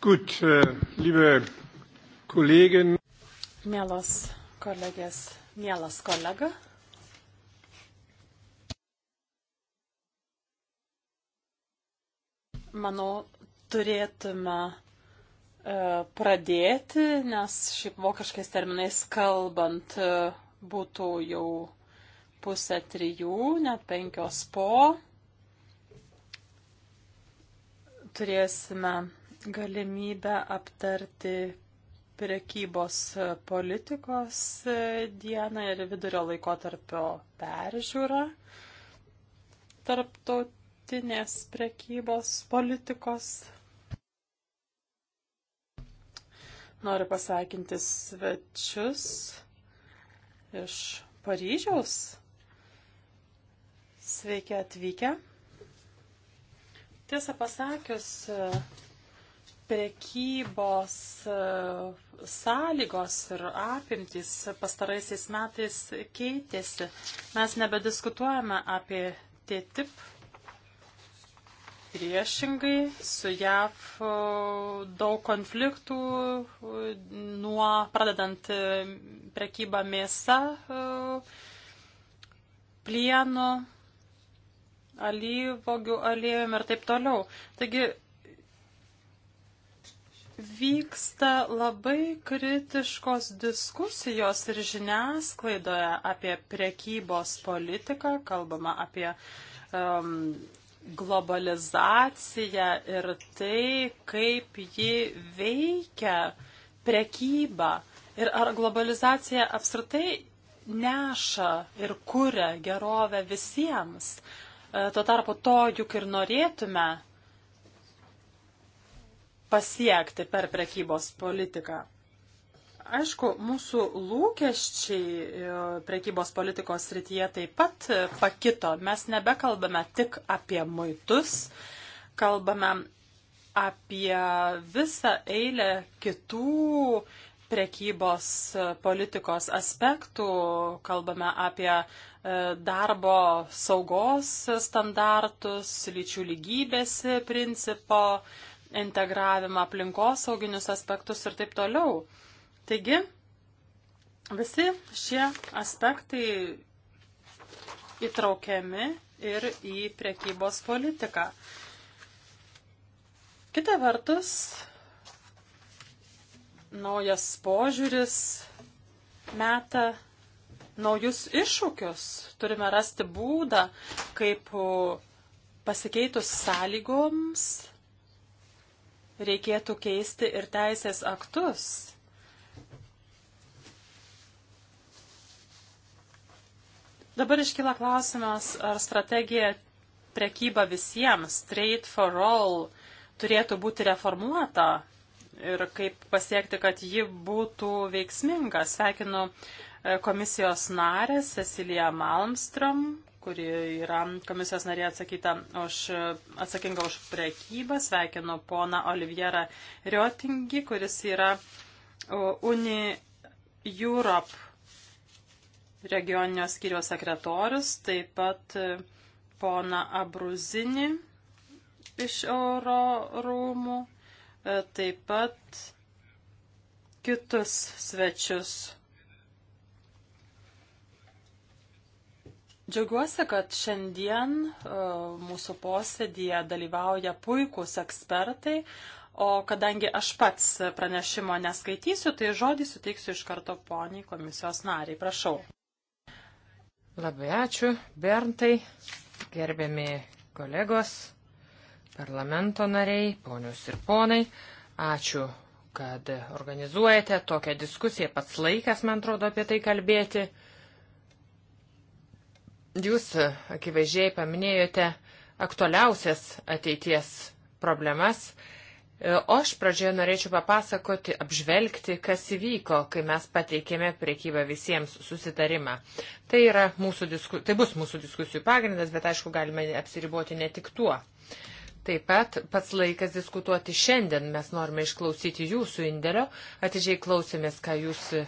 Gut, äh, liebe Kollegin. Mielos kolegės, mielas kolega. Manau, turėtume e, pradėti, nes šiaip vokiškais terminais kalbant e, būtų jau pusę trijų, net penkios po. turėsime galimybę aptarti prekybos politikos dieną ir vidurio laikotarpio peržiūrą tarptautinės prekybos politikos. Noriu pasveikinti svečius iš Paryžiaus. Sveiki atvykę. Tiesą pasakius, prekybos e, sąlygos ir apimtys pastaraisiais metais keitėsi. Mes nebediskutuojame apie TTIP. Priešingai, su JAV e, daug konfliktų, e, nuo pradedant prekybą mėsa, plienu, alyvogių aliejum ir taip toliau. Taigi vyksta labai kritiškos diskusijos ir žiniasklaidoje apie prekybos politiką, kalbama apie um, globalizaciją ir tai, kaip ji veikia prekybą. Ir ar globalizacija apskritai neša ir kuria gerovę visiems. Uh, E, tuo tarpu to juk ir norėtume pasiekti per prekybos politiką. Aišku, mūsų lūkesčiai e, prekybos politikos srityje taip pat e, pakito. Mes nebekalbame tik apie muitus, kalbame apie visą eilę kitų prekybos e, politikos aspektų, kalbame apie e, darbo saugos standartus, lyčių lygybės principo, integravimą aplinkosauginius aspektus ir taip toliau. Taigi, visi šie aspektai įtraukiami ir į prekybos politiką. Kita vertus, naujas požiūris meta naujus iššūkius. Turime rasti būdą, kaip pasikeitus sąlygoms reikėtų keisti ir teisės aktus. Dabar iškyla klausimas, ar strategija prekyba visiems, trade for all, turėtų būti reformuota ir kaip pasiekti, kad ji būtų veiksminga. Sveikinu e, komisijos narę Ceciliją Malmström, kuri yra komisijos narė už, e, atsakinga už prekybą. Sveikinu poną Olivierą Riotingį, kuris yra e, Uni Europe regioninio skyriaus sekretorius, taip pat pona Abruzinį iš Euro rūmų E, taip pat kitus svečius. Džiaugiuosi, kad šiandien e, mūsų posėdėje dalyvauja puikūs ekspertai, o kadangi aš pats pranešimo neskaitysiu, tai žodį suteiksiu iš karto poniai komisijos nariai. Prašau. Labai ačiū, Berntai, gerbiami kolegos parlamento nariai, ponius ir ponai, ačiū, kad organizuojate tokią diskusiją. Pats laikas, man atrodo, apie tai kalbėti. Jūs akivaizdžiai paminėjote aktualiausias ateities problemas. E, o aš pradžioje norėčiau papasakoti, apžvelgti, kas įvyko, kai mes pateikėme priekybą visiems susitarimą. Tai, mūsų disku, tai bus mūsų diskusijų pagrindas, bet aišku, galime apsiriboti ne tik tuo. Taip pat pats laikas diskutuoti šiandien. Mes norime išklausyti jūsų indėlio. Atidžiai klausėmės, ką jūs e,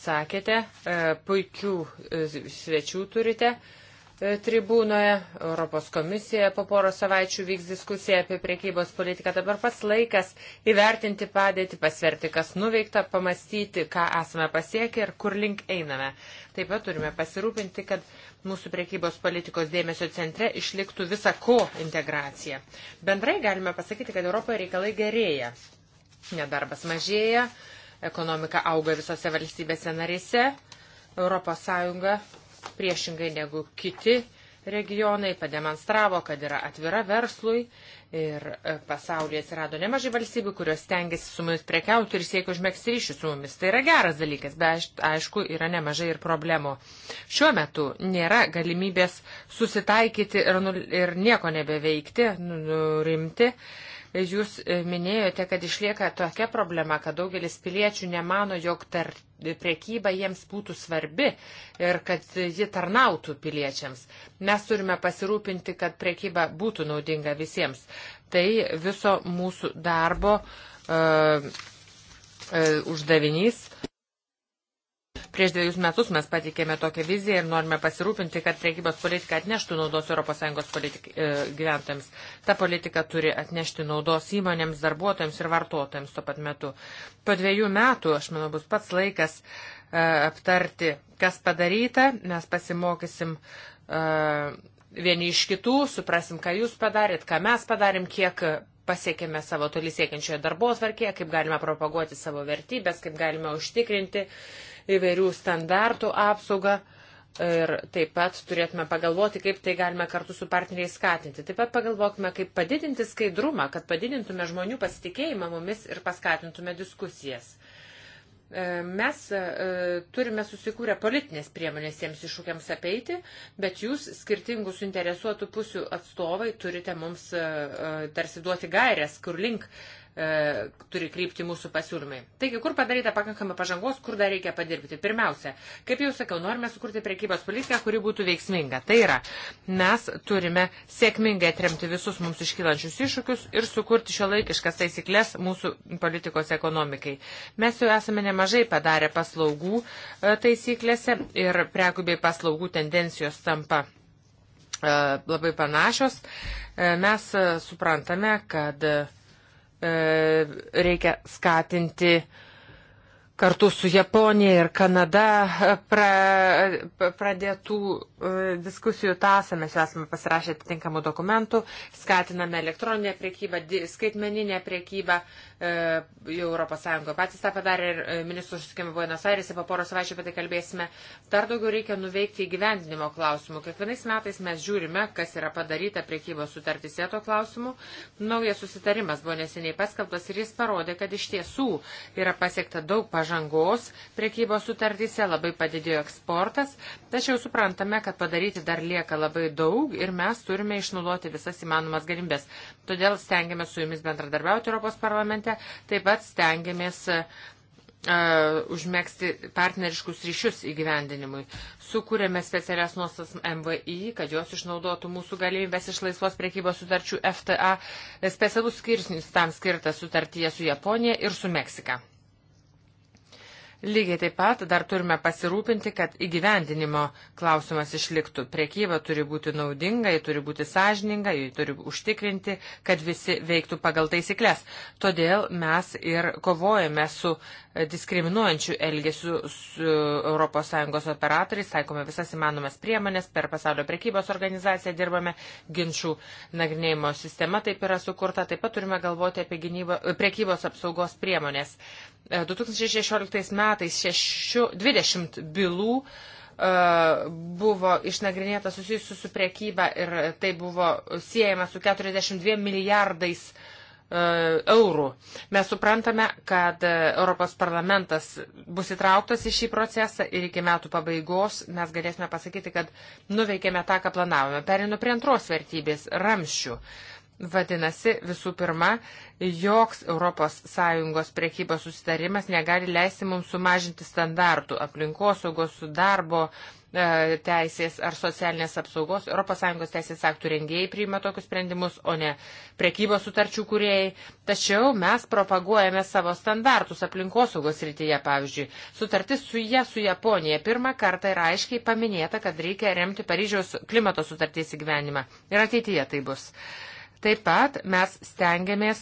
sakėte. E, puikių e, svečių turite tribūnoje. Europos komisija po poro savaičių vyks diskusija apie priekybos politiką. Dabar pats laikas įvertinti padėtį, pasverti, kas nuveikta, pamastyti, ką esame pasiekę ir kur link einame. Taip pat turime pasirūpinti, kad mūsų priekybos politikos dėmesio centre išliktų visa ko integracija. Bendrai galime pasakyti, kad Europoje reikalai gerėja. Nedarbas mažėja, ekonomika auga visose valstybėse narėse, ES priešingai negu kiti regionai pademonstravo, kad yra atvira verslui ir e, pasaulyje atsirado nemažai valstybių, kurios stengiasi su mumis prekiauti ir siekia užmėgsti ryšių su mumis. Tai yra geras dalykas, bet aišku, yra nemažai ir problemų. Šiuo metu nėra galimybės susitaikyti ir, ir nieko nebeveikti, nu, nurimti. Nu, Jūs e, minėjote, kad išlieka tokia problema, kad daugelis piliečių nemano, jog tar, priekyba jiems būtų svarbi ir kad ji tarnautų piliečiams. Mes turime pasirūpinti, kad priekyba būtų naudinga visiems. Tai viso mūsų darbo uh, uh, uždavinys. Prieš dviejus metus mes patikėme tokią viziją ir norime pasirūpinti, kad priekybos politika atneštų naudos ES politik, e, gyventojams. Ta politika turi atnešti naudos įmonėms, darbuotojams ir vartotojams tuo pat metu. Po dviejų metų, aš manau, bus pats laikas e, aptarti, kas padaryta. Mes pasimokysim e, vieni iš kitų, suprasim, ką jūs padarėt, ką mes padarėm, kiek pasiekėme savo toli siekiančioje darbos varkėje, kaip galime propaguoti savo vertybės, kaip galime užtikrinti įvairių standartų apsaugą. Ir taip pat turėtume pagalvoti, kaip tai galime kartu su partneriais skatinti. Taip pat pagalvokime, kaip padidinti skaidrumą, kad padidintume žmonių pasitikėjimą mumis ir paskatintume diskusijas. E, mes e, turime susikūrę politinės priemonės jiems iššūkiams apeiti, bet jūs skirtingų suinteresuotų pusių atstovai turite mums e, tarsi duoti gairias, kur link E, turi krypti mūsų pasiūlymai. Taigi, kur padaryta pakankama pažangos, kur dar reikia padirbti? Pirmiausia, kaip jau sakiau, norime sukurti prekybos politiką, kuri būtų veiksminga. Tai yra, mes turime sėkmingai atremti visus mums iškylančius iššūkius ir sukurti šio laikiškas taisyklės mūsų politikos ekonomikai. Mes jau esame nemažai padarę paslaugų e, taisyklėse ir prekių bei paslaugų tendencijos tampa e, labai panašios. Mes suprantame, kad E, reikia skatinti kartu su Japonija ir Kanada e, pra, e, pradėtų e, diskusijų tasą. Mes esame pasirašę atitinkamų dokumentų, skatiname elektroninę priekybą, skaitmeninę priekybą. Jau ES patys tą padarė ir ministrų susikėmė Buenos Airėse, po poros savaičių apie tai kalbėsime. Dar daugiau reikia nuveikti įgyvendinimo klausimų. Kiekvienais metais mes žiūrime, kas yra padaryta priekybos sutartysė to klausimų. Naujas susitarimas buvo neseniai paskelbtas ir jis parodė, kad iš tiesų yra pasiekta daug pažangų pažangos priekybos sutartyse, labai padidėjo eksportas, tačiau suprantame, kad padaryti dar lieka labai daug ir mes turime išnaudoti visas įmanomas galimybės. Todėl stengiamės su jumis bendradarbiauti Europos parlamente, taip pat stengiamės uh, užmėgsti partneriškus ryšius įgyvendinimui. Sukūrėme specialias nuostas MVI, kad jos išnaudotų mūsų galimybės iš laisvos priekybos sutarčių FTA, specialus skirsnis tam skirtas sutartyje su Japonija ir su Meksika. Lygiai taip pat dar turime pasirūpinti, kad įgyvendinimo klausimas išliktų. Priekyba turi būti naudinga, ji turi būti sąžininga, ji turi užtikrinti, kad visi veiktų pagal taisyklės. Todėl mes ir kovojame su diskriminuojančiu elgesiu su ES operatoriais, taikome visas įmanomas priemonės, per pasaulio priekybos organizaciją dirbame, ginčių nagrinėjimo sistema taip yra sukurta, taip pat turime galvoti apie gynybo, priekybos apsaugos priemonės 2016 e, metais 6, 20 bylų e, buvo išnagrinėta susijusiu su priekyba ir tai buvo siejama su 42 milijardais e, eurų. Mes suprantame, kad Europos parlamentas bus įtrauktas į šį procesą ir iki metų pabaigos mes galėsime pasakyti, kad nuveikėme tą, ką planavome. Perinu prie antros vertybės - ramščių. Uh, Vadinasi, visų pirma, joks ES priekybos susitarimas negali leisti mums sumažinti standartų aplinkosaugos, darbo e, teisės ar socialinės apsaugos. ES teisės aktų rengėjai priima tokius sprendimus, o ne priekybos sutarčių kuriejai. Tačiau mes propaguojame savo standartus aplinkosaugos rytyje, pavyzdžiui. Sutartis su jie, su Japonija pirmą kartą yra aiškiai paminėta, kad reikia remti Paryžiaus klimato sutarties įgyvenimą. Ir ateityje tai bus. Uh, Taip pat mes stengiamės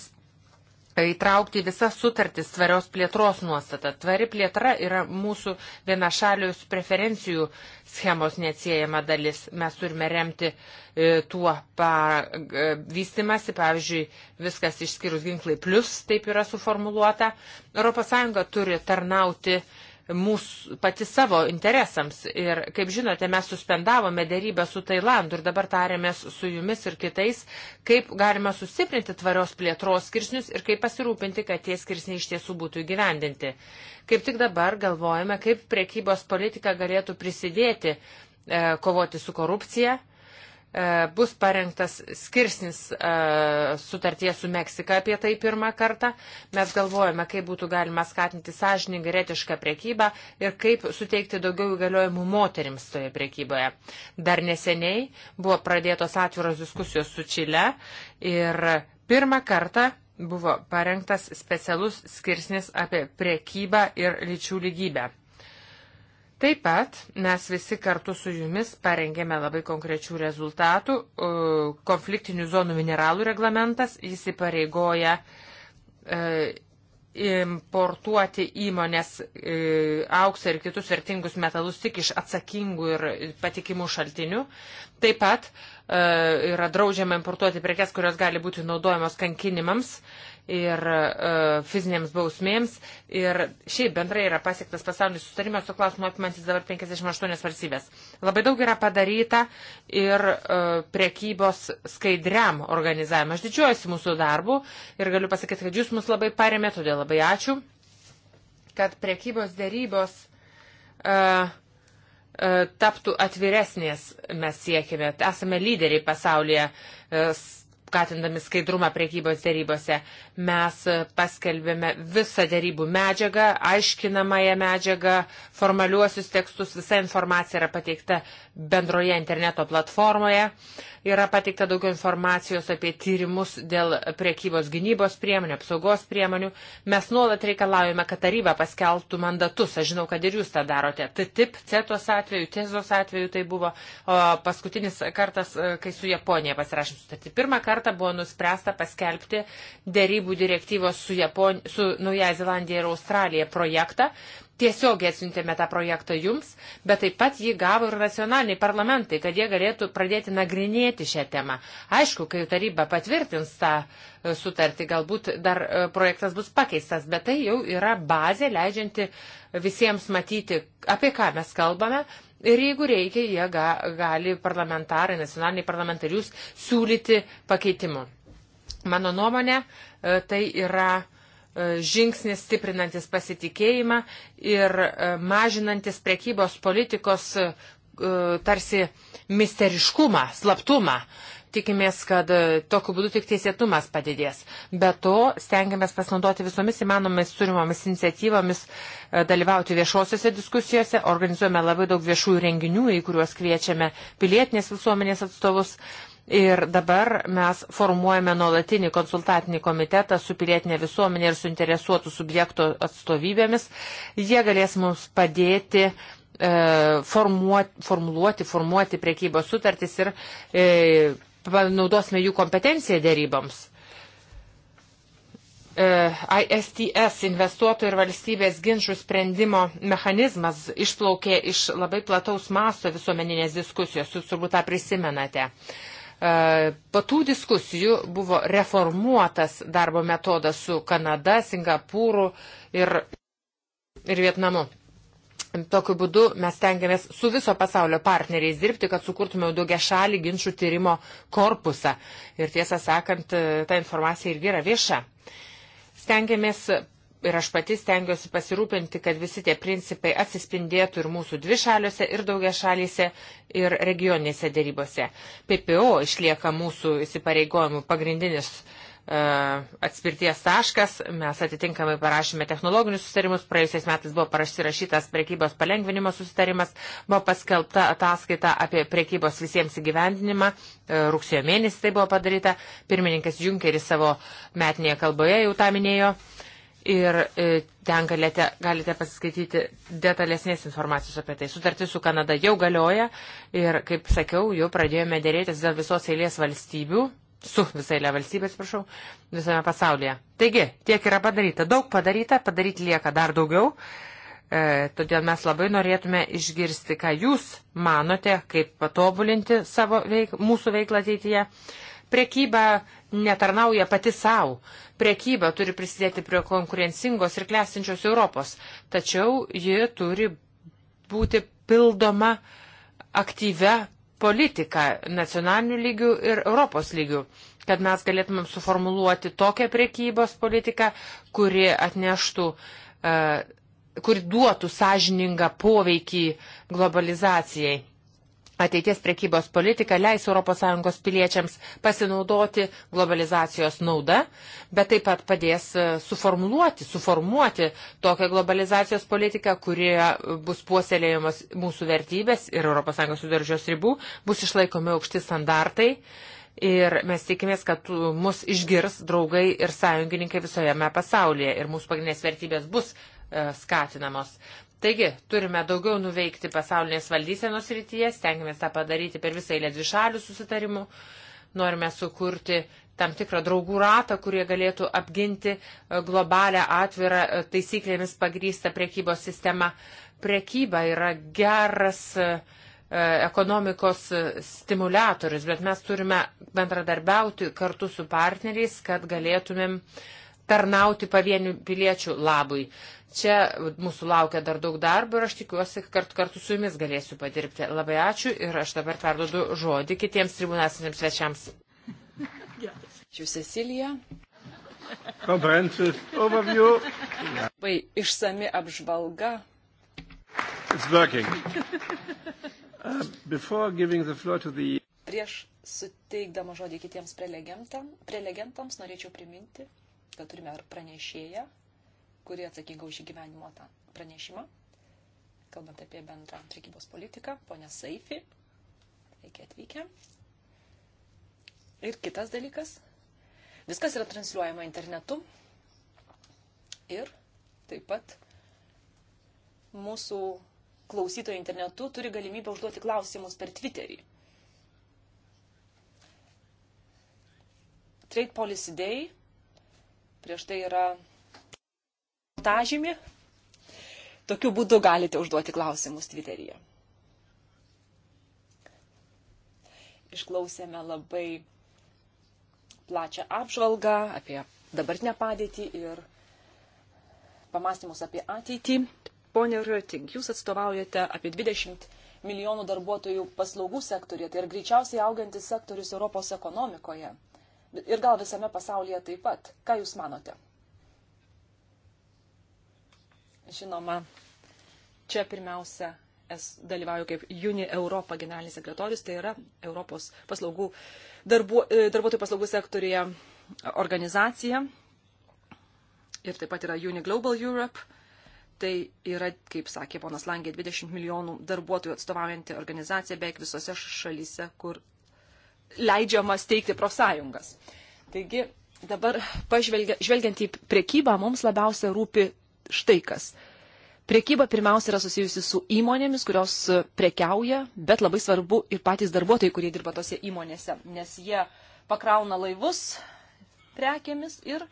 įtraukti visas sutartis tvarios plėtros nuostatą. Tvari plėtra yra mūsų vienašalius preferencijų schemos neatsiejama dalis. Mes turime remti e, tuo e, vystimasi, pavyzdžiui, viskas išskyrus ginklai plus, taip yra suformuluota. ES turi tarnauti uh, mūsų pati savo interesams. Ir, kaip žinote, mes suspendavome dėrybę su Tailandu ir dabar tarėmės su jumis ir kitais, kaip galima sustiprinti tvarios plėtros skirsnius ir kaip pasirūpinti, kad tie skirsniai iš tiesų būtų įgyvendinti. Kaip tik dabar galvojame, kaip priekybos politika galėtų prisidėti e, kovoti su korupcija E, bus parengtas skirsnis e, sutartie su Meksika apie tai pirmą kartą. Mes galvojame, kaip būtų galima skatinti sąžiningą ir etišką priekybą ir kaip suteikti daugiau įgaliojimų moterims toje priekyboje. Dar neseniai buvo pradėtos atviros diskusijos su Čile ir pirmą kartą buvo parengtas specialus skirsnis apie priekybą ir lyčių lygybę. Taip pat mes visi kartu su jumis parengėme labai konkrečių rezultatų. Konfliktinių zonų mineralų reglamentas jis įpareigoja e, importuoti įmonės e, auksą ir kitus vertingus metalus tik iš atsakingų ir patikimų šaltinių. Taip pat E, yra draudžiama importuoti prekes, kurios gali būti naudojamos kankinimams ir e, fizinėms bausmėms. Ir šiaip bendrai yra pasiektas pasaulinis sustarimas su klausimu apimantis dabar 58 valstybės. Labai daug yra padaryta ir e, prekybos skaidriam organizavimui. Aš didžiuojuosi mūsų darbu ir galiu pasakyti, kad jūs mus labai paremėte, todėl labai ačiū, kad prekybos dėrybos uh, E, taptų atviresnės, mes siekime. Esame lyderiai pasaulyje e, skatindami skaidrumą priekybos dėrybose. Mes paskelbėme visą dėrybų medžiagą, aiškinamąją medžiagą, formaliuosius tekstus, visa informacija yra pateikta bendroje interneto platformoje, yra pateikta daugiau informacijos apie tyrimus dėl priekybos gynybos priemonių, apsaugos priemonių. Mes nuolat reikalaujame, kad taryba paskelbtų mandatus, aš žinau, kad ir jūs tą darote. TTIP, CETOS atveju, TEZOS atveju tai buvo o paskutinis kartas, e, kai su Japonija pasirašėm sutartį. Pirmą kartą kartą buvo nuspręsta paskelbti dėrybų direktyvos su, Japon... su Nauja Zelandija ir Australija projektą. Tiesiogiai atsiuntėme tą projektą jums, bet taip pat jį gavo ir nacionaliniai parlamentai, kad jie galėtų pradėti nagrinėti šią temą. Aišku, kai taryba patvirtins tą e, sutartį, galbūt dar e, projektas bus pakeistas, bet tai jau yra bazė leidžianti visiems matyti, apie ką mes kalbame Ir jeigu reikia, jie ga, gali parlamentarai, nacionaliniai parlamentarius siūlyti pakeitimu. Mano nuomonė, e, tai yra e, žingsnis stiprinantis pasitikėjimą ir e, mažinantis prekybos politikos tarsi misteriškumą, slaptumą. Tikimės, kad e, tokiu būdu tik teisėtumas padidės. Be to, stengiamės pasinaudoti visomis įmanomis turimomis iniciatyvomis e, dalyvauti viešosiuose diskusijose. Organizuojame labai daug viešųjų renginių, į kuriuos kviečiame pilietinės visuomenės atstovus. Ir dabar mes formuojame nuolatinį konsultatinį komitetą su pilietinė visuomenė ir suinteresuotų subjektų atstovybėmis. Jie galės mums padėti e, formuoti, formuluoti, formuoti priekybos sutartis ir e, panaudosime jų kompetenciją dėryboms. E, ISTS investuotojų ir valstybės ginčių sprendimo mechanizmas išplaukė iš labai plataus masto visuomeninės diskusijos, jūs turbūt tą prisimenate. E, po tų diskusijų buvo reformuotas darbo metodas su Kanada, Singapūru ir, ir Vietnamu. Tokiu būdu mes tengiamės su viso pasaulio partneriais dirbti, kad sukurtume daugia šalį ginčių tyrimo korpusą. Ir tiesą sakant, e, ta informacija irgi yra vieša. Stengiamės ir aš pati stengiuosi pasirūpinti, kad visi tie principai atsispindėtų ir mūsų dvišaliuose, ir daugia šalyse, ir regioninėse dėrybose. PPO išlieka mūsų įsipareigojimų pagrindinis uh, E, atspirties taškas. Mes atitinkamai parašėme technologinius susitarimus. Praėjusiais metais buvo parašytas prekybos palengvinimo susitarimas. Buvo paskelbta ataskaita apie prekybos visiems įgyvendinimą. E, rugsėjo mėnesį tai buvo padaryta. Pirmininkas Junkeris savo metinėje kalboje jau tą minėjo. Ir e, ten galite, galite pasiskaityti detalesnės informacijos apie tai. Sutartis su Kanada jau galioja ir, kaip sakiau, jau pradėjome dėrėtis dėl visos eilės valstybių su visai le valstybės, prašau, visame pasaulyje. Taigi, tiek yra padaryta, daug padaryta, padaryti lieka dar daugiau. E, todėl mes labai norėtume išgirsti, ką jūs manote, kaip patobulinti savo veik, mūsų veiklą ateityje. Prekyba netarnauja pati savo. Prekyba turi prisidėti prie konkurencingos ir klestinčios Europos. Tačiau ji turi būti pildoma aktyvę politiką nacionalinių lygių ir Europos lygių, kad mes galėtumėm suformuluoti tokią priekybos politiką, kuri atneštų, e, kuri duotų sąžiningą poveikį globalizacijai ateities prekybos politika leis ES piliečiams pasinaudoti globalizacijos nauda, bet taip pat padės e, suformuluoti, suformuoti tokią globalizacijos politiką, kurie e, bus puoselėjamos mūsų vertybės ir ES sudaržios ribų, bus išlaikomi aukšti standartai. Ir mes tikimės, kad e, mus išgirs draugai ir sąjungininkai visojame pasaulyje ir mūsų pagrindinės vertybės bus skatinamos. Taigi, turime daugiau nuveikti pasaulinės valdysenos rytyje, stengiamės tą padaryti per visą eilę dvišalių susitarimų, norime sukurti tam tikrą draugų ratą, kurie galėtų apginti e, globalę atvirą e, taisyklėmis pagrystą priekybos sistemą. Priekyba yra geras e, ekonomikos stimulatorius, bet mes turime bendradarbiauti kartu su partneriais, kad galėtumėm uh, tarnauti pavienių piliečių labui. Čia mūsų laukia dar daug darbo ir aš tikiuosi, kad kartu su jumis galėsiu padirbti. Labai ačiū ir aš dabar perdodu žodį kitiems tribunasiniams svečiams. Ačiū Cecilija. Comprehensive overview. Labai išsami apžvalga. It's working. Uh, before giving the floor to the... Prieš suteikdama žodį kitiems prelegentams, prelegentams norėčiau priminti, Tad turime ir pranešėją, kuri atsakinga už įgyvenimo tą pranešimą. Kalbant apie bendrą prekybos politiką, ponia Saifi, reikia atvykę. Ir kitas dalykas, viskas yra transliuojama internetu ir taip pat mūsų klausytojai internetu turi galimybę užduoti klausimus per Twitterį. Trade Policy Day Prieš tai yra tažymį. Tokiu būdu galite užduoti klausimus Twitteryje. Išklausėme labai plačią apžvalgą apie dabartinę padėtį ir pamastymus apie ateitį. Pone Röting, jūs atstovaujate apie 20 milijonų darbuotojų paslaugų sektorėje, tai ir greičiausiai augantis sektorius Europos ekonomikoje ir gal visame pasaulyje taip pat. Ką Jūs manote? Žinoma, čia pirmiausia es dalyvauju kaip Juni Europa generalinis sekretorius, tai yra Europos paslaugų, darbu, e, darbuotojų paslaugų sektorija organizacija ir taip pat yra Uni Global Europe. Tai yra, kaip sakė ponas Langė, 20 milijonų darbuotojų atstovaujanti organizacija beveik visose šalyse, kur leidžiama steigti profsąjungas. Taigi dabar žvelgiant į priekybą, mums labiausia rūpi štai kas. Priekyba pirmiausia yra susijusi su įmonėmis, kurios prekiauja, bet labai svarbu ir patys darbuotojai, kurie dirba tose įmonėse, nes jie pakrauna laivus prekėmis ir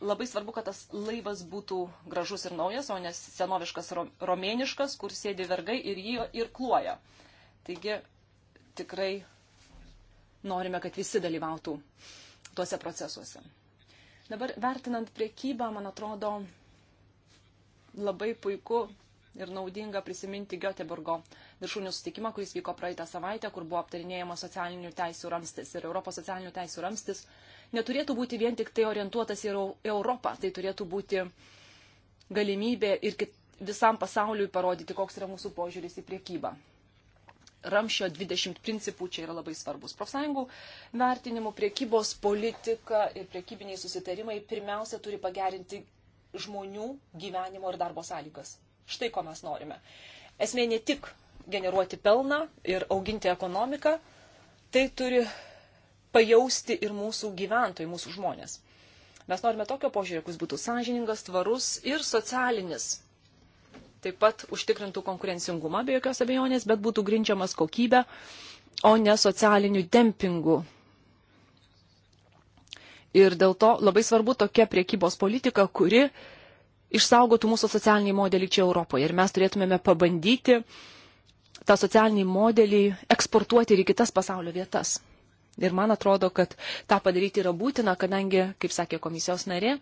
labai svarbu, kad tas laivas būtų gražus ir naujas, o ne senoviškas romėniškas, kur sėdi vergai ir jį ir kluoja. Taigi tikrai norime, kad visi dalyvautų tuose procesuose. Dabar vertinant priekybą, man atrodo, labai puiku ir naudinga prisiminti Göteborgo viršūnių sutikimą, kuris vyko praeitą savaitę, kur buvo aptarinėjama socialinių teisų ramstis ir Europos socialinių teisų ramstis, neturėtų būti vien tik tai orientuotas į Europą, tai turėtų būti galimybė ir kit, visam pasauliui parodyti, koks yra mūsų požiūris į priekybą ramšio 20 principų čia yra labai svarbus. Profsąjungų vertinimų priekybos politika ir priekybiniai susitarimai pirmiausia turi pagerinti žmonių gyvenimo ir darbo sąlygas. Štai ko mes norime. Esmė ne tik generuoti pelną ir auginti ekonomiką, tai turi pajausti ir mūsų gyventojai, mūsų žmonės. Mes norime tokio požiūrio, kuris būtų sąžiningas, tvarus ir socialinis taip pat užtikrintų konkurencingumą be jokios abejonės, bet būtų grindžiamas kokybę, o ne socialiniu dempingu. Ir dėl to labai svarbu tokia priekybos politika, kuri išsaugotų mūsų socialinį modelį čia Europoje. Ir mes turėtumėme pabandyti tą socialinį modelį eksportuoti ir į kitas pasaulio vietas. Ir man atrodo, kad tą padaryti yra būtina, kadangi, kaip sakė komisijos narė,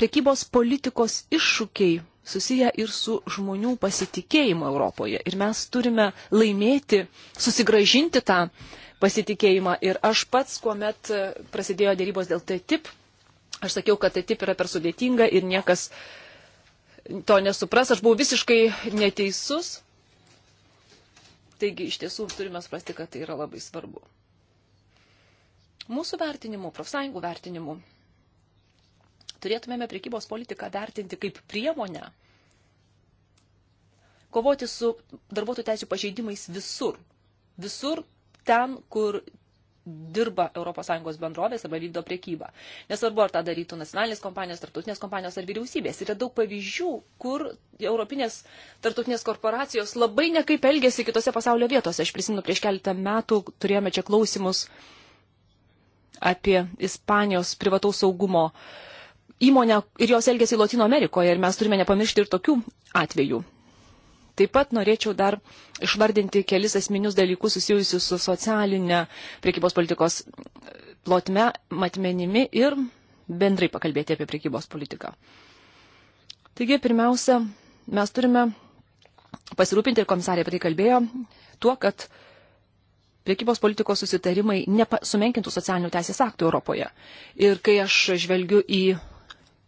priekybos politikos iššūkiai susiję ir su žmonių pasitikėjimu Europoje. Ir mes turime laimėti, susigražinti tą pasitikėjimą. Ir aš pats, kuomet e, prasidėjo dėrybos dėl TTIP, aš sakiau, kad TTIP yra per sudėtinga ir niekas to nesupras. Aš buvau visiškai neteisus. Taigi iš tiesų turime suprasti, kad tai yra labai svarbu. Mūsų vertinimu, profsąjungų vertinimu, turėtumėme priekybos politiką vertinti kaip priemonę kovoti su darbuotojų teisų pažeidimais visur. Visur ten, kur dirba ES bendrovės arba vykdo priekybą. Nesvarbu, ar tą darytų nacionalinės kompanijos, tartutinės kompanijos ar vyriausybės. Yra daug pavyzdžių, kur europinės tartutinės korporacijos labai nekaip elgėsi kitose pasaulio vietose. Aš prisimenu, prieš keletą metų turėjome čia klausimus apie Ispanijos privataus saugumo uh, įmonę ir jos elgesį Latino Amerikoje ir mes turime nepamiršti ir tokių atvejų. Taip pat norėčiau dar išvardinti kelis esminius dalykus susijusius su socialinė priekybos politikos plotme, matmenimi ir bendrai pakalbėti apie priekybos politiką. Taigi, pirmiausia, mes turime pasirūpinti, ir komisarė apie tai kalbėjo, tuo, kad priekybos politikos susitarimai nesumenkintų socialinių teisės aktų Europoje. Ir kai aš žvelgiu į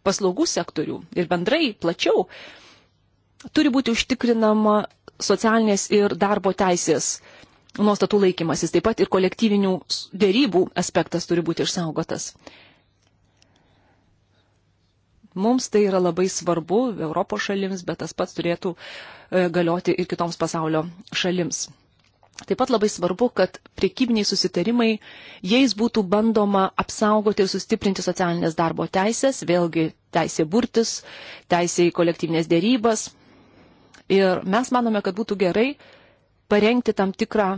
paslaugų sektorių ir bendrai plačiau, turi būti užtikrinama socialinės ir darbo teisės nuostatų laikymasis, taip pat ir kolektyvinių dėrybų aspektas turi būti išsaugotas. Mums tai yra labai svarbu Europos šalims, bet tas pats turėtų e, galioti ir kitoms pasaulio šalims. Taip pat labai svarbu, kad priekybiniai susitarimai, jais būtų bandoma apsaugoti ir sustiprinti socialinės darbo teisės, vėlgi teisė burtis, teisė į kolektyvinės dėrybas. Ir mes manome, kad būtų gerai parengti tam tikrą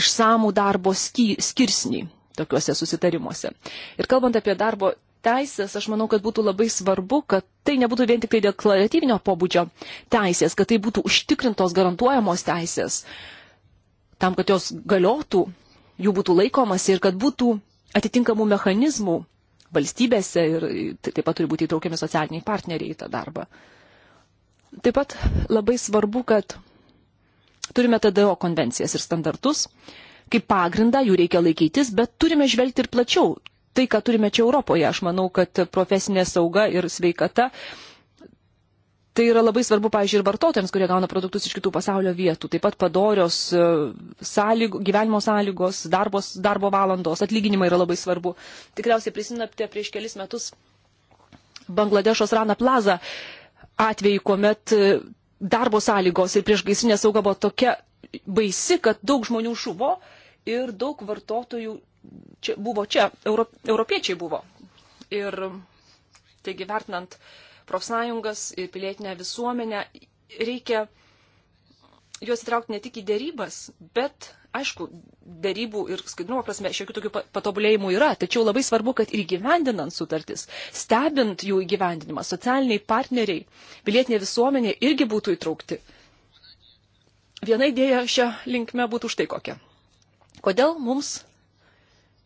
išsamų darbo skirsnį tokiuose susitarimuose. Ir kalbant apie darbo teisės, aš manau, kad būtų labai svarbu, kad tai nebūtų vien tik tai deklaratyvinio pobūdžio teisės, kad tai būtų užtikrintos garantuojamos teisės, tam, kad jos galiotų, jų būtų laikomasi ir kad būtų atitinkamų mechanizmų valstybėse ir tai taip pat turi būti įtraukiami socialiniai partneriai į tą darbą. Taip pat labai svarbu, kad turime TDO konvencijas ir standartus, kaip pagrindą jų reikia laikytis, bet turime žvelgti ir plačiau tai, ką turime čia Europoje. Aš manau, kad profesinė sauga ir sveikata. Tai yra labai svarbu, pavyzdžiui, ir vartotojams, kurie gauna produktus iš kitų pasaulio vietų. Taip pat padorios e, sąlygo, gyvenimo sąlygos, darbos, darbo valandos, atlyginimai yra labai svarbu. Tikriausiai prisimnate prieš kelis metus Bangladešos Rana Plaza atvejį, kuomet e, darbo sąlygos ir priešgaisrinė sauga buvo tokia baisi, kad daug žmonių žuvo ir daug vartotojų čia, buvo čia, euro, europiečiai buvo. Ir taigi vertinant profsąjungas ir pilietinę visuomenę, reikia juos įtraukti ne tik į dėrybas, bet, aišku, dėrybų ir skaidrumo prasme šiokių tokių patobulėjimų yra, tačiau labai svarbu, kad ir gyvendinant sutartis, stebint jų įgyvendinimą, socialiniai partneriai, pilietinė visuomenė irgi būtų įtraukti. Viena idėja šią linkme būtų štai kokia. Kodėl mums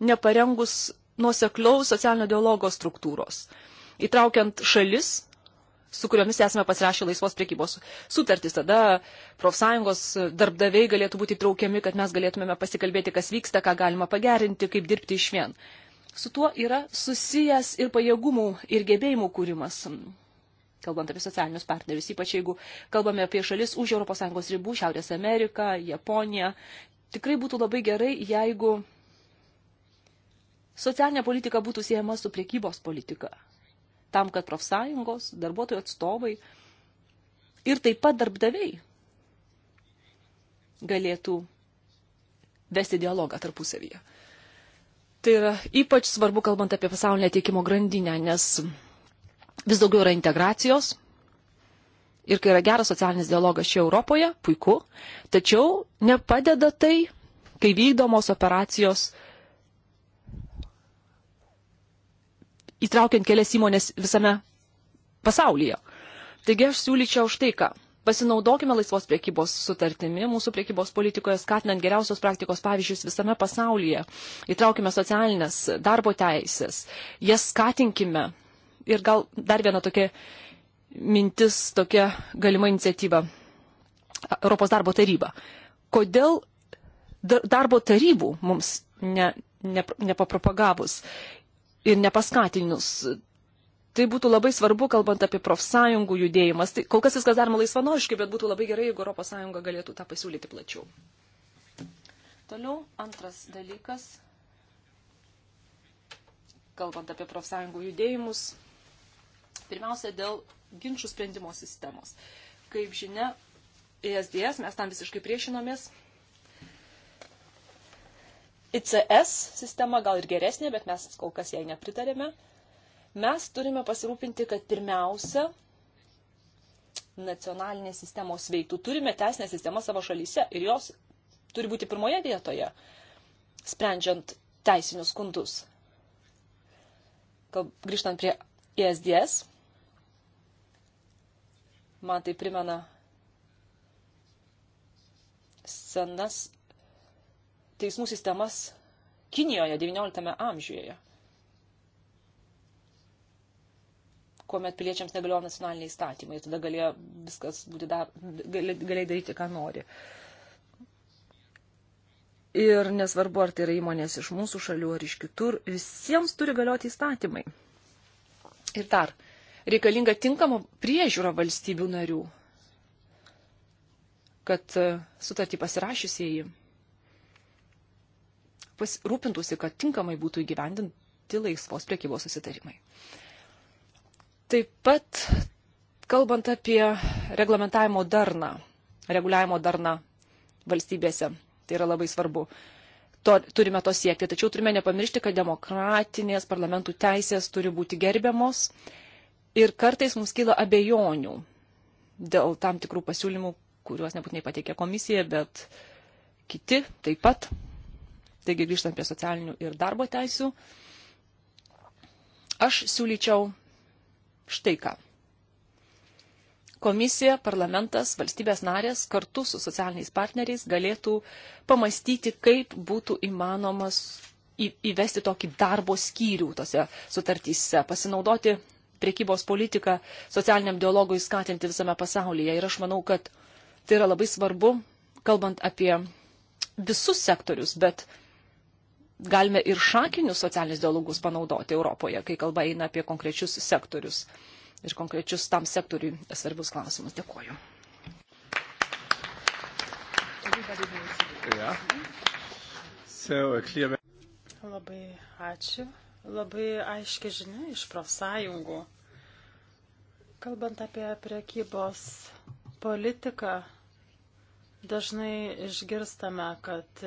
neparengus nuosekliaus socialinio dialogo struktūros, įtraukiant šalis, su kuriomis esame pasirašę laisvos priekybos sutartys. Tada profsąjungos darbdaviai galėtų būti įtraukiami, kad mes galėtumėme pasikalbėti, kas vyksta, ką galima pagerinti, kaip dirbti iš vien. Su tuo yra susijęs ir pajėgumų ir gebėjimų kūrimas, kalbant apie socialinius partnerius, ypač jeigu kalbame apie šalis už ES ribų, Šiaurės Ameriką, Japoniją. Tikrai būtų labai gerai, jeigu socialinė politika būtų siejama su priekybos politika. Tam, kad profsąjungos, darbuotojų atstovai ir taip pat darbdaviai galėtų vesti dialogą tarpusavyje. Tai yra ypač svarbu, kalbant apie pasaulinę tiekimo grandinę, nes vis daugiau yra integracijos ir kai yra geras socialinis dialogas čia Europoje, puiku, tačiau nepadeda tai, kai vykdomos operacijos įtraukiant kelias įmonės visame pasaulyje. Taigi aš siūlyčiau štai ką. Pasinaudokime laisvos priekybos sutartimi, mūsų priekybos politikoje skatinant geriausios praktikos pavyzdžius visame pasaulyje. Įtraukime socialinės darbo teisės, jas skatinkime. Ir gal dar viena tokia mintis, tokia galima iniciatyva. Europos darbo taryba. Kodėl darbo tarybų mums ne, ne, nepapropagavus? ir nepaskatinus. Tai būtų labai svarbu, kalbant apie profsąjungų judėjimas. Tai kol kas viskas daroma laisvanoriškai, bet būtų labai gerai, jeigu ES galėtų tą pasiūlyti plačiau. Toliau antras dalykas, kalbant apie profsąjungų judėjimus, pirmiausia dėl ginčių sprendimo sistemos. Kaip žinia, ESDS mes tam visiškai priešinomės, ICS sistema gal ir geresnė, bet mes kol kas jai nepritarėme. Mes turime pasirūpinti, kad pirmiausia nacionalinės sistemos veiktų. Turime teisinę sistemą savo šalyse ir jos turi būti pirmoje vietoje, sprendžiant teisinius skundus. Grįžtant prie ISDS, man tai primena senas teismų sistemas Kinijoje XIX amžiuje, kuomet piliečiams negalėjo nacionaliniai įstatymai ir tada galėjo viskas būti dar, galėjo daryti, ką nori. Ir nesvarbu, ar tai yra įmonės iš mūsų šalių ar iš kitur, visiems turi galioti įstatymai. Ir dar, reikalinga tinkama priežiūra valstybių narių, kad sutartį pasirašysieji rūpintųsi, kad tinkamai būtų įgyvendinti laisvos priekybos susitarimai. Taip pat, kalbant apie reglamentavimo darną, reguliavimo darną valstybėse, tai yra labai svarbu. To, turime to siekti, tačiau turime nepamiršti, kad demokratinės parlamentų teisės turi būti gerbiamos ir kartais mums kyla abejonių dėl tam tikrų pasiūlymų, kuriuos nebūtinai pateikė komisija, bet kiti taip pat Taigi grįžtant prie socialinių ir darbo teisų, aš siūlyčiau štai ką. Komisija, parlamentas, valstybės narės kartu su socialiniais partneriais galėtų pamastyti, kaip būtų įmanomas įvesti tokį darbo skyrių tose sutartyse, pasinaudoti priekybos politiką socialiniam dialogui skatinti visame pasaulyje. Ir aš manau, kad tai yra labai svarbu, kalbant apie visus sektorius, bet galime ir šakinius socialinius dialogus panaudoti Europoje, kai kalba eina apie konkrečius sektorius ir konkrečius tam sektoriui svarbus klausimus. Dėkuoju. Ja. So, clear... Labai ačiū. Labai aiški žinia iš profsąjungų. Kalbant apie priekybos politiką, dažnai išgirstame, kad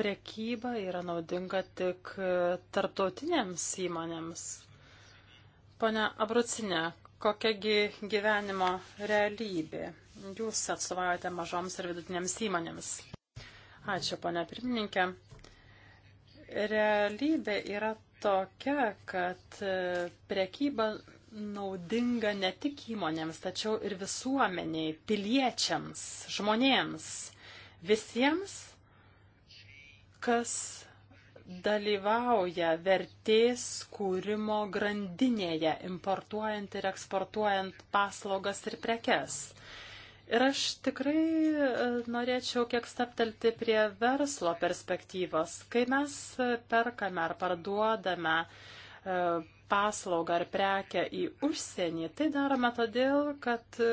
prekyba yra naudinga tik tarptautinėms įmonėms. Pane Abrucinė, kokiagi gyvenimo realybė? Jūs atstovaujate mažoms ir vidutinėms įmonėms. Ačiū, pane pirmininkė. Realybė yra tokia, kad e, prekyba naudinga ne tik įmonėms, tačiau ir visuomeniai, piliečiams, žmonėms, visiems kas dalyvauja vertės kūrimo grandinėje, importuojant ir eksportuojant paslaugas ir prekes. Ir aš tikrai e, norėčiau kiek staptelti prie verslo perspektyvos. Kai mes perkame ar parduodame uh, E, paslaugą ar prekę į užsienį, tai darome todėl, kad e,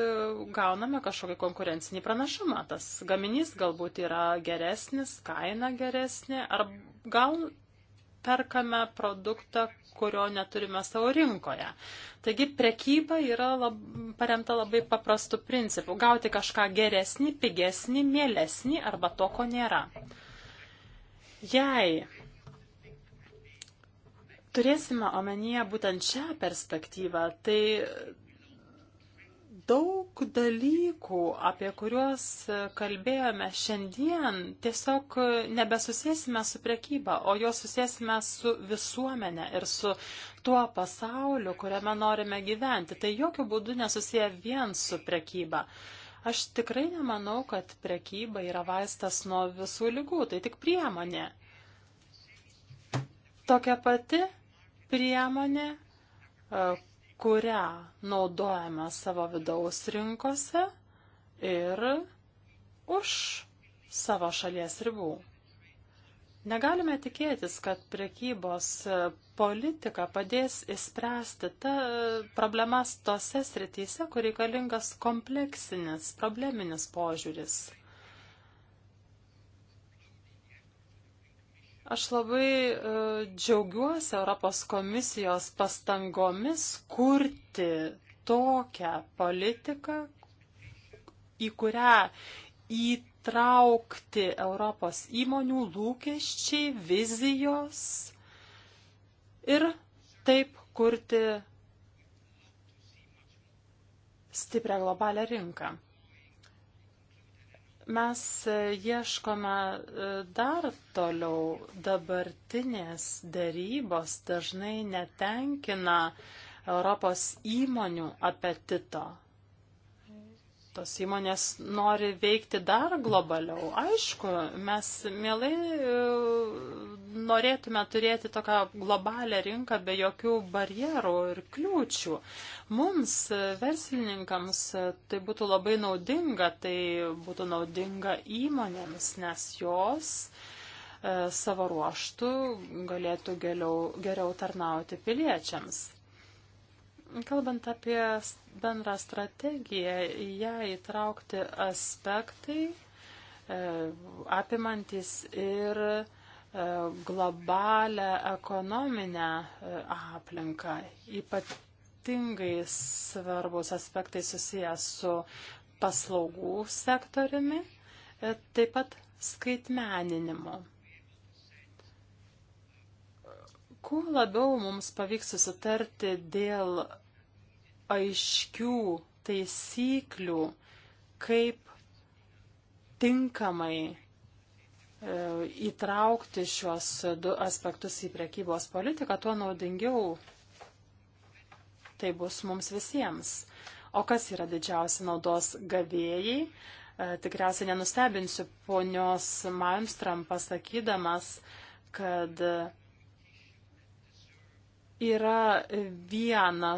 gauname kažkokį konkurencinį pranašumą. Tas gaminys galbūt yra geresnis, kaina geresnė, ar gal perkame produktą, kurio neturime savo rinkoje. Taigi prekyba yra lab, paremta labai paprastu principu - gauti kažką geresnį, pigesnį, mielesnį arba to, ko nėra. Jei turėsime omenyje būtent šią perspektyvą, tai daug dalykų, apie kuriuos kalbėjome šiandien, tiesiog nebesusėsime su prekyba, o jo susėsime su visuomenė ir su tuo pasauliu, kuriame norime gyventi. Tai jokių būdų nesusiję vien su prekyba. Aš tikrai nemanau, kad prekyba yra vaistas nuo visų lygų, tai tik priemonė. Tokia pati priemonė, e, kurią naudojame savo vidaus rinkose ir už savo šalies ribų. Negalime tikėtis, kad prekybos politika padės įspręsti ta problemas tose srityse, kur reikalingas kompleksinis, probleminis požiūris. Aš labai uh, džiaugiuosi Europos komisijos pastangomis kurti tokią politiką, į kurią įtraukti Europos įmonių lūkesčiai, vizijos ir taip kurti stiprią globalią rinką. Mes e, ieškome e, dar toliau. Dabartinės dėrybos dažnai netenkina Europos įmonių apetito tos įmonės nori veikti dar globaliau. Aišku, mes mielai e, norėtume turėti tokią globalią rinką be jokių barjerų ir kliūčių. Mums, e, verslininkams, e, tai būtų labai naudinga, tai būtų naudinga įmonėms, nes jos savo ruoštų galėtų geriau, geriau tarnauti piliečiams. Kalbant apie bendrą strategiją, ją įtraukti aspektai e, apimantis ir e, globalę ekonominę e, aplinką, ypatingai svarbus aspektai susijęs su paslaugų sektoriumi, taip pat skaitmeninimu. Kuo labiau mums pavyks susitarti dėl aiškių taisyklių, kaip tinkamai e, įtraukti šios du aspektus į prekybos politiką, tuo naudingiau tai bus mums visiems. O kas yra didžiausi naudos gavėjai? E, tikriausiai nenustebinsiu ponios Malmstram pasakydamas, kad yra viena,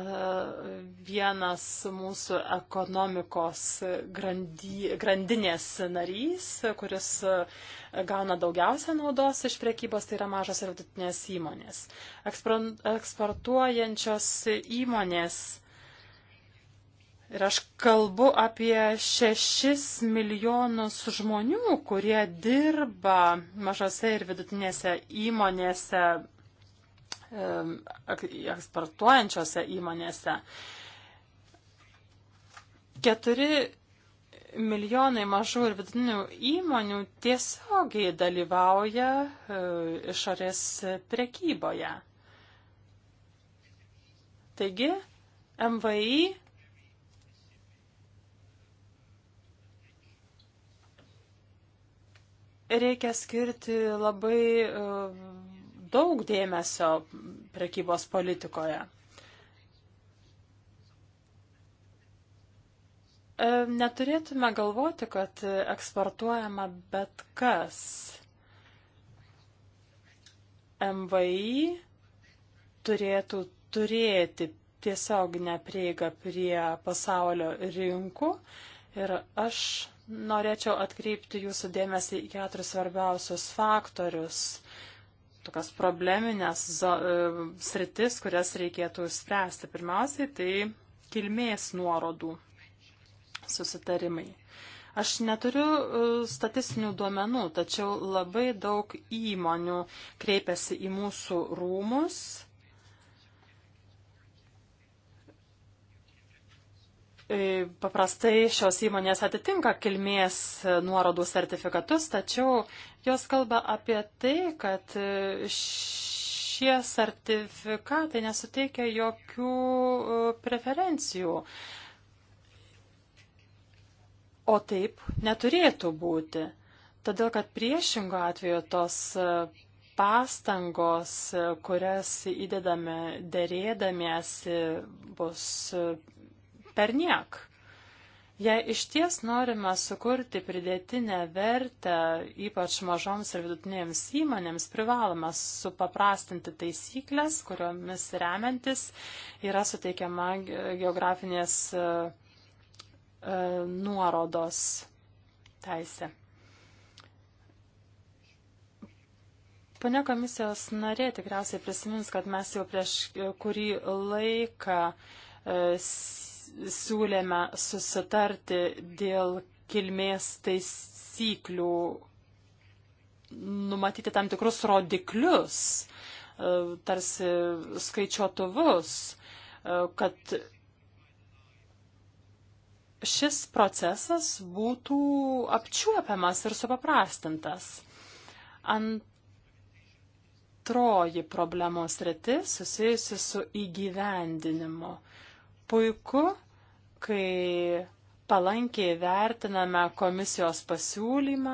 vienas mūsų ekonomikos grandy, grandinės narys, kuris gauna daugiausia naudos iš priekybos, tai yra mažos ir vidutinės įmonės. Eksportuojančios įmonės. Ir aš kalbu apie šešis milijonus žmonių, kurie dirba mažose ir vidutinėse įmonėse eksportuojančiose įmonėse. 4 milijonai mažų ir vidutinių įmonių tiesiogiai dalyvauja e, išorės prekyboje. Taigi, MVI reikia skirti labai e, daug dėmesio prekybos politikoje. E, neturėtume galvoti, kad eksportuojama bet kas. MVI turėtų turėti tiesioginę prieigą prie pasaulio rinkų ir aš norėčiau atkreipti jūsų dėmesį į keturis svarbiausius faktorius, tokias probleminės e, sritis, kurias reikėtų išspręsti. Pirmiausiai, tai kilmės nuorodų susitarimai. Aš neturiu e, statistinių duomenų, tačiau labai daug įmonių kreipiasi į mūsų rūmus E, paprastai šios įmonės atitinka kilmės nuorodų sertifikatus, tačiau jos kalba apie tai, kad e, šie sertifikatai nesuteikia jokių e, preferencijų. O taip neturėtų būti, todėl kad priešingo atveju tos pastangos, kurias įdedame dėrėdamiesi, bus per niek. Jei iš ties norime sukurti pridėtinę vertę, ypač mažoms ir vidutinėms įmonėms, privalome supaprastinti taisyklės, kuriomis remiantis yra suteikiama geografinės e, e, nuorodos teisė. Pane komisijos narė tikriausiai prisimins, kad mes jau prieš e, kurį laiką siūlėme susitarti dėl kilmės taisyklių, numatyti tam tikrus rodiklius, e, tarsi skaičiuotuvus, e, kad šis procesas būtų apčiuopiamas ir supaprastintas. Ant antroji problemos rytis susijusi su įgyvendinimu. Puiku, kai palankiai vertiname komisijos pasiūlymą,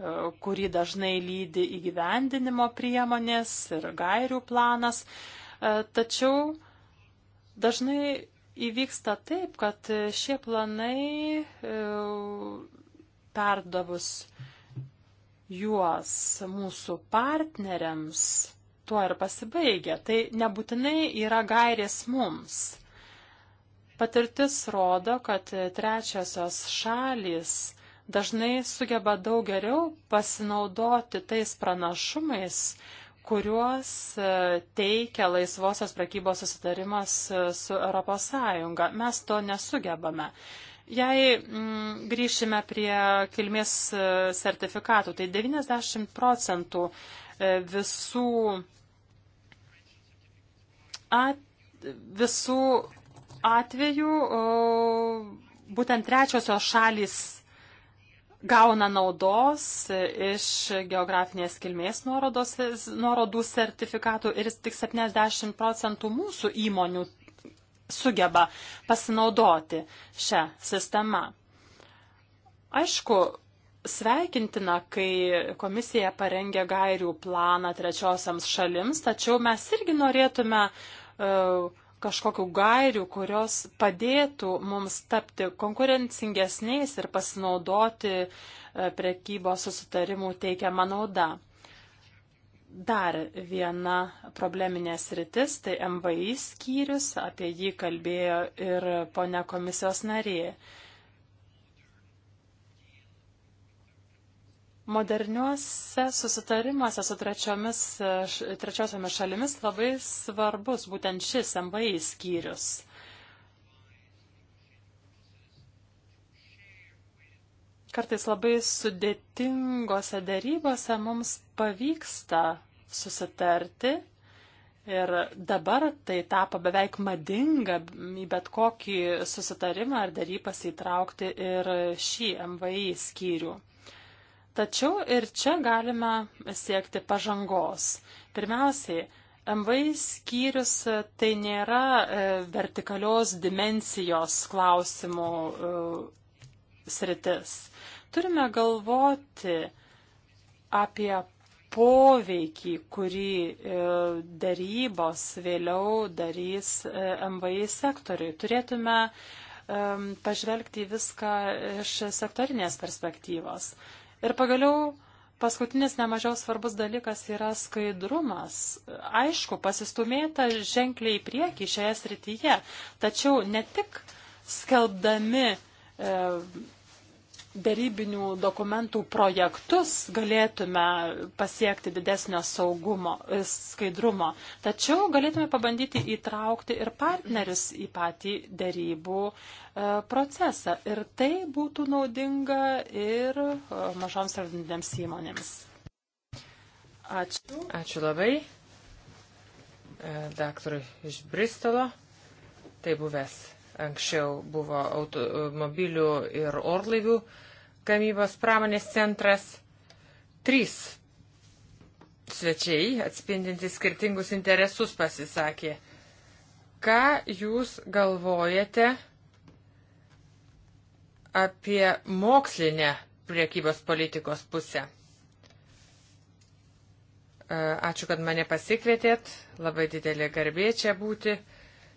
e, kurį dažnai lydi įgyvendinimo priemonės ir gairių planas. E, tačiau dažnai įvyksta taip, kad šie planai e, perdavus juos mūsų partneriams, tuo ir pasibaigia. Tai nebūtinai yra gairės mums. Patirtis rodo, kad trečiosios šalys dažnai sugeba daug geriau pasinaudoti tais pranašumais, kuriuos e, teikia laisvosios prekybos susitarimas e, su ES. Mes to nesugebame. Jei mm, grįšime prie kilmės e, sertifikatų, tai 90 procentų visų, at, visų atveju būtent trečiosios šalys gauna naudos iš geografinės kilmės nuorodos, nuorodų sertifikatų ir tik 70 procentų mūsų įmonių sugeba pasinaudoti šią sistemą. Aišku, sveikintina, kai komisija parengė gairių planą trečiosiams šalims, tačiau mes irgi norėtume uh, kažkokių gairių, kurios padėtų mums tapti konkurencingesniais ir pasinaudoti e, prekybos susitarimų teikiamą naudą. Dar viena probleminė sritis - tai MVI skyrius, apie jį kalbėjo ir ponia komisijos narė. Moderniuose susitarimuose su trečiosiomis šalimis labai svarbus būtent šis MVI skyrius. Kartais labai sudėtingose dėrybose mums pavyksta susitarti Ir dabar tai tapo beveik madinga į bet kokį susitarimą ar darybas įtraukti ir šį MVI skyrių. Tačiau ir čia galime siekti pažangos. Pirmiausiai, MVI skyrius e, tai nėra e, vertikalios dimensijos klausimų e, sritis. Turime galvoti apie poveikį, kurį darybos vėliau darys MVI sektoriui. Turėtume pažvelgti viską iš sektorinės perspektyvos. Ir pagaliau paskutinis nemažiau svarbus dalykas yra skaidrumas. Aišku, pasistumėta ženkliai į priekį šioje srityje, tačiau ne tik skelbdami e, darybinių dokumentų projektus galėtume pasiekti didesnio saugumo, e, skaidrumo. Tačiau galėtume pabandyti įtraukti ir partnerius į patį darybų e, procesą. Ir tai būtų naudinga ir e, mažoms ir vidutinėms įmonėms. Ačiū. Ačiū labai. Daktarui iš Bristolo. Tai buvęs anksčiau buvo automobilių ir orlaivių gamybos pramonės centras. Trys svečiai, atspindintys skirtingus interesus, pasisakė. Ką jūs galvojate apie mokslinę priekybos politikos pusę? Ačiū, kad mane pasikvietėt, labai didelė garbė čia būti.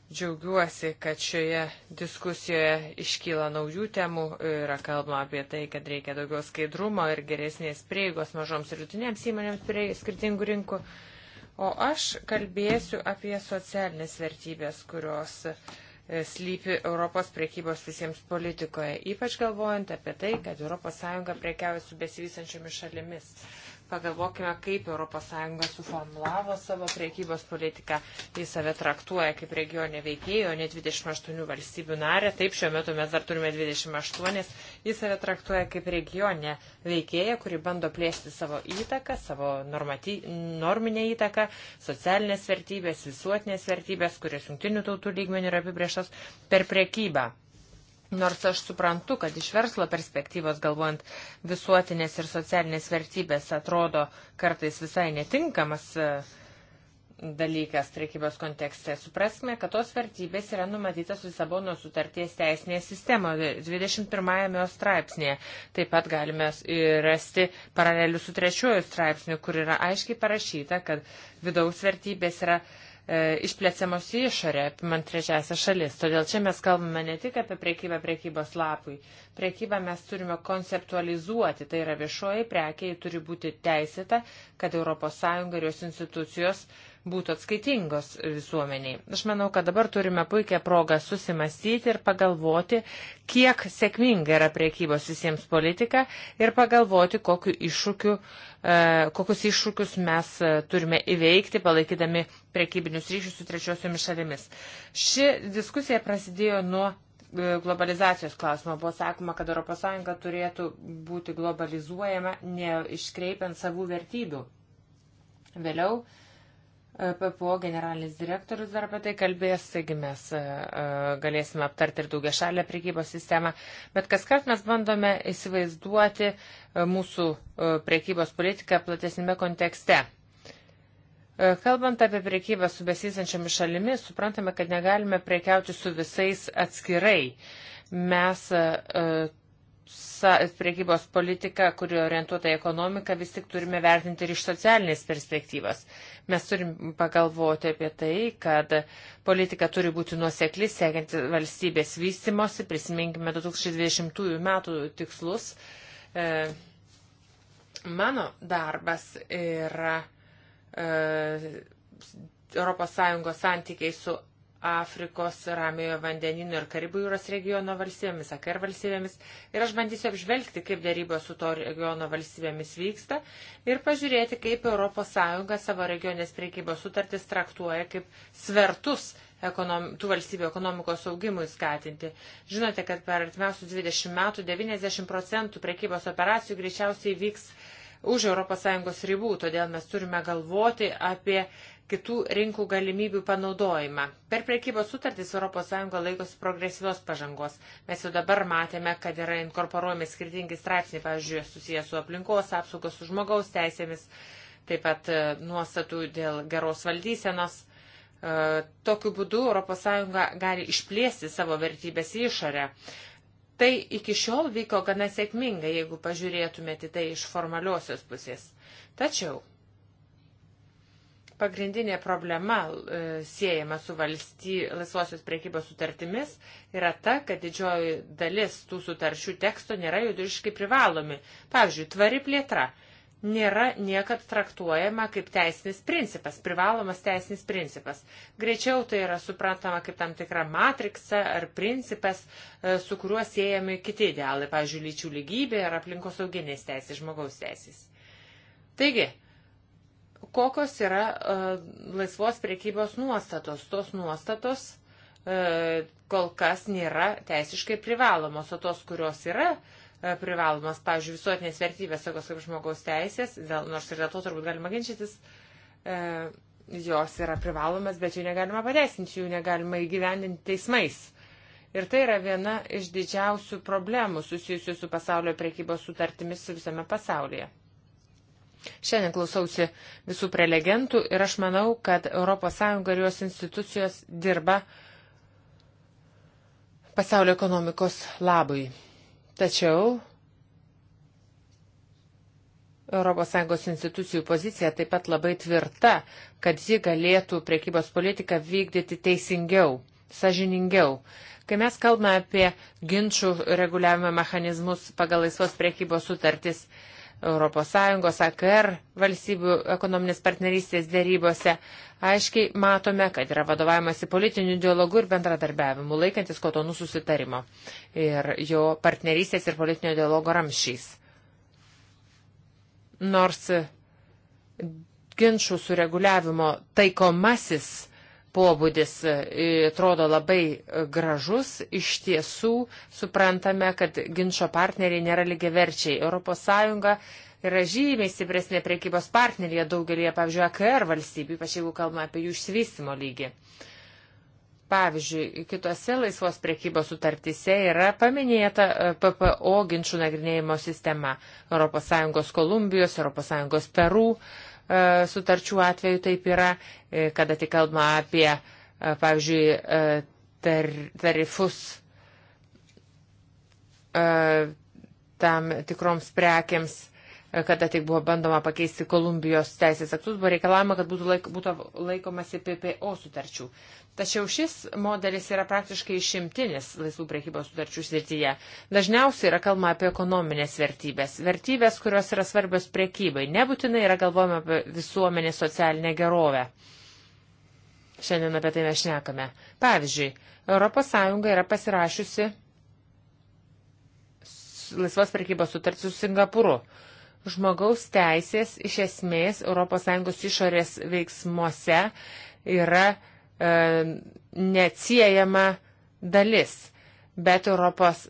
Džiaugiuosi, kad šioje diskusijoje iškyla naujų temų, yra kalbama apie tai, kad reikia daugiau skaidrumo ir geresnės prieigos mažoms ir rutinėms įmonėms prie skirtingų rinkų. O aš kalbėsiu apie socialinės vertybės, kurios e, slypi Europos priekybos visiems politikoje, ypač galvojant apie tai, kad ES priekiauja su besivysančiomis šalimis. Pagalvokime, kaip ES suformulavo savo priekybos politiką, jį save traktuoja kaip regionė veikėjo, ne 28 valstybių narė, taip šiuo metu mes dar turime 28, jį save traktuoja kaip regionė veikėja, kuri bando plėsti savo įtaką, savo normaty, norminę įtaką, socialinės vertybės, visuotinės vertybės, kurios jungtinių tautų lygmenių yra apibriešas per priekybą. Nors aš suprantu, kad iš verslo perspektyvos galvojant visuotinės ir socialinės vertybės atrodo kartais visai netinkamas e, dalykas prekybos kontekste. Supraskime, kad tos vertybės yra numatytas Lisabono sutarties teisinėje sistemoje 21 straipsnėje. Taip pat galime rasti paralelių su trečiuoju straipsniu, kur yra aiškiai parašyta, kad vidaus vertybės yra E, išplėsiamos į išorę, apimant trečiasią šalis. Todėl čia mes kalbame ne tik apie priekybą priekybos lapui. Priekybą mes turime konceptualizuoti, tai yra viešoji prekiai turi būti teisėta, kad ES ir jos institucijos uh, būtų atskaitingos visuomeniai. Aš manau, kad dabar turime puikią progą susimastyti ir pagalvoti, kiek sėkminga yra priekybos visiems politika ir pagalvoti, kokiu iššūkiu, e, kokius iššūkius mes e, turime įveikti, palaikydami priekybinius ryšius su trečiosiomis šalimis. Ši diskusija prasidėjo nuo e, globalizacijos klausimo. Buvo sakoma, kad ES turėtų būti globalizuojama, neiškreipiant savų vertybių. Vėliau uh, PPO generalinis direktorius dar apie tai kalbės, taigi mes e, e, galėsime aptarti ir daugia šalę priekybos sistemą. Bet kas kart mes bandome įsivaizduoti e, mūsų priekybos politiką platesnėme kontekste. Kalbant apie priekybą su besisančiamis šalimis, suprantame, kad negalime priekiauti su visais atskirai. Mes priekybos politiką, kuri orientuota į ekonomiką, vis tik turime vertinti ir iš socialinės perspektyvos. Mes turim pagalvoti apie tai, kad politika turi būti nuosekli, siekiant valstybės vystimosi, prisiminkime 2020 metų tikslus. E, mano darbas yra ES santykiai su Afrikos, Ramiojo vandenino ir Karibų jūros regiono valstybėmis, AKR valstybėmis. Ir aš bandysiu apžvelgti, kaip darybos su to regiono valstybėmis vyksta ir pažiūrėti, kaip ES savo regionės priekybos sutartis traktuoja kaip svertus ekonom, tų valstybių ekonomikos augimui skatinti. Žinote, kad per artimiausius 20 metų 90 procentų priekybos operacijų greičiausiai vyks už ES ribų, todėl mes turime galvoti apie kitų rinkų galimybių panaudojimą. Per priekybos sutartys ES laikosi progresyvios pažangos. Mes jau dabar matėme, kad yra inkorporuojami skirtingi straipsniai, pavyzdžiui, susijęs su aplinkos apsaugos, su žmogaus teisėmis, taip pat e, nuostatų dėl geros valdysenos. E, tokiu būdu ES gali išplėsti savo vertybės į išorę. Tai iki šiol vyko gana sėkmingai, jeigu pažiūrėtumėte tai iš formaliosios pusės. Tačiau pagrindinė problema e, siejama su valsty, laisvosios priekybos sutartimis yra ta, kad didžioji dalis tų sutarčių teksto nėra juridiškai privalomi. Pavyzdžiui, tvari plėtra nėra niekad traktuojama kaip teisinis principas, privalomas teisinis principas. Greičiau tai yra suprantama kaip tam tikra matriksa ar principas, e, su kuriuo siejami kiti idealai, pavyzdžiui, lyčių lygybė ar aplinkos sauginės teisės, žmogaus teisės. Taigi, kokios yra e, laisvos priekybos nuostatos? Tos nuostatos e, kol kas nėra teisiškai privalomos, o tos, kurios yra, uh, E, privalomas, pavyzdžiui, visuotinės vertybės, tokios kaip žmogaus teisės, dėl, nors ir dėl to turbūt galima ginčytis, e, jos yra privalomas, bet jų negalima pateisinti, jų negalima įgyvendinti teismais. Ir tai yra viena iš didžiausių problemų susijusių su pasaulio priekybos sutartimis visame pasaulyje. Šiandien klausausi visų prelegentų ir aš manau, kad ES ir jos institucijos dirba pasaulio ekonomikos labui. Tačiau ES institucijų pozicija taip pat labai tvirta, kad ji galėtų priekybos politiką vykdyti teisingiau, sažiningiau. Kai mes kalbame apie ginčių reguliavimo mechanizmus pagal laisvos priekybos sutartis, uh, ES AKR valstybių ekonominės partnerystės dėrybose, aiškiai matome, kad yra vadovavimas į politinių dialogų ir bendradarbiavimų, laikantis kotonų susitarimo ir jo partnerystės ir politinio dialogo ramšys. Nors ginčių sureguliavimo taikomasis pobūdis e, atrodo labai e, gražus, iš tiesų suprantame, kad ginčio partneriai nėra lygiaverčiai. ES yra žymiai stipresnė priekybos partnerė daugelie, pavyzdžiui, AKR valstybių, ypač jeigu kalbame apie jų išsivystimo lygį. Pavyzdžiui, kitose laisvos priekybos sutartyse yra paminėta e, PPO ginčių nagrinėjimo sistema ES Kolumbijos, ES Perų E, sutarčių atveju taip yra, e, kada tik kalbama apie, e, pavyzdžiui, tar, tarifus tam tikroms prekiams, kada tik buvo bandoma pakeisti Kolumbijos teisės aktus, buvo reikalavima, kad būtų, laik, būtų laikomasi PPO sutarčių. Tačiau šis modelis yra praktiškai išimtinis laisvų priekybos sutarčių srityje. Dažniausiai yra kalbama apie ekonominės vertybės. Vertybės, kurios yra svarbios priekybai. Nebūtinai yra galvojama apie visuomenį socialinę gerovę. Šiandien apie tai mes šnekame. Pavyzdžiui, ES yra pasirašiusi laisvos priekybos sutartį su Singapūru. Žmogaus teisės iš esmės ES išorės veiksmuose yra E, neatsiejama dalis. Bet ES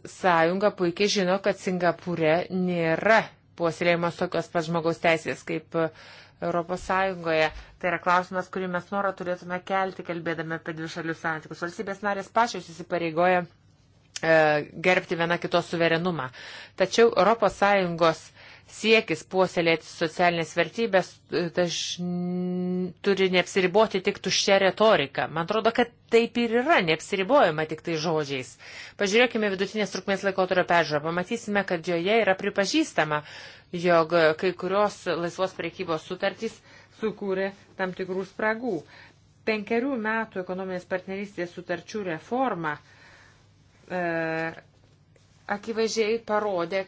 puikiai žino, kad Singapūre nėra puoselėjimas tokios pat žmogaus teisės kaip ES. Tai yra klausimas, kurį mes norą turėtume kelti, kalbėdami apie dvišalius santykius. Valstybės narės pačios įsipareigoja e, gerbti viena kitos suverenumą. Tačiau ES siekis puoselėti socialinės vertybės e, daž... turi neapsiriboti tik tuščia retorika. Man atrodo, kad taip ir yra, neapsiribojama tik tai žodžiais. Pažiūrėkime vidutinės trukmės laikotarpio peržiūrą. Pamatysime, kad joje yra pripažįstama, jog kai kurios laisvos priekybos sutartys sukūrė tam tikrų spragų. Penkerių metų ekonominės partnerystės sutarčių reforma e, akivaizdžiai parodė,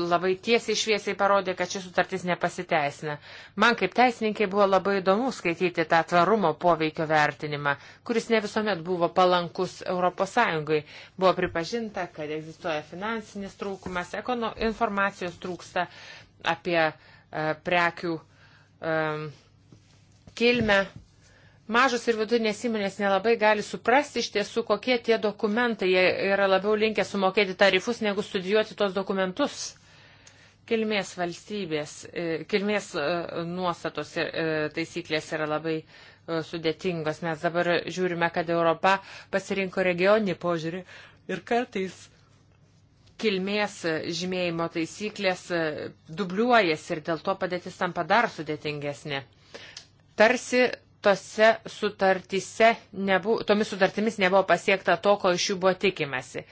labai tiesiai šviesiai parodė, kad šis sutartis nepasiteisina. Man kaip teisininkai buvo labai įdomu skaityti tą tvarumo poveikio vertinimą, kuris ne visuomet buvo palankus ES. Buvo pripažinta, kad egzistuoja finansinis trūkumas, ekono, informacijos trūksta apie e, prekių e, kilmę mažos ir vidutinės įmonės nelabai gali suprasti iš tiesų, kokie tie dokumentai. Jie yra labiau linkę sumokėti tarifus, negu studijuoti tos dokumentus. Kilmės valstybės, e, kilmės e, nuostatos ir e, taisyklės yra labai sudėtingos. Mes dabar žiūrime, kad Europa pasirinko regioninį požiūrį ir kartais kilmės žymėjimo taisyklės dubliuojasi ir dėl to padėtis tampa dar sudėtingesnė. Tarsi tose sutartyse nebu, tomis sutartimis nebuvo pasiekta to, ko iš jų buvo tikimasi.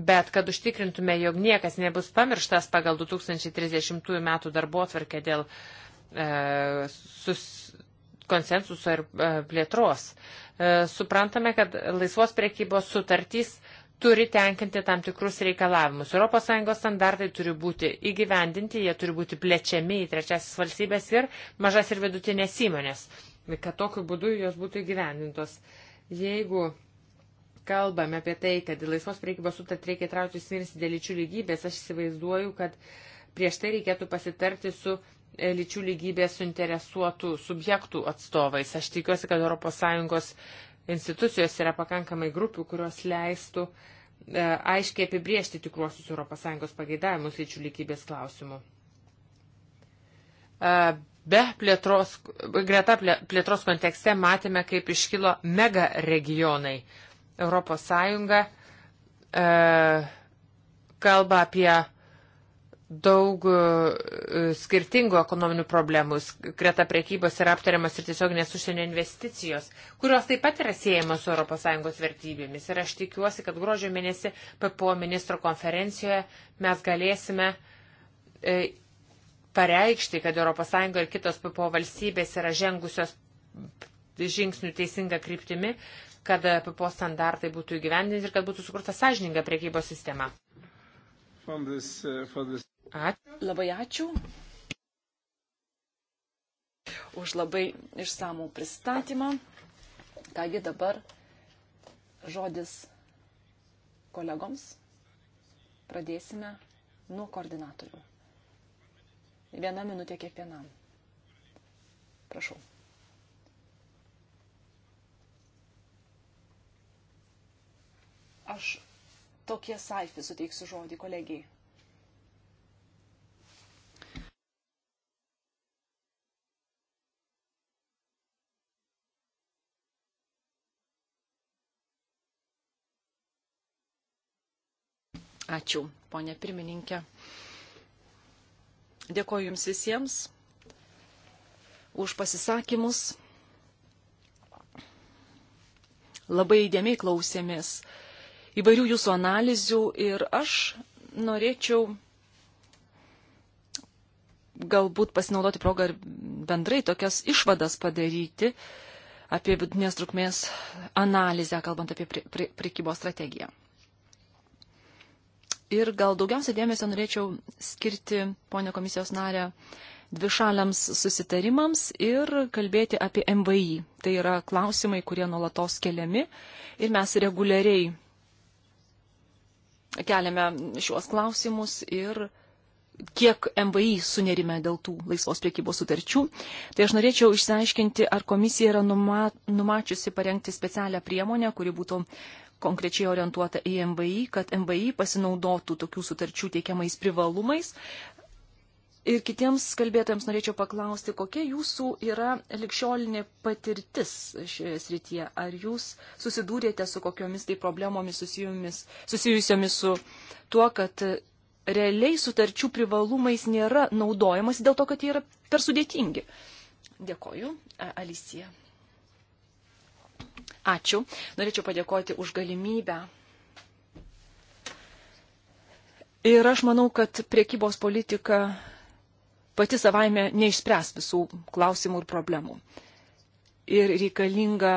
Bet kad užtikrintume, jog niekas nebus pamirštas pagal 2030 m. darbo atvarkę dėl e, sus, konsensuso ir e, plėtros, e, suprantame, kad laisvos priekybos sutartys turi tenkinti tam tikrus reikalavimus. ES standartai turi būti įgyvendinti, jie turi būti plečiami į trečiasis valstybės ir mažas ir vidutinės įmonės kad tokiu būdu jos būtų įgyvendintos. Jeigu kalbame apie tai, kad į laisvos priekybos sutartį reikia traukti smirsi dėl lyčių lygybės, aš įsivaizduoju, kad prieš tai reikėtų pasitarti su e, lyčių lygybės suinteresuotų subjektų atstovais. Aš tikiuosi, kad ES institucijos yra pakankamai grupių, kurios leistų e, aiškiai apibriežti tikruosius ES pageidavimus lyčių lygybės klausimų. E, Be plėtros, greta plėtros kontekste matėme, kaip iškilo mega regionai. Europos Sąjunga e, kalba apie daug e, skirtingų ekonominių problemų. Greta priekybos yra aptariamas ir tiesioginės užsienio investicijos, kurios taip pat yra siejamos su ES vertybėmis. Ir aš tikiuosi, kad gruodžio mėnesį PPO ministro konferencijoje mes galėsime e, pareikšti, kad ES ir kitos PPO valstybės yra žengusios žingsnių teisinga kryptimi, kad PPO standartai būtų įgyvendinti ir kad būtų sukurta sąžininga priekybos sistema. This, uh, this... Ačiū. Labai ačiū už labai išsamų pristatymą. Kągi dabar žodis kolegoms. Pradėsime nuo koordinatorių. Viena minutė kiekvienam. Prašau. Aš tokie saifi suteiksiu žodį kolegijai. Ačiū, ponė pirmininkė. Dėkoju Jums visiems už pasisakymus. Labai įdėmiai klausėmės įvairių Jūsų analizių ir aš norėčiau galbūt pasinaudoti progą ir bendrai tokias išvadas padaryti apie vidutinės trukmės analizę, kalbant apie prekybos strategiją. Ir gal daugiausia dėmesio norėčiau skirti, ponė komisijos narė, dvišaliams susitarimams ir kalbėti apie MVI. Tai yra klausimai, kurie nuolatos keliami ir mes reguliariai keliame šiuos klausimus ir kiek MVI sunerime dėl tų laisvos priekybos sutarčių. Tai aš norėčiau išsiaiškinti, ar komisija yra numa, numačiusi parengti specialią priemonę, kuri būtų konkrečiai orientuota į MVI, kad MVI pasinaudotų tokių sutarčių teikiamais privalumais. Ir kitiems kalbėtojams norėčiau paklausti, kokia jūsų yra likščiolinė patirtis šioje srityje. Ar jūs susidūrėte su kokiomis tai problemomis susijusiomis su tuo, kad realiai sutarčių privalumais nėra naudojamas dėl to, kad jie yra per sudėtingi? Dėkoju, Alicija. Ačiū. Norėčiau padėkoti už galimybę. Ir aš manau, kad priekybos politika pati savaime neišspręs visų klausimų ir problemų. Ir reikalinga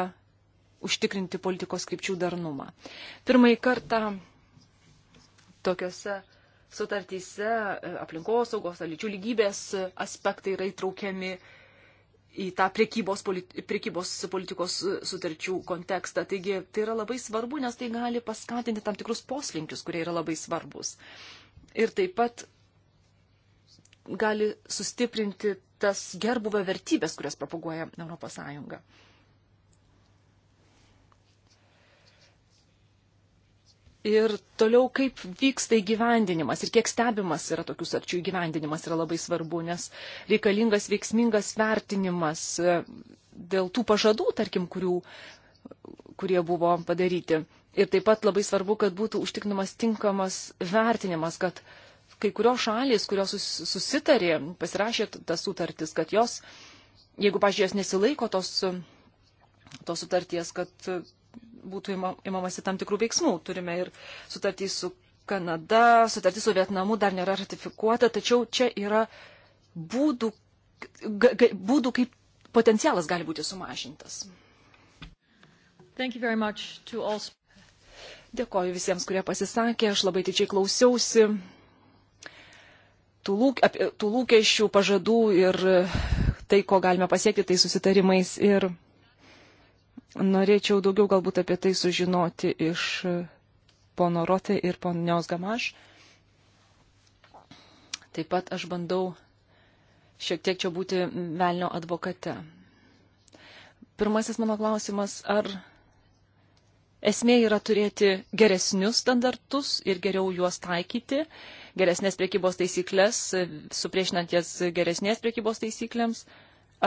užtikrinti politikos krypčių darnumą. Pirmąjį kartą tokiuose sutartyse e, aplinkosaugos ar lyčių lygybės aspektai yra įtraukiami į tą priekybos, politi priekybos politikos sutarčių kontekstą. Taigi tai yra labai svarbu, nes tai gali paskatinti tam tikrus poslinkius, kurie yra labai svarbus. Ir taip pat gali sustiprinti tas gerbuvio vertybės, kurias propaguoja ES. Ir toliau, kaip vyksta įgyvendinimas ir kiek stebimas yra tokių sarčių įgyvendinimas yra labai svarbu, nes reikalingas veiksmingas vertinimas e, dėl tų pažadų, tarkim, kurių, kurie buvo padaryti. Ir taip pat labai svarbu, kad būtų užtikrinamas tinkamas vertinimas, kad kai kurios šalis, kurios susitarė, pasirašė tas sutartis, kad jos, jeigu, pažiūrėjęs, nesilaiko tos, tos sutarties, kad būtų imamasi tam tikrų veiksmų. Turime ir sutartį su Kanada, sutartį su Vietnamu dar nėra ratifikuota, tačiau čia yra būdų, ga, ga, būdų kaip potencialas gali būti sumažintas. All... Dėkoju visiems, kurie pasisakė, aš labai tyčiai klausiausi tų, lūk, apie, tų lūkesčių, pažadų ir tai, ko galime pasiekti, tai susitarimais ir Norėčiau daugiau galbūt apie tai sužinoti iš pono Rotė ir ponios Gamaš. Taip pat aš bandau šiek tiek čia būti velnio advokate. Pirmasis mano klausimas, ar esmė yra turėti geresnius standartus ir geriau juos taikyti, geresnės priekybos taisyklės, supriešinant jas geresnės priekybos taisyklėms,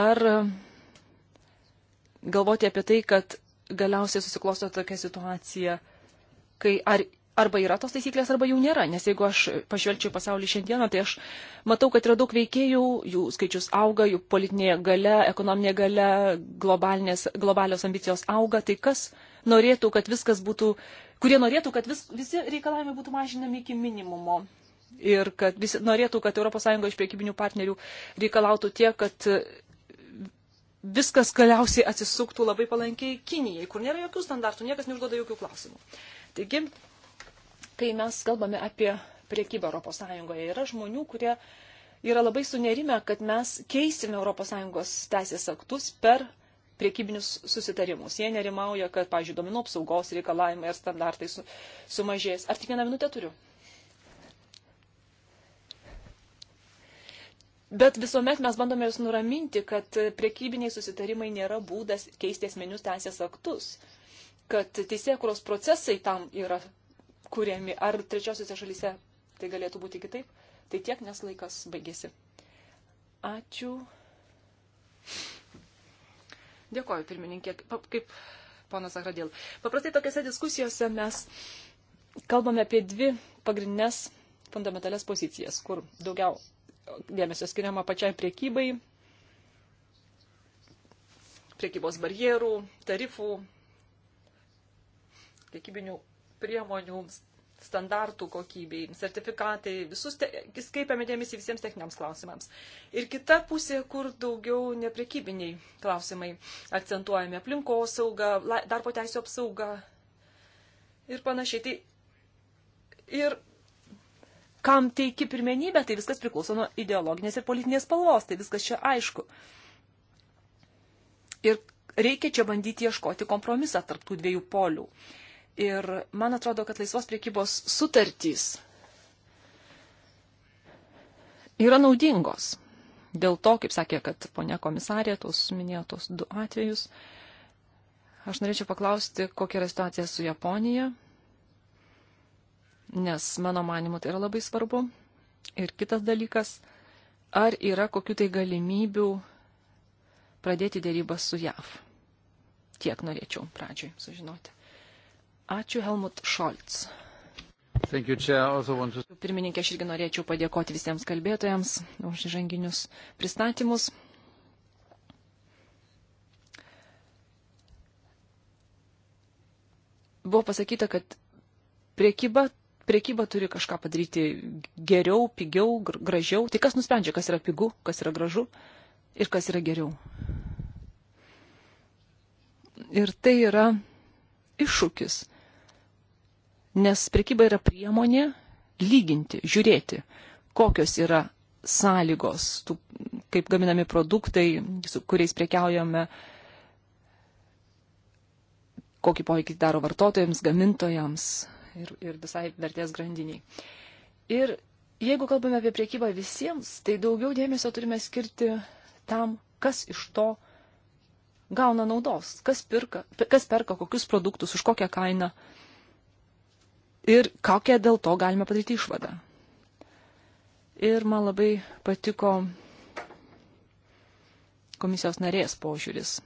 ar galvoti apie tai, kad galiausiai susiklosto tokia situacija, kai ar, arba yra tos taisyklės, arba jų nėra. Nes jeigu aš pažvelgčiau pasaulį šiandieną, tai aš matau, kad yra daug veikėjų, jų skaičius auga, jų politinė gale, ekonominė gale, globalios ambicijos auga. Tai kas norėtų, kad viskas būtų, kurie norėtų, kad vis, visi reikalavimai būtų mažinami iki minimumo. Ir kad visi norėtų, kad ES iš priekybinių partnerių reikalautų tiek, kad viskas galiausiai atsisuktų labai palankiai Kinijai, kur nėra jokių standartų, niekas neužduoda jokių klausimų. Taigi, kai mes kalbame apie priekybą ES, yra žmonių, kurie yra labai sunerime, kad mes keisime ES teisės aktus per priekybinius susitarimus. Jie nerimauja, kad, pavyzdžiui, domino apsaugos reikalavimai ar standartai su, sumažės. Ar tik vieną minutę turiu? Bet visuomet mes bandome jūs nuraminti, kad priekybiniai susitarimai nėra būdas keisti esmenius teisės aktus, kad teisėkuros procesai tam yra kuriami, ar trečiosiuose šalyse tai galėtų būti kitaip. Tai tiek, nes laikas baigėsi. Ačiū. Dėkoju, pirmininkė. Kaip ponas Agradėl. Paprastai tokiuose diskusijose mes kalbame apie dvi pagrindinės fundamentales pozicijas, kur daugiau dėmesio skiriama pačiai priekybai, priekybos barjerų, tarifų, priekybinių priemonių, standartų kokybei, sertifikatai, visus, te, skaipiame dėmesį visiems techniniams klausimams. Ir kita pusė, kur daugiau neprekybiniai klausimai akcentuojame aplinkos saugą, darbo teisų apsaugą ir panašiai. Tai ir kam teiki pirmenybę, tai viskas priklauso nuo ideologinės ir politinės spalvos, tai viskas čia aišku. Ir reikia čia bandyti ieškoti kompromisą tarptų dviejų polių. Ir man atrodo, kad laisvos priekybos sutartys yra naudingos. Dėl to, kaip sakė, kad ponia komisarė, tos minėtos du atvejus, aš norėčiau paklausti, kokia yra situacija su Japonija nes mano manimu tai yra labai svarbu. Ir kitas dalykas, ar yra kokiu tai galimybių pradėti dėrybas su JAV. Tiek norėčiau pradžioj sužinoti. Ačiū Helmut Scholz. You, to... Pirmininkė, aš irgi norėčiau padėkoti visiems kalbėtojams už žanginius pristatymus. Buvo pasakyta, kad priekyba priekyba turi kažką padaryti geriau, pigiau, gražiau. Tai kas nusprendžia, kas yra pigu, kas yra gražu ir kas yra geriau. Ir tai yra iššūkis, nes priekyba yra priemonė lyginti, žiūrėti, kokios yra sąlygos, tų, kaip gaminami produktai, su kuriais priekiaujame, kokį poveikį tai daro vartotojams, gamintojams, ir, ir visai vertės grandiniai. Ir jeigu kalbame apie priekybą visiems, tai daugiau dėmesio turime skirti tam, kas iš to gauna naudos, kas, pirka, kas perka kokius produktus, už kokią kainą ir kokią dėl to galime padaryti išvadą. Ir man labai patiko komisijos narės požiūris,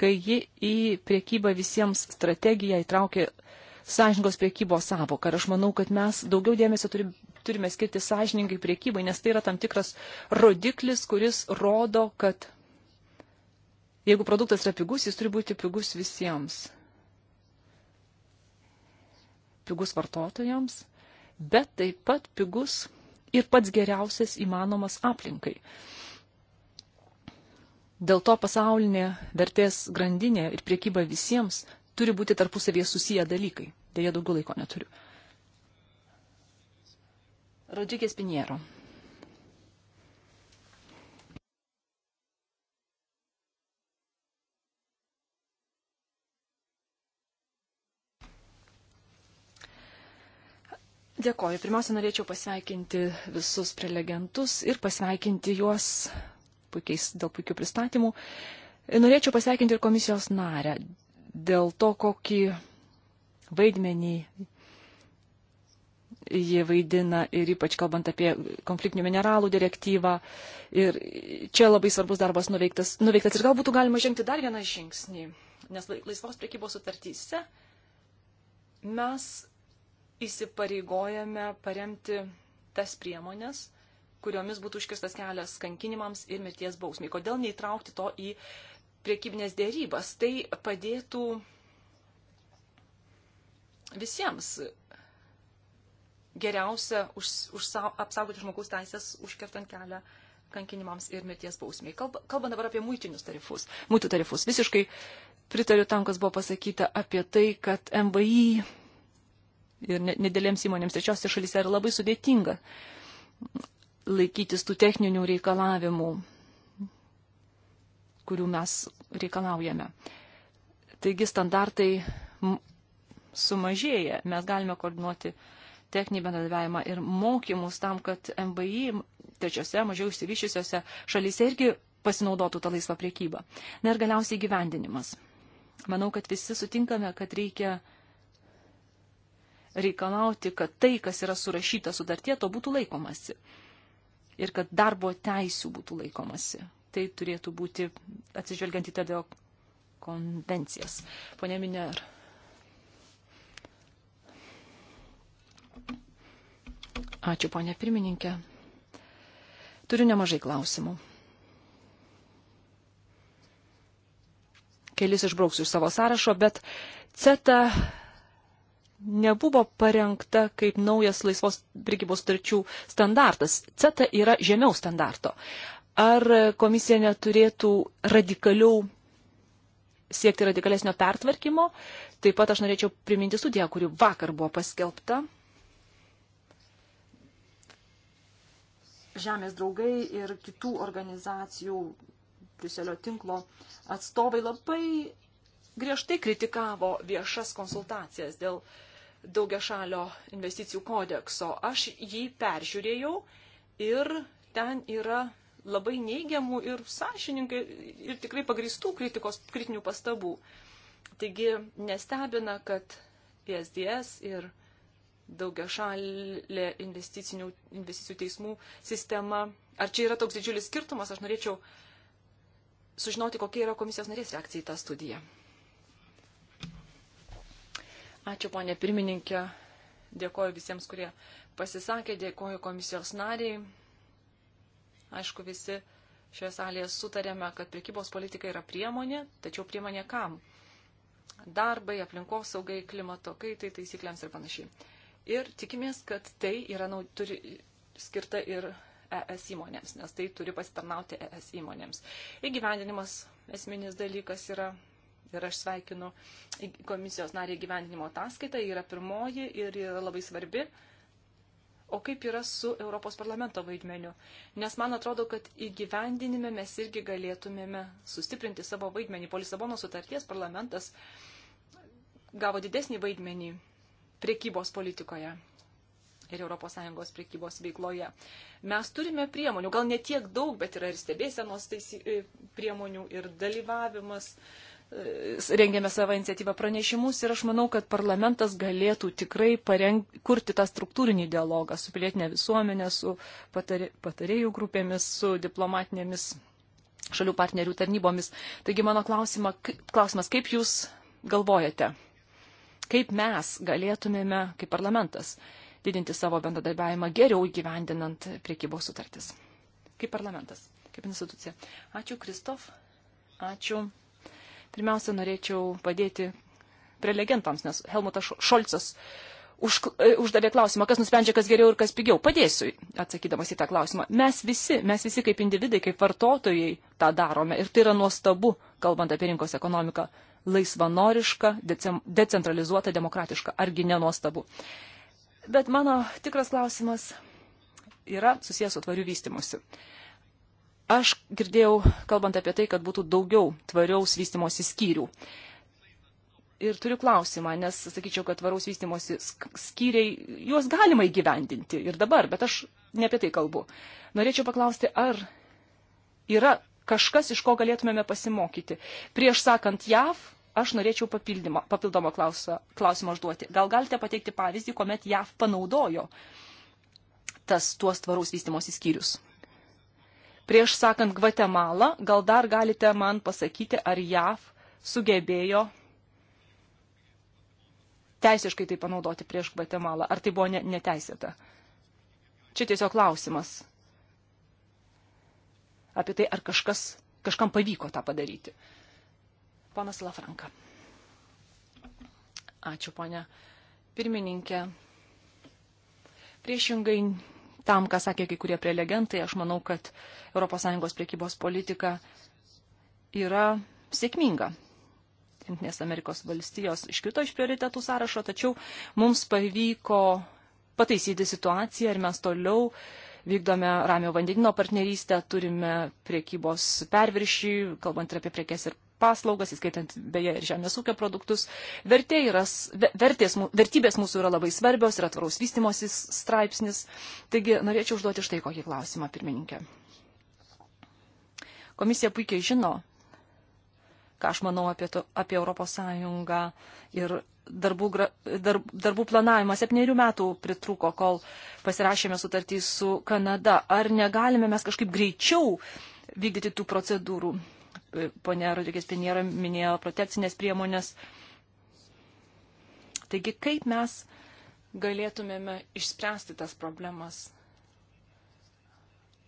kai ji į priekybą visiems strategiją įtraukė sąžingos priekybos savoką. Ir aš manau, kad mes daugiau dėmesio turime, turime skirti sąžiningai priekybai, nes tai yra tam tikras rodiklis, kuris rodo, kad jeigu produktas yra pigus, jis turi būti pigus visiems. Pigus vartotojams, bet taip pat pigus ir pats geriausias įmanomas aplinkai. Dėl to pasaulinė vertės grandinė ir priekyba visiems turi būti tarpusavėje susiję dalykai. Deja, daugiau laiko neturiu. Rodžikės Piniero. Dėkoju. Pirmiausia, norėčiau pasveikinti visus prelegentus ir pasveikinti juos puikiais, dėl puikių pristatymų. Norėčiau pasveikinti ir komisijos narę dėl to, kokį vaidmenį jie vaidina ir ypač kalbant apie konfliktinių mineralų direktyvą. Ir čia labai svarbus darbas nuveiktas, nuveiktas ir gal būtų galima žengti dar vieną žingsnį, nes laisvos priekybos sutartyse mes įsipareigojame paremti tas priemonės, kuriomis būtų užkirstas kelias kankinimams ir mirties bausmiai. Kodėl neįtraukti to į priekybinės dėrybas. Tai padėtų visiems geriausia už, už savo, apsaugoti žmogaus teisės, užkertant kelią kankinimams ir mirties bausmiai. Kalbant kalba dabar apie muitinius tarifus, muitų tarifus. Visiškai pritariu tam, kas buvo pasakyta apie tai, kad MVI ir nedėlėms įmonėms trečiosios šalyse yra labai sudėtinga laikytis tų techninių reikalavimų kurių mes reikalaujame. Taigi standartai sumažėja, mes galime koordinuoti techninį bendradarbiavimą ir mokymus tam, kad MBI trečiose, mažiau išsivyščiusiose šalyse irgi pasinaudotų tą laisvą priekybą. Na ir galiausiai gyvendinimas. Manau, kad visi sutinkame, kad reikia reikalauti, kad tai, kas yra surašyta sutartie, to būtų laikomasi. Ir kad darbo teisų būtų laikomasi, tai turėtų būti atsižvelgiant į TDO konvencijas. Pone Miner. Ačiū, ponė pirmininkė. Turiu nemažai klausimų. Kelis išbrauksiu iš savo sąrašo, bet CETA nebuvo parengta kaip naujas laisvos prikybos sutarčių standartas. CETA yra žemiau standarto ar komisija neturėtų radikaliau siekti radikalesnio pertvarkymo. Taip pat aš norėčiau priminti studiją, kuri vakar buvo paskelbta. Žemės draugai ir kitų organizacijų Briuselio tinklo atstovai labai griežtai kritikavo viešas konsultacijas dėl daugia šalio investicijų kodekso. Aš jį peržiūrėjau ir ten yra labai neigiamų ir sąžininkai ir tikrai pagristų kritikos, kritinių pastabų. Taigi nestebina, kad PSDS ir daugia šalė investicinių, investicijų teismų sistema. Ar čia yra toks didžiulis skirtumas? Aš norėčiau sužinoti, kokia yra komisijos narės reakcija į tą studiją. Ačiū, ponė pirmininkė. Dėkoju visiems, kurie pasisakė, dėkoju komisijos nariai. Aišku, visi šioje salėje sutarėme, kad prekybos politika yra priemonė, tačiau priemonė kam? Darbai, aplinkosaugai, klimato kaitai, taisyklėms ir panašiai. Ir tikimės, kad tai yra nau, turi, skirta ir ES įmonėms, nes tai turi pasitarnauti ES įmonėms. Įgyvendinimas esminis dalykas yra ir aš sveikinu komisijos narį gyvendinimo ataskaitą, ji yra pirmoji ir yra labai svarbi o kaip yra su Europos parlamento vaidmeniu? Nes man atrodo, kad įgyvendinime mes irgi galėtumėme sustiprinti savo vaidmenį. Po Lisabono sutarties parlamentas gavo didesnį vaidmenį priekybos politikoje ir ES priekybos veikloje. Mes turime priemonių, gal ne tiek daug, bet yra ir stebėsenos e, priemonių, ir dalyvavimas, E, rengėme savo iniciatyvą pranešimus ir aš manau, kad parlamentas galėtų tikrai pareng, kurti tą struktūrinį dialogą su pilietinė visuomenė, su patarė, patarėjų grupėmis, su diplomatinėmis šalių partnerių tarnybomis. Taigi mano klausima, klausimas, kaip jūs galvojate, kaip mes galėtumėme, kaip parlamentas, didinti savo bendradarbiavimą geriau įgyvendinant priekybos sutartis. Kaip parlamentas, kaip institucija. Ačiū, Kristof. Ačiū Pirmiausia, norėčiau padėti prelegentams, nes Helmutas Šolcas už, e, uždavė klausimą, kas nusprendžia, kas geriau ir kas pigiau. Padėsiu, atsakydamas į tą klausimą. Mes visi, mes visi kaip individai, kaip vartotojai tą darome. Ir tai yra nuostabu, kalbant apie rinkos ekonomiką. Laisvanoriška, decentralizuota, demokratiška. Argi nenuostabu. Bet mano tikras klausimas yra susijęs su tvariu vystimusi. Aš girdėjau, kalbant apie tai, kad būtų daugiau tvariaus vystimosi skyrių. Ir turiu klausimą, nes sakyčiau, kad tvaraus vystimosi skyriai, juos galima įgyvendinti ir dabar, bet aš ne apie tai kalbu. Norėčiau paklausti, ar yra kažkas, iš ko galėtumėme pasimokyti. Prieš sakant JAV, aš norėčiau papildomą klausimą, klausimą užduoti. Gal galite pateikti pavyzdį, kuomet JAV panaudojo tas tuos tvaraus vystimosi skyrius? Prieš sakant Gvatemalą, gal dar galite man pasakyti, ar JAV sugebėjo teisiškai tai panaudoti prieš Gvatemalą, ar tai buvo ne, neteisėta. Čia tiesiog klausimas apie tai, ar kažkas, kažkam pavyko tą padaryti. Ponas Lafranka. Ačiū, ponė pirmininkė. Priešingai tam, ką sakė kai kurie prelegentai, aš manau, kad ES priekybos politika yra sėkminga. Junktinės Amerikos valstijos iškrito iš prioritetų sąrašo, tačiau mums pavyko pataisyti situaciją ir mes toliau vykdome ramio vandenino partnerystę, turime priekybos perviršį, kalbant ir apie priekes ir paslaugas, įskaitant beje ir žemės ūkio produktus. Vertė yra, vertės, vertybės mūsų yra labai svarbios, yra tvaraus vystimosis straipsnis. Taigi norėčiau užduoti štai kokį klausimą, pirmininkė. Komisija puikiai žino, ką aš manau apie, to, apie Europos Sąjungą ir darbų, darb, darbų planavimą. Septynerių metų pritruko, kol pasirašėme sutartį su Kanada. Ar negalime mes kažkaip greičiau vykdyti tų procedūrų? ponia Rodrikės Pinėra minėjo protekcinės priemonės. Taigi, kaip mes galėtumėme išspręsti tas problemas?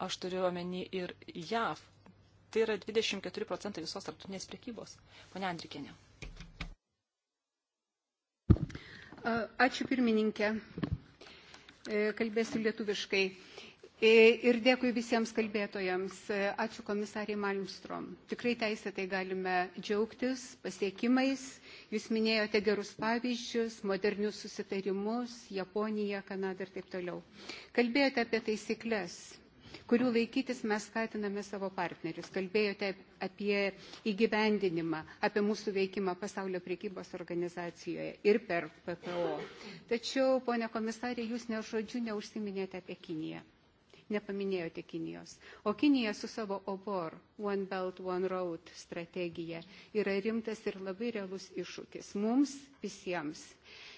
Aš turiu omeny ir JAV. Tai yra 24 procentai visos tarptautinės priekybos. Pone Andrikinė. Ačiū pirmininkė. E, kalbėsiu lietuviškai. E, ir dėkui visiems kalbėtojams. E, ačiū komisariai Malmstrom. Tikrai teisėtai galime džiaugtis pasiekimais. Jūs minėjote gerus pavyzdžius, modernius susitarimus, Japoniją, Kanadą ir taip toliau. Kalbėjote apie taisyklės kurių laikytis mes skatiname savo partnerius. Kalbėjote apie įgyvendinimą, apie mūsų veikimą pasaulio priekybos organizacijoje ir per PPO. Tačiau, ponia komisarė, jūs ne žodžiu neužsiminėte apie Kiniją nepaminėjote Kinijos. O Kinija su savo OBOR, One Belt, One Road strategija yra rimtas ir labai realus iššūkis mums visiems.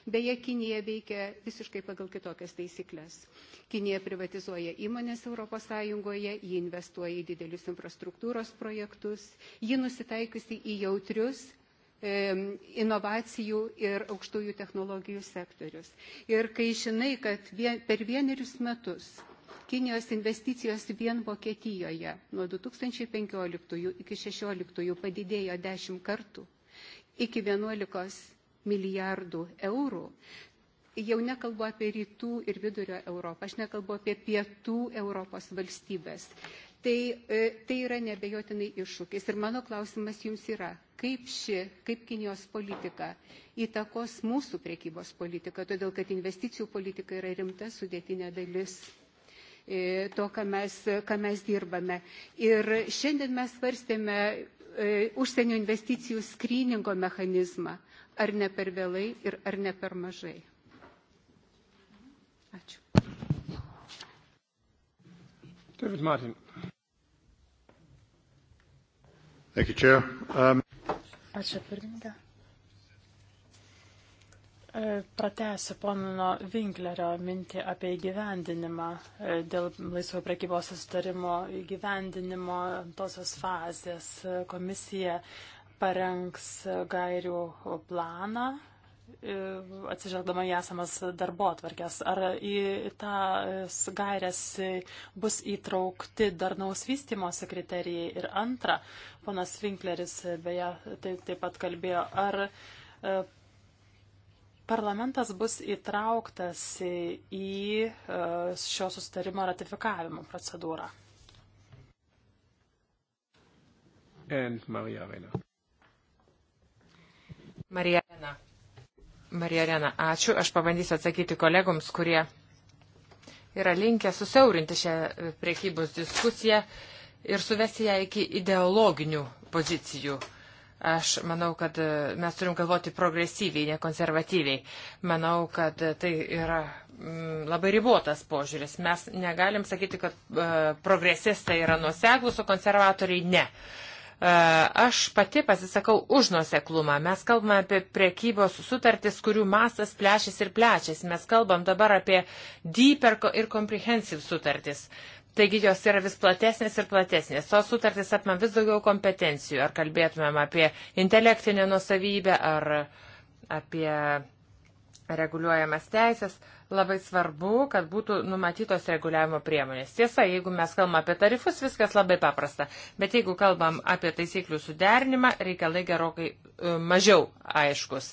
Beje, Kinija veikia visiškai pagal kitokias taisyklės. Kinija privatizuoja įmonės ES, ji investuoja į didelius infrastruktūros projektus, ji nusitaikiusi į jautrius inovacijų ir aukštųjų technologijų sektorius. Ir kai žinai, kad vien, per vienerius metus Kinijos investicijos vien Vokietijoje nuo 2015 iki 2016 padidėjo 10 kartų iki 11 milijardų eurų. Jau nekalbu apie rytų ir vidurio Europą, aš nekalbu apie pietų Europos valstybės. Tai, e, tai yra nebejotinai iššūkis. Ir mano klausimas jums yra, kaip ši, kaip Kinijos politika įtakos mūsų priekybos politiką, todėl kad investicijų politika yra rimta sudėtinė dalis to, ką mes, ką mes dirbame. Ir šiandien mes svarstėme e, užsienio investicijų skryningo mechanizmą. Ar ne per vėlai ir ar ne per mažai? Ačiū. David Martin. Thank you, Chair. Um... Ačiū, pirmininkė. E, pratęsiu pono Vinklerio mintį apie įgyvendinimą e, dėl laisvo prekybos sustarimo įgyvendinimo antosios fazės. Komisija parengs gairių planą e, atsižvelgdama į esamas darbo atvarkės. Ar į tas gairias bus įtraukti darnaus vystimosi kriterijai? Ir antra, ponas Vinkleris beje taip, taip pat kalbėjo, ar Parlamentas bus įtrauktas į e, šio sustarimo ratifikavimo procedūrą. And Maria Arena. Marija Arena. Marija Arena, ačiū. Aš pabandysiu atsakyti kolegoms, kurie yra linkę susiaurinti šią e, priekybos diskusiją ir suvesti ją iki ideologinių pozicijų. Uh, Aš manau, kad e, mes turim galvoti progresyviai, ne konservatyviai. Manau, kad e, tai yra mm, labai ribotas požiūris. Mes negalim sakyti, kad e, progresistai yra nuseglus, o konservatoriai ne. Aš pati pasisakau už nuseklumą. Mes kalbame apie priekybos sutartis, kurių mastas plešis ir plečis. Mes kalbam dabar apie deep ir comprehensive sutartis. Uh, Taigi jos yra vis platesnės ir platesnės. Tos sutartys apima vis daugiau kompetencijų. Ar kalbėtumėm apie intelektinę nusavybę, ar apie reguliuojamas teisės, labai svarbu, kad būtų numatytos reguliavimo priemonės. Tiesa, jeigu mes kalbam apie tarifus, viskas labai paprasta, bet jeigu kalbam apie taisyklių suderinimą, reikalai gerokai e, mažiau aiškus.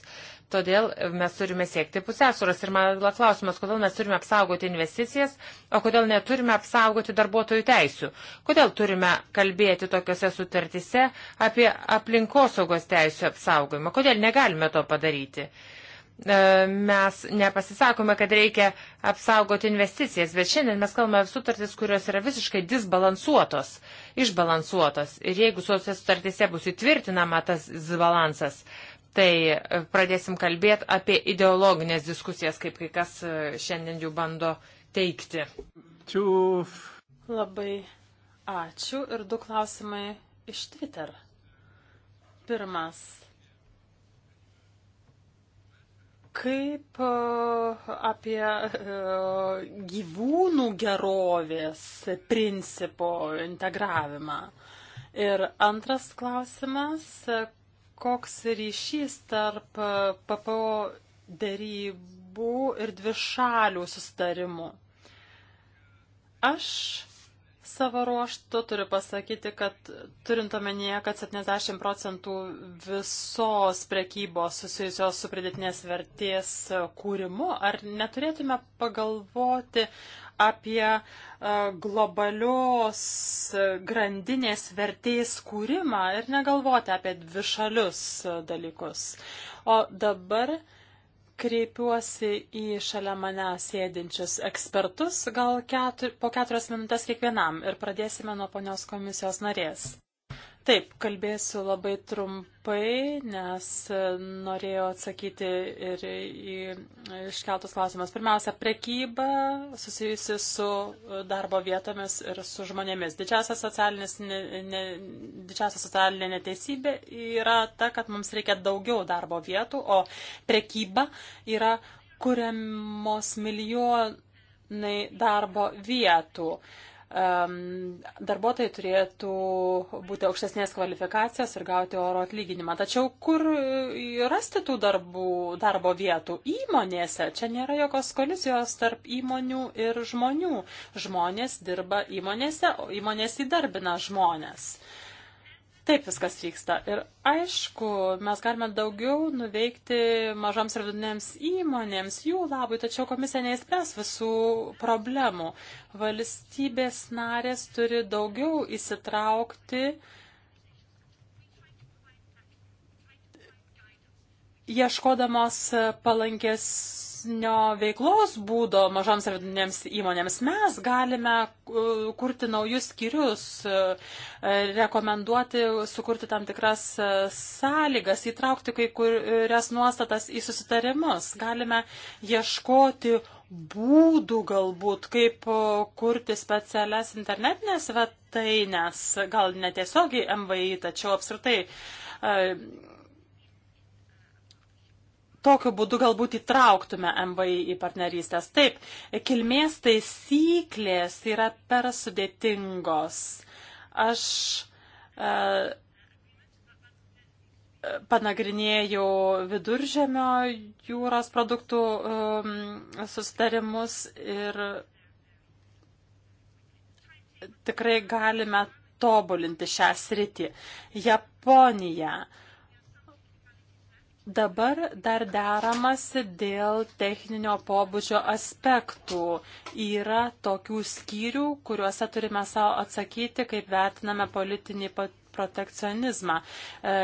Todėl mes turime siekti pusėsuras. Ir man yra klausimas, kodėl mes turime apsaugoti investicijas, o kodėl neturime apsaugoti darbuotojų teisių. Kodėl turime kalbėti tokiuose sutartise apie aplinkosaugos teisų apsaugojimą. Kodėl negalime to padaryti. E, mes nepasisakome, kad reikia apsaugoti investicijas, bet šiandien mes kalbame sutartis, kurios yra visiškai disbalansuotos, išbalansuotos. Ir jeigu suose sutartise bus įtvirtinama tas disbalansas, tai e, pradėsim kalbėti apie ideologinės diskusijas, kaip kai kas e, šiandien jų bando teikti. Čiūf. Labai ačiū ir du klausimai iš Twitter. Pirmas. Kaip e, apie gyvūnų gerovės principo integravimą? Ir antras klausimas, koks ryšys tarp e, PPO dėrybų ir dvišalių sustarimų. Aš savo ruoštų turiu pasakyti, kad turint omenyje, kad 70 procentų visos prekybos susijusios su pridėtinės vertės kūrimu, ar neturėtume pagalvoti apie e, globalios grandinės vertės kūrimą ir negalvoti apie dvišalius e, dalykus. O dabar kreipiuosi į šalia mane sėdinčius ekspertus, gal keturi, po keturias minutės kiekvienam ir pradėsime nuo ponios komisijos narės. Taip, kalbėsiu labai trumpai, nes norėjau atsakyti ir į iškeltus klausimus. Pirmiausia, prekyba susijusi su darbo vietomis ir su žmonėmis. Didžiausia, ne, ne, didžiausia socialinė neteisybė yra ta, kad mums reikia daugiau darbo vietų, o prekyba yra kuriamos milijonai darbo vietų. Uh, darbuotojai turėtų būti aukštesnės kvalifikacijos ir gauti oro atlyginimą. Tačiau kur rasti tų darbų, darbo vietų? Įmonėse. Čia nėra jokios kolizijos tarp įmonių ir žmonių. Žmonės dirba įmonėse, o įmonės įdarbina žmonės. Uh, Taip viskas vyksta. Ir aišku, mes galime daugiau nuveikti mažoms ir vidutinėms įmonėms, jų labui, tačiau komisija neįspręs visų problemų. Valstybės narės turi daugiau įsitraukti. Ieškodamos palankės lankstesnio veiklos būdo mažoms ir vidutinėms įmonėms mes galime e, kurti naujus skyrius, e, rekomenduoti, sukurti tam tikras e, sąlygas, įtraukti kai kurias nuostatas į susitarimus. Galime ieškoti būdų galbūt, kaip kurti specialias internetinės svetainės, gal netiesiogiai MVI, tačiau apskritai tokiu būdu galbūt įtrauktume MVI į partnerystės. Taip, kilmės taisyklės yra per sudėtingos. Aš e, panagrinėjau viduržėmio jūros produktų e, um, sustarimus ir tikrai galime tobulinti šią sritį. Japonija. E, Dabar dar deramasi dėl techninio pobūdžio aspektų. Yra tokių skyrių, kuriuose turime savo atsakyti, kaip vertiname politinį protekcionizmą. E,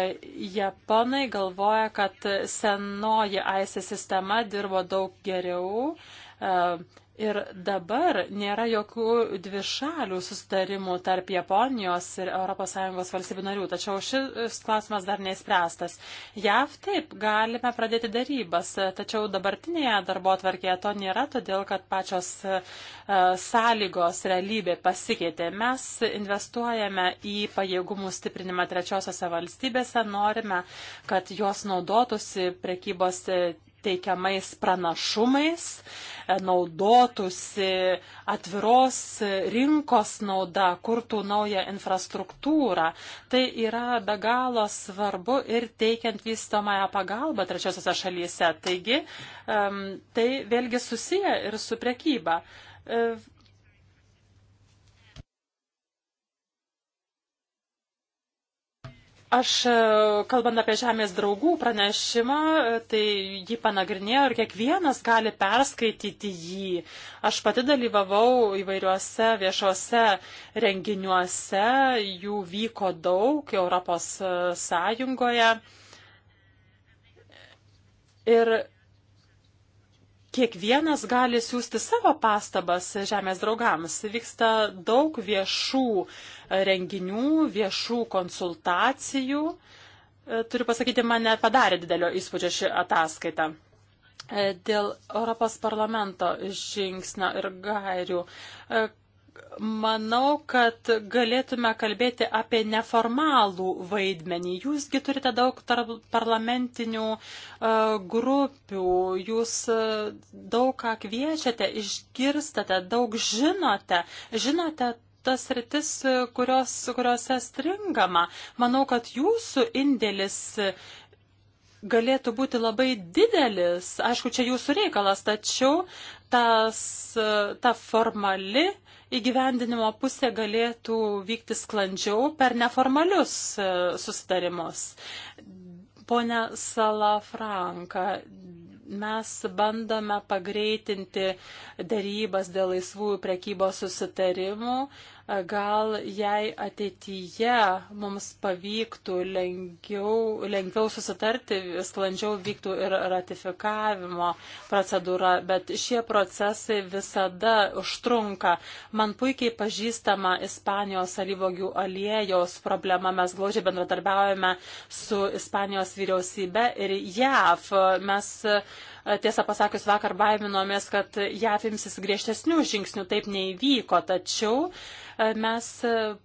japonai galvoja, kad senoji AISE sistema dirbo daug geriau. E, Ir dabar nėra jokių dvišalių sustarimų tarp Japonijos ir ES valstybių narių, tačiau šis klausimas dar neįspręstas. JAV taip galime pradėti darybas, tačiau dabartinėje darbo atvarkėje to nėra, todėl kad pačios uh, sąlygos realybė pasikeitė. Mes investuojame į pajėgumų stiprinimą trečiosiose valstybėse, norime, kad jos naudotųsi prekybos teikiamais pranašumais, e, naudotųsi atviros rinkos nauda, kurtų naują infrastruktūrą. Tai yra be galo svarbu ir teikiant vystomąją pagalbą trečiosiose šalyse. Taigi, tai vėlgi susiję ir su prekyba. E, Aš, e, kalbant apie Žemės draugų pranešimą, e, tai jį panagrinėjau ir kiekvienas gali perskaityti jį. Aš pati dalyvavau įvairiuose viešuose renginiuose, jų vyko daug Europos e, Sąjungoje. Ir kiekvienas gali siūsti savo pastabas žemės draugams. Vyksta daug viešų e, renginių, viešų konsultacijų. E, turiu pasakyti, mane padarė didelio įspūdžio ši ataskaita. E, dėl Europos parlamento žingsnio ir gairių manau, kad galėtume kalbėti apie neformalų vaidmenį. Jūsgi turite daug parlamentinių e, grupių, jūs e, daug ką kviečiate, išgirstate, daug žinote, žinote tas rytis, e, kurios, kuriuose stringama. Manau, kad jūsų indėlis galėtų būti labai didelis. Aišku, čia jūsų reikalas, tačiau tas, ta formali uh, įgyvendinimo pusė galėtų vykti sklandžiau per neformalius e, susitarimus. Pone Salafranka, mes bandome pagreitinti dėrybas dėl laisvųjų prekybos susitarimų, Gal jei ateityje mums pavyktų lengviau, lengviau susitarti, sklandžiau vyktų ir ratifikavimo procedūra, bet šie procesai visada užtrunka. Man puikiai pažįstama Ispanijos alyvogių aliejaus problema. Mes glaudžiai bendradarbiaujame su Ispanijos vyriausybe ir JAV. Mes Tiesą pasakius, vakar baiminomės, kad JAF imsis griežtesnių žingsnių, taip neįvyko, tačiau e, mes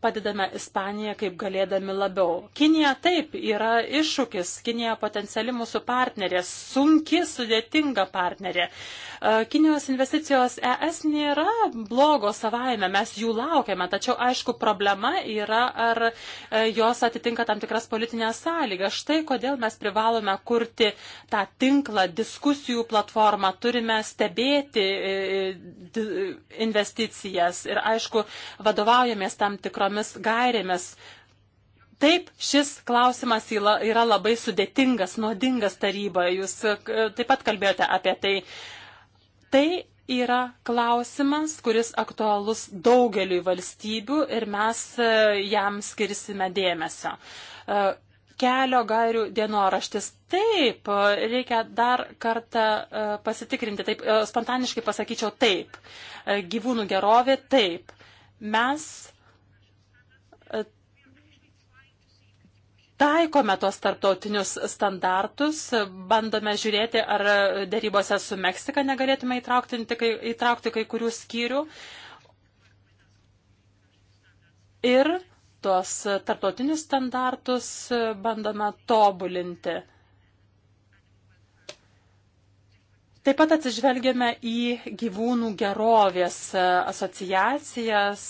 padedame Ispaniją kaip galėdami labiau. Kinija taip yra iššūkis, Kinija potenciali mūsų partnerė, sunki, sudėtinga partnerė. E, Kinijos investicijos ES nėra blogo savaime, mes jų laukiame, tačiau aišku, problema yra, ar e, jos atitinka tam tikras politinės sąlygas. Štai kodėl mes privalome kurti tą tinklą diskusijų investicijų platformą, turime stebėti e, e, investicijas ir, aišku, vadovaujamės tam tikromis gairėmis. Taip, šis klausimas yra labai sudėtingas, nuodingas taryboje. Jūs e, taip pat kalbėjote apie tai. Tai yra klausimas, kuris aktualus daugeliui valstybių ir mes jam skirsime dėmesio kelio gairių dienoraštis. Taip, reikia dar kartą e, pasitikrinti. Taip, e, spontaniškai pasakyčiau taip. E, gyvūnų gerovė taip. Mes taikome tos tarptautinius standartus, bandome žiūrėti, ar darybose su Meksika negalėtume įtraukti, įtraukti kai kurių skyrių. Ir tuos tarptautinius standartus bandome tobulinti. Taip pat atsižvelgiame į gyvūnų gerovės asociacijas,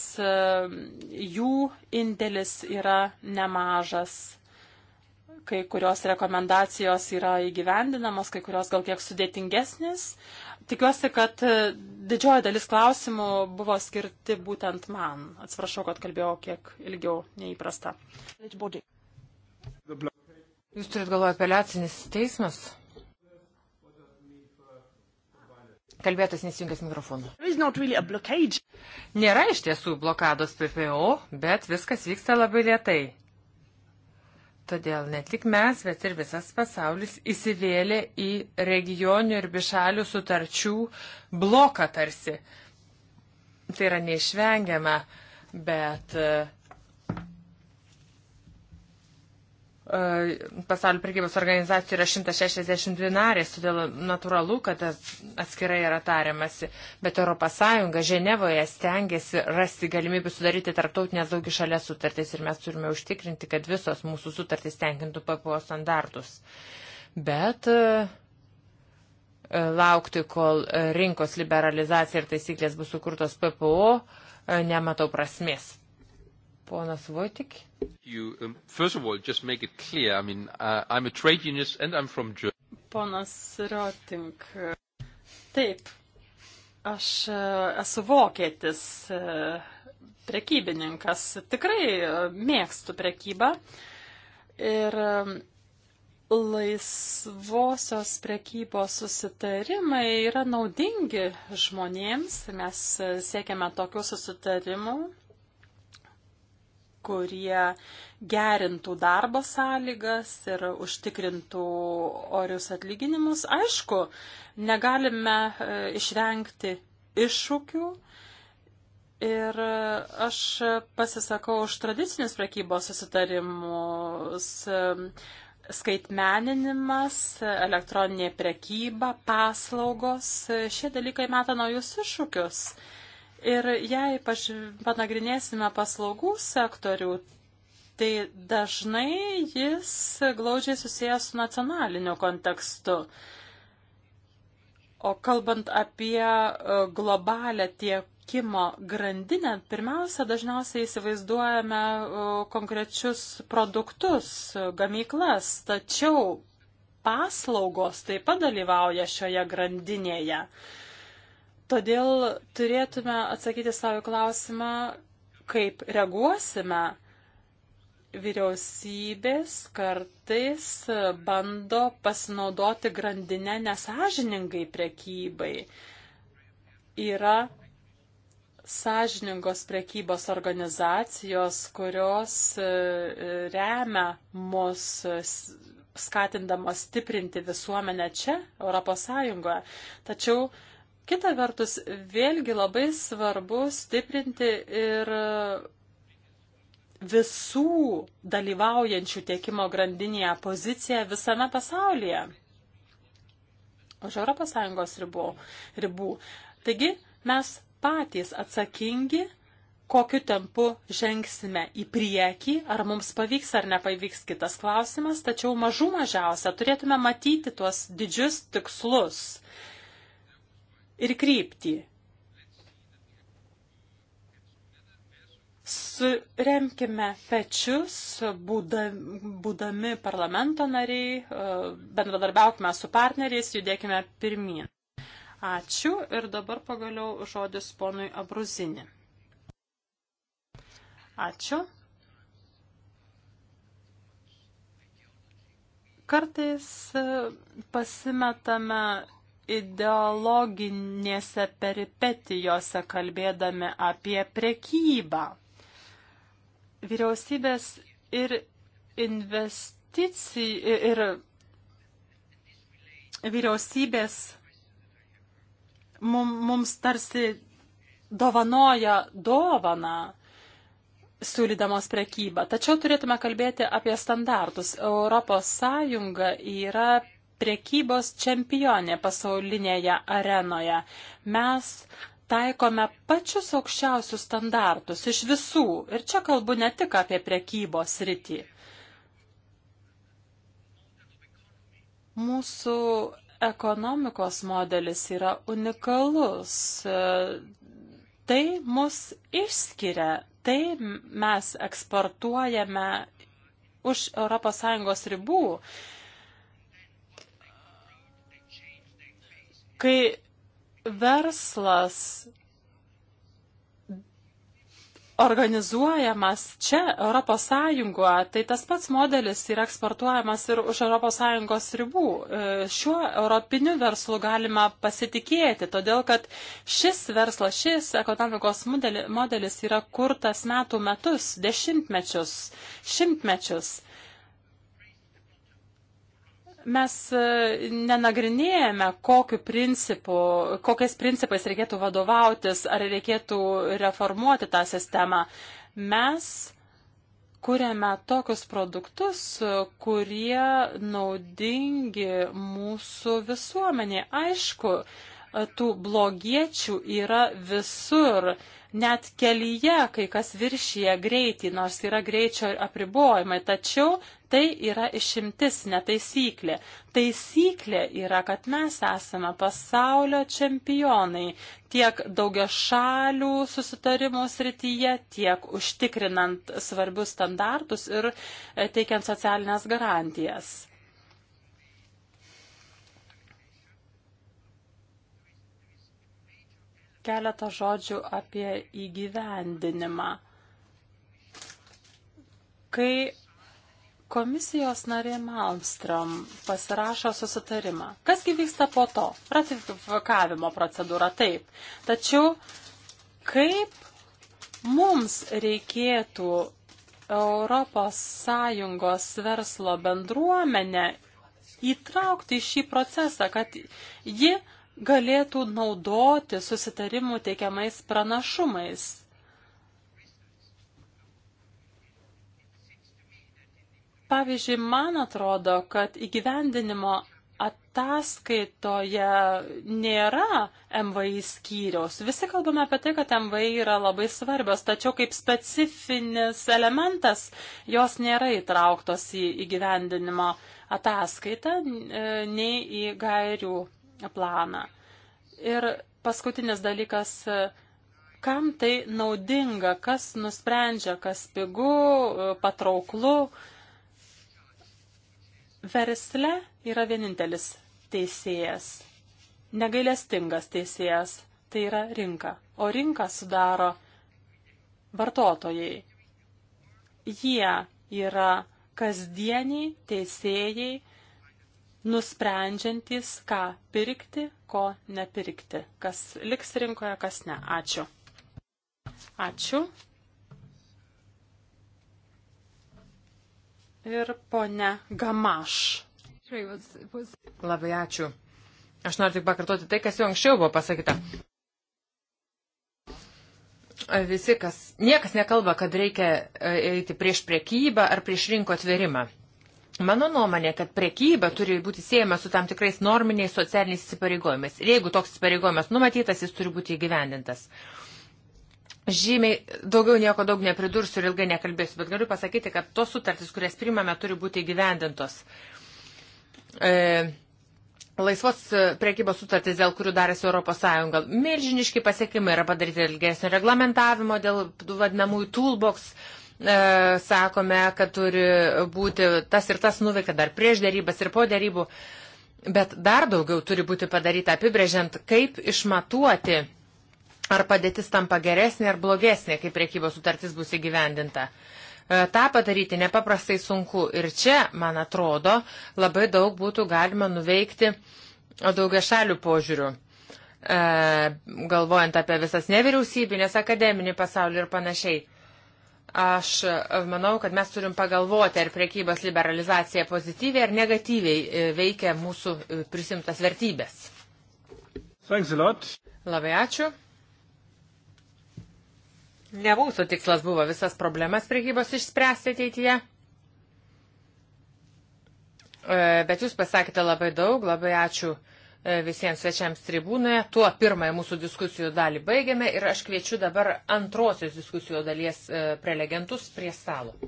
jų indėlis yra nemažas. Kai kurios rekomendacijos yra įgyvendinamos, kai kurios gal kiek sudėtingesnės tikiuosi, kad e, didžioji dalis klausimų buvo skirti būtent man. Atsiprašau, kad kalbėjau kiek ilgiau neįprasta. Jūs turit galvoje apeliacinis teismas? Kalbėtas nesijungęs mikrofonu. Really Nėra iš tiesų blokados PPO, bet viskas vyksta labai lietai. Todėl ne tik mes, bet ir visas pasaulis įsivėlė į regionių ir bišalių sutarčių bloką tarsi. Tai yra neišvengiama, bet uh, E, pasaulio prekybos organizacijų yra 162 narės, todėl natūralu, kad atskirai yra tariamasi. Bet ES Ženevoje stengiasi rasti galimybių sudaryti tarptautinės daugi šalia sutartys ir mes turime užtikrinti, kad visos mūsų sutartys tenkintų PPO standartus. Bet e, e, laukti, kol rinkos liberalizacija ir taisyklės bus sukurtos PPO, nematau prasmės. Ponas Votik. You, um, first of all, just make it clear, I mean, uh, I'm a trade unionist and I'm from Germany. Ponas Rotink. Taip, aš uh, esu vokietis, uh, prekybininkas, tikrai uh, mėgstu prekybą ir um, laisvosios prekybos susitarimai yra naudingi žmonėms, mes siekiame tokių susitarimų kurie gerintų darbo sąlygas ir užtikrintų orius atlyginimus. Aišku, negalime e, išvengti iššūkių. Ir aš pasisakau už tradicinius prekybos susitarimus, e, skaitmeninimas, elektroninė prekyba, paslaugos. Šie dalykai meta naujus iššūkius. Ir jei paž... panagrinėsime paslaugų sektorių, tai dažnai jis glaudžiai susijęs su nacionaliniu kontekstu. O kalbant apie e, globalę tiekimo grandinę, pirmiausia, dažniausiai įsivaizduojame e, konkrečius produktus, e, gamyklas, tačiau paslaugos taip pat dalyvauja šioje grandinėje. Todėl turėtume atsakyti savo klausimą, kaip reaguosime. Vyriausybės kartais bando pasinaudoti grandinę nesažiningai prekybai. Yra sąžiningos prekybos organizacijos, kurios e, remia mus skatindamos stiprinti visuomenę čia, Europos Sąjungoje. Tačiau Kita vertus, vėlgi labai svarbu stiprinti ir visų dalyvaujančių tiekimo grandinėje poziciją visame pasaulyje. Už ES ribų, ribų. Taigi mes patys atsakingi, kokiu tempu žengsime į priekį, ar mums pavyks ar nepavyks kitas klausimas, tačiau mažų mažiausia turėtume matyti tuos didžius tikslus ir kryptį. Suremkime pečius, būdami, būdami parlamento nariai, bendradarbiaukime su partneriais, judėkime pirmin. Ačiū ir dabar pagaliau žodis ponui Abruzinį. Ačiū. Kartais pasimetame ideologinėse peripetijose, kalbėdami apie prekybą. Vyriausybės ir investicijai ir vyriausybės mums tarsi dovanoja dovaną siūlydamos prekybą. Tačiau turėtume kalbėti apie standartus. Europos Sąjunga yra priekybos čempionė pasaulinėje arenoje. Mes taikome pačius aukščiausius standartus iš visų. Ir čia kalbu ne tik apie priekybos rytį. Mūsų ekonomikos modelis yra unikalus. Tai mus išskiria, tai mes eksportuojame už ES ribų. kai verslas organizuojamas čia Europos Sąjungoje, tai tas pats modelis yra eksportuojamas ir už Europos Sąjungos ribų. E, šiuo europiniu verslu galima pasitikėti, todėl kad šis verslas, šis ekonomikos modelis yra kurtas metų metus, dešimtmečius, šimtmečius mes e, nenagrinėjame, kokiu principu, kokiais principais reikėtų vadovautis, ar reikėtų reformuoti tą sistemą. Mes kuriame tokius produktus, kurie naudingi mūsų visuomenė. Aišku, uh, tų blogiečių yra visur. Net kelyje kai kas viršyje greitį, nors yra greičio apribojimai, tačiau tai yra išimtis, netaisyklė. Taisyklė yra, kad mes esame pasaulio čempionai tiek daugia šalių susitarimų srityje, tiek užtikrinant svarbius standartus ir teikiant socialinės garantijas. Keletą žodžių apie įgyvendinimą. Kai komisijos narė Malmström pasirašo susitarimą, kasgi vyksta po to? Ratifikavimo procedūra taip. Tačiau kaip mums reikėtų Europos Sąjungos verslo bendruomenę įtraukti į šį procesą, kad ji galėtų naudoti susitarimų teikiamais pranašumais. Pavyzdžiui, man atrodo, kad įgyvendinimo ataskaitoje nėra MVI skyriaus. Visi kalbame apie tai, kad MVI yra labai svarbios, tačiau kaip specifinis elementas jos nėra įtrauktos į įgyvendinimo ataskaitą, e, nei į gairių planą. Ir paskutinis dalykas, kam tai naudinga, kas nusprendžia, kas pigu, patrauklu. Versle yra vienintelis teisėjas, negailestingas teisėjas, tai yra rinka, o rinką sudaro vartotojai. Jie yra kasdieniai teisėjai, nusprendžiantys, ką pirkti, ko nepirkti, kas liks rinkoje, kas ne. Ačiū. Ačiū. ir ponia Gamaš. Labai ačiū. Aš noriu tik pakartoti tai, kas jau anksčiau buvo pasakyta. Visi, kas, niekas nekalba, kad reikia e, eiti prieš priekybą ar prieš rinko atverimą. Mano nuomonė, kad priekyba turi būti siejama su tam tikrais norminiais socialiniais įsipareigojimais. Ir jeigu toks įsipareigojimas numatytas, jis turi būti įgyvendintas. Žymiai daugiau nieko daug nepridursiu ir ilgai nekalbėsiu, bet galiu pasakyti, kad tos sutartys, kurias primame, turi būti įgyvendintos. E, laisvos priekybos sutartys, dėl kurių darėsi ES, milžiniški pasiekimai yra padaryti ilgesnio reglamentavimo dėl vadinamųjų toolbox E, sakome, kad turi būti tas ir tas nuveikta dar prieš darybas ir po darybų, bet dar daugiau turi būti padaryta apibrėžiant, kaip išmatuoti, ar padėtis tampa geresnė ar blogesnė, kaip priekybos sutartis bus įgyvendinta e, tą padaryti nepaprastai sunku. Ir čia, man atrodo, labai daug būtų galima nuveikti daugia šalių požiūrių, e, galvojant apie visas nevyriausybinės, akademinį pasaulį ir panašiai. Aš e, manau, kad mes turim pagalvoti, ar priekybos liberalizacija pozityviai ar negatyviai e, veikia mūsų e, prisimtas vertybės. Labai ačiū. Ne mūsų tikslas buvo visas problemas priekybos išspręsti ateityje. Bet jūs pasakėte labai daug, labai ačiū visiems svečiams tribūnoje. Tuo pirmąją mūsų diskusijų dalį baigiame ir aš kviečiu dabar antrosios diskusijų dalies e, prelegentus prie stalo.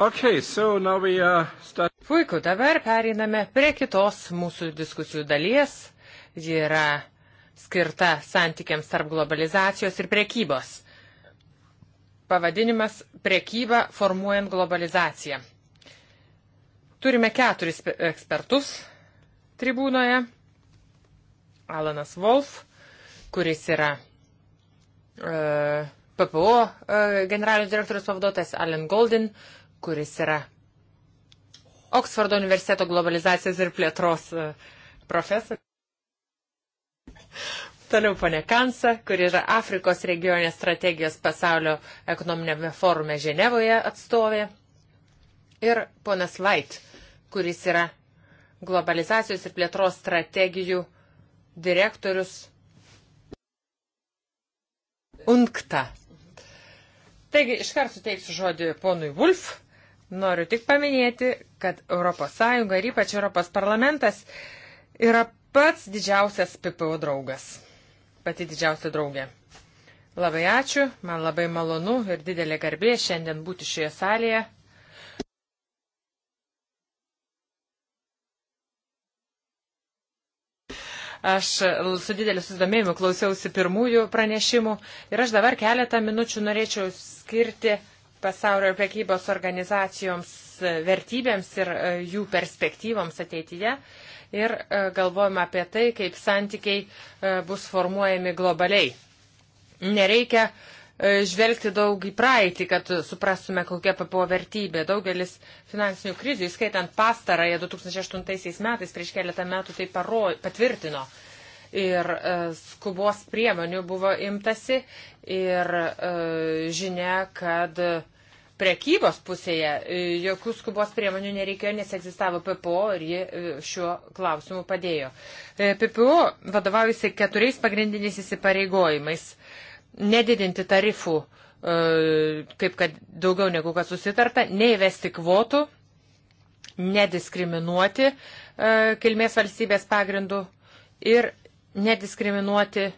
Okay, so now we, uh, start... Puiku, dabar periname prie kitos mūsų diskusijų dalies. Ji yra skirta santykiams tarp globalizacijos ir prekybos. Pavadinimas Prekyba formuojant globalizaciją. Turime keturis ekspertus tribūnoje. Alanas Wolf, kuris yra uh, e, PPO uh, e, generalinio direktorius pavaduotojas, Alan Golden, uh, kuris yra Oksfordo universiteto globalizacijos ir plėtros e, profesorius. Toliau ponė Kansa, kur yra Afrikos regionės strategijos pasaulio ekonominėme forume Ženevoje atstovė. Ir ponas Light, kuris yra globalizacijos ir plėtros strategijų direktorius UNCTA. Taigi, iškart suteiksiu žodį ponui Wolf Noriu tik paminėti, kad ES ir ypač ES parlamentas yra pats didžiausias PPO draugas. Pati didžiausia draugė. Labai ačiū, man labai malonu ir didelė garbė šiandien būti šioje salėje. Aš su dideliu susidomėjimu klausiausi pirmųjų pranešimų ir aš dabar keletą minučių norėčiau skirti uh, pasaulio prekybos organizacijoms e, vertybėms ir e, jų perspektyvoms ateityje ir e, galvojame apie tai, kaip santykiai bus formuojami globaliai. Nereikia žvelgti daug į praeitį, kad suprastume, kokia PPO vertybė. Daugelis finansinių krizių, įskaitant pastarąją 2008 metais, prieš keletą metų tai paro, patvirtino. Uh, ir e, skubos priemonių buvo imtasi ir e, žinia, kad prekybos pusėje e, jokių skubos priemonių nereikėjo, nes egzistavo PPO ir ji šiuo klausimu padėjo. PPO vadovaujasi keturiais pagrindiniais įsipareigojimais - nedidinti tarifų, kaip kad daugiau negu kad susitarta, neįvesti kvotų, nediskriminuoti kilmės valstybės pagrindų ir nediskriminuoti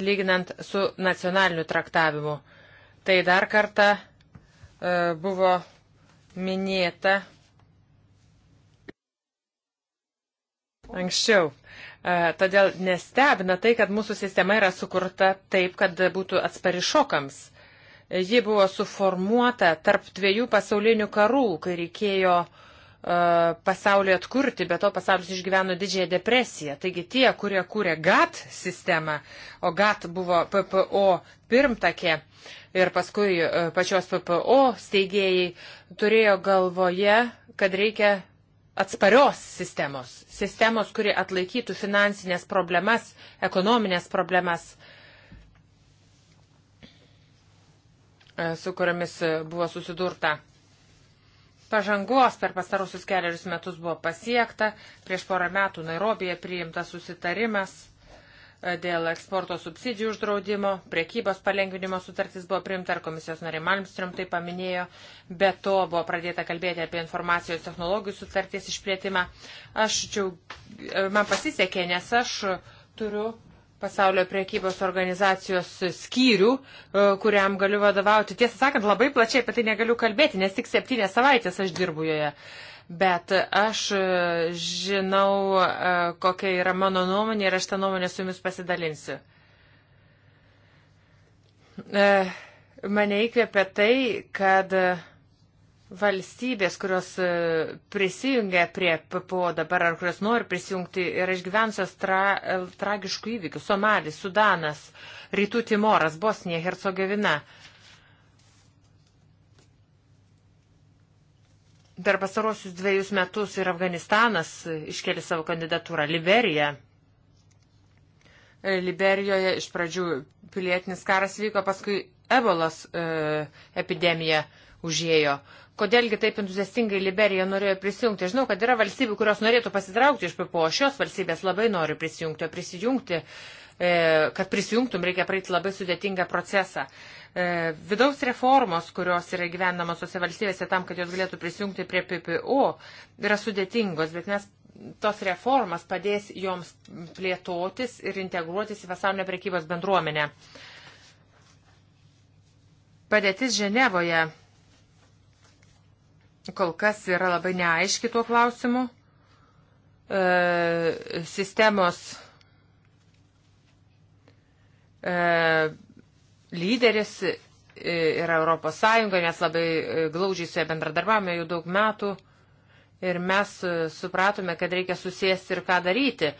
lyginant su nacionaliniu traktavimu. Tai dar kartą e, buvo minėta anksčiau. E, todėl nestebina tai, kad mūsų sistema yra sukurta taip, kad būtų atspari šokams. Ji buvo suformuota tarp dviejų pasaulinių karų, kai reikėjo uh, pasaulį atkurti, bet to pasaulis išgyveno didžiąją depresiją. Taigi tie, kurie kūrė GATT sistemą, o GATT buvo PPO pirmtakė ir paskui e, pačios PPO steigėjai turėjo galvoje, kad reikia atsparios sistemos, sistemos, kuri atlaikytų finansinės problemas, ekonominės problemas, e, su kuriamis buvo susidurta Pažangos per pastarusius keliarius metus buvo pasiekta, prieš porą metų Nairobėje priimtas susitarimas e, dėl eksporto subsidijų uždraudimo, priekybos palengvinimo sutartis buvo priimta ir komisijos narė Malmström tai paminėjo, be to buvo pradėta kalbėti apie informacijos technologijų sutarties išplėtimą. Aš čia, e, man pasisekė, nes aš turiu pasaulio priekybos organizacijos skyrių, e, kuriam galiu vadovauti. Tiesą sakant, labai plačiai apie tai negaliu kalbėti, nes tik septynės savaitės aš dirbu joje. Bet aš e, žinau, e, kokia yra mano nuomonė ir aš tą nuomonę su jumis pasidalinsiu. Mane įkvėpia tai, kad valstybės, kurios e, prisijungia prie PPO dabar ar kurios nori prisijungti, yra išgyvensios tra, e, tragiškų įvykių. Somalis, Sudanas, Rytų Timoras, Bosnija, Hercegovina. Per pasarosius dviejus metus ir Afganistanas iškeli savo kandidatūrą. Liberija. E, Liberijoje iš pradžių pilietinis karas vyko, paskui ebolos e, epidemija užėjo. E, Kodėlgi taip entuziastingai Liberija norėjo prisijungti? Žinau, kad yra valstybių, kurios norėtų pasitraukti iš PPO, šios valstybės labai nori prisijungti, o prisijungti, e, kad prisijungtum, reikia praeiti labai sudėtingą procesą e, vidaus reformos, kurios yra gyvenamos tose valstybėse tam, kad jos galėtų prisijungti prie PPO, yra sudėtingos, bet mes tos reformas padės joms plėtotis ir integruotis į pasaulinę prekybos bendruomenę. Padėtis Ženevoje kol kas yra labai neaiški tuo klausimu. E, sistemos e, lyderis e, yra Europos Sąjunga, nes labai e, glaudžiai su ja bendradarbiavome jau daug metų ir mes e, supratome, kad reikia susijęsti ir ką daryti.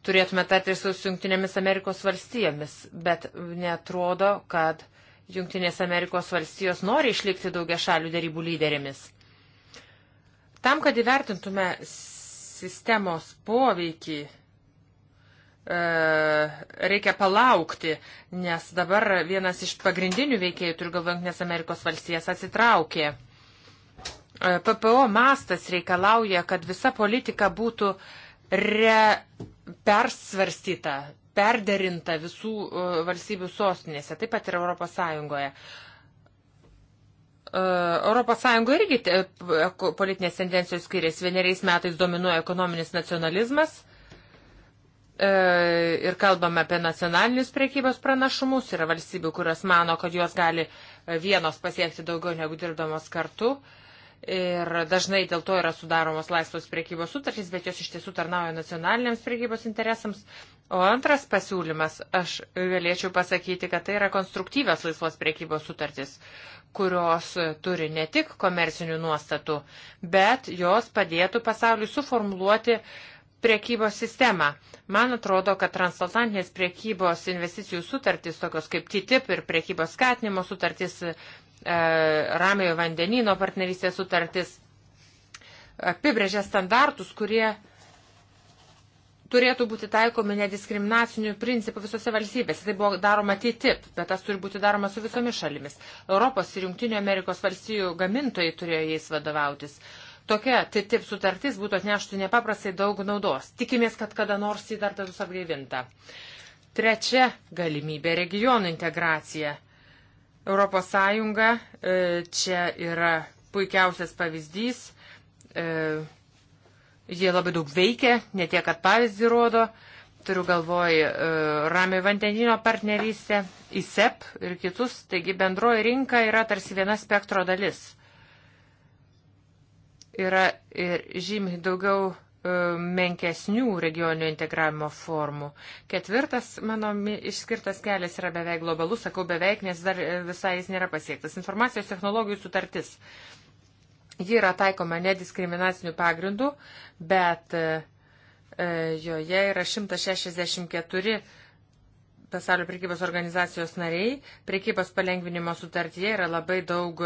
Turėtume tarti su Junktinėmis Amerikos valstijomis, bet netrodo, kad Junktinės Amerikos valstijos nori išlikti daugia šalių darybų lyderėmis. Tam, kad įvertintume sistemos poveikį, e, reikia palaukti, nes dabar vienas iš pagrindinių veikėjų, turiu galvojant, nes Amerikos valstijas atsitraukė. E, PPO mastas reikalauja, kad visa politika būtų re, persvarstyta, perderinta visų e, valstybių sostinėse, taip pat ir Europos Sąjungoje. Uh, Europos Sąjunga irgi politinės tendencijos skiriasi. Vieneriais metais dominuoja ekonominis nacionalizmas e, ir kalbame apie nacionalinius priekybos pranašumus. Yra valstybių, kurios mano, kad jos gali vienos pasiekti daugiau negu dirbdamos kartu. Uh, Ir dažnai dėl to yra sudaromos laisvos priekybos sutartys, bet jos iš tiesų tarnauja nacionaliniams priekybos interesams. O antras pasiūlymas, aš galėčiau pasakyti, kad tai yra konstruktyvios laisvos priekybos sutartys, kurios turi ne tik komercinių nuostatų, bet jos padėtų pasauliu suformuluoti priekybos sistemą. Man atrodo, kad transatlantinės priekybos investicijų sutartys, tokios kaip TTIP ir priekybos skatinimo sutartys, E, Ramiojo vandenino partnerystės sutartis apibrėžia standartus, kurie turėtų būti taikomi nediskriminacinių principų visose valstybėse. Tai buvo daroma TTIP, bet tas turi būti daroma su visomis šalimis. Europos ir Junktinio Amerikos valstijų gamintojai turėjo jais vadovautis. Tokia TTIP sutartis būtų atneštų nepaprastai daug naudos. Tikimės, kad kada nors jį dar bus atgaivinta. Trečia galimybė - regionų integracija. Europos Sąjunga e, čia yra puikiausias pavyzdys. E, jie labai daug veikia, ne tiek, kad pavyzdį rodo. Turiu galvoj e, Ramiai vandenino partnerystę, ISEP ir kitus. Taigi bendroji rinka yra tarsi viena spektro dalis. Yra ir žymiai daugiau E, menkesnių regioninio integravimo formų. Ketvirtas mano išskirtas kelias yra beveik globalus, sakau beveik, nes dar e, visai jis nėra pasiektas. Informacijos technologijų sutartis. Ji yra taikoma nediskriminacinių pagrindų, bet e, joje yra 164 pasaulio prekybos organizacijos nariai. Prekybos palengvinimo sutartyje yra labai daug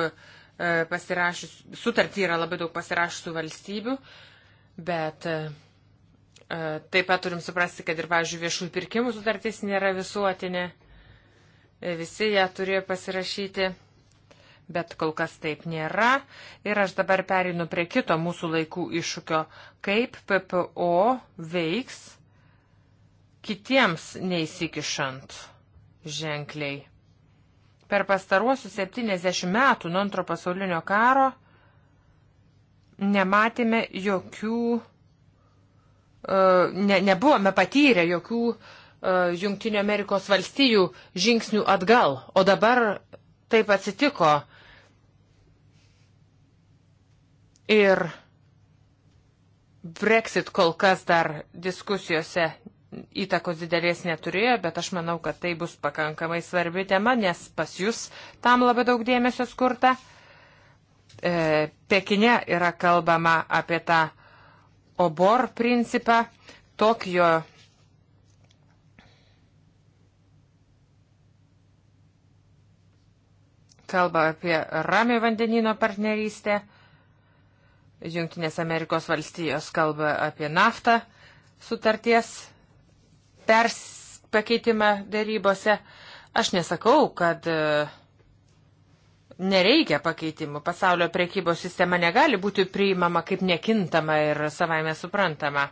pasirašysių, sutartį yra labai daug pasirašysių valstybių. Uh, Bet e, e, taip pat turim suprasti, kad ir, pavyzdžiui, viešųjų pirkimų sutartis nėra visuotinė. E, visi ją turėjo pasirašyti bet kol kas taip nėra. Ir aš dabar perinu prie kito mūsų laikų iššūkio, kaip PPO veiks kitiems neįsikišant ženkliai. Per pastaruosius 70 metų nuo antro pasaulinio karo nematėme jokių, e, ne, nebuvome patyrę jokių e, Junktinio Amerikos valstijų žingsnių atgal, o dabar taip atsitiko. Ir Brexit kol kas dar diskusijose įtakos didelės neturėjo, bet aš manau, kad tai bus pakankamai svarbi tema, nes pas jūs tam labai daug dėmesio skurta. Uh, e, Pekine yra kalbama apie tą obor principą, Tokijo kalba apie ramio vandenino partnerystę, Junktinės Amerikos valstijos kalba apie naftą sutarties pers pakeitimą darybose. Aš nesakau, kad uh, nereikia pakeitimų. Pasaulio priekybos sistema negali būti priimama kaip nekintama ir savaime suprantama.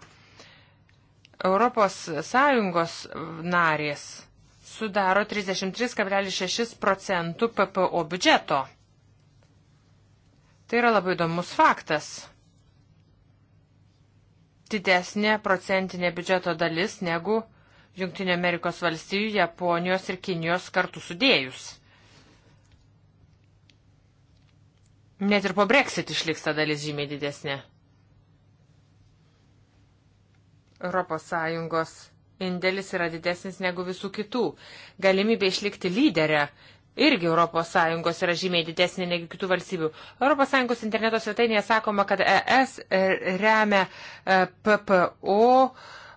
Europos Sąjungos narės sudaro 33,6 procentų PPO biudžeto. Tai yra labai įdomus faktas. Didesnė procentinė biudžeto dalis negu Junktinio Amerikos valstijų, Japonijos ir Kinijos kartu sudėjus. Net ir po Brexit išliks ta dalis žymiai didesnė. Europos Sąjungos indėlis yra didesnis negu visų kitų. Galimybė išlikti lyderę irgi ES yra žymiai didesnė negu kitų valstybių. ES interneto svetainėje sakoma, kad ES remia e, PPO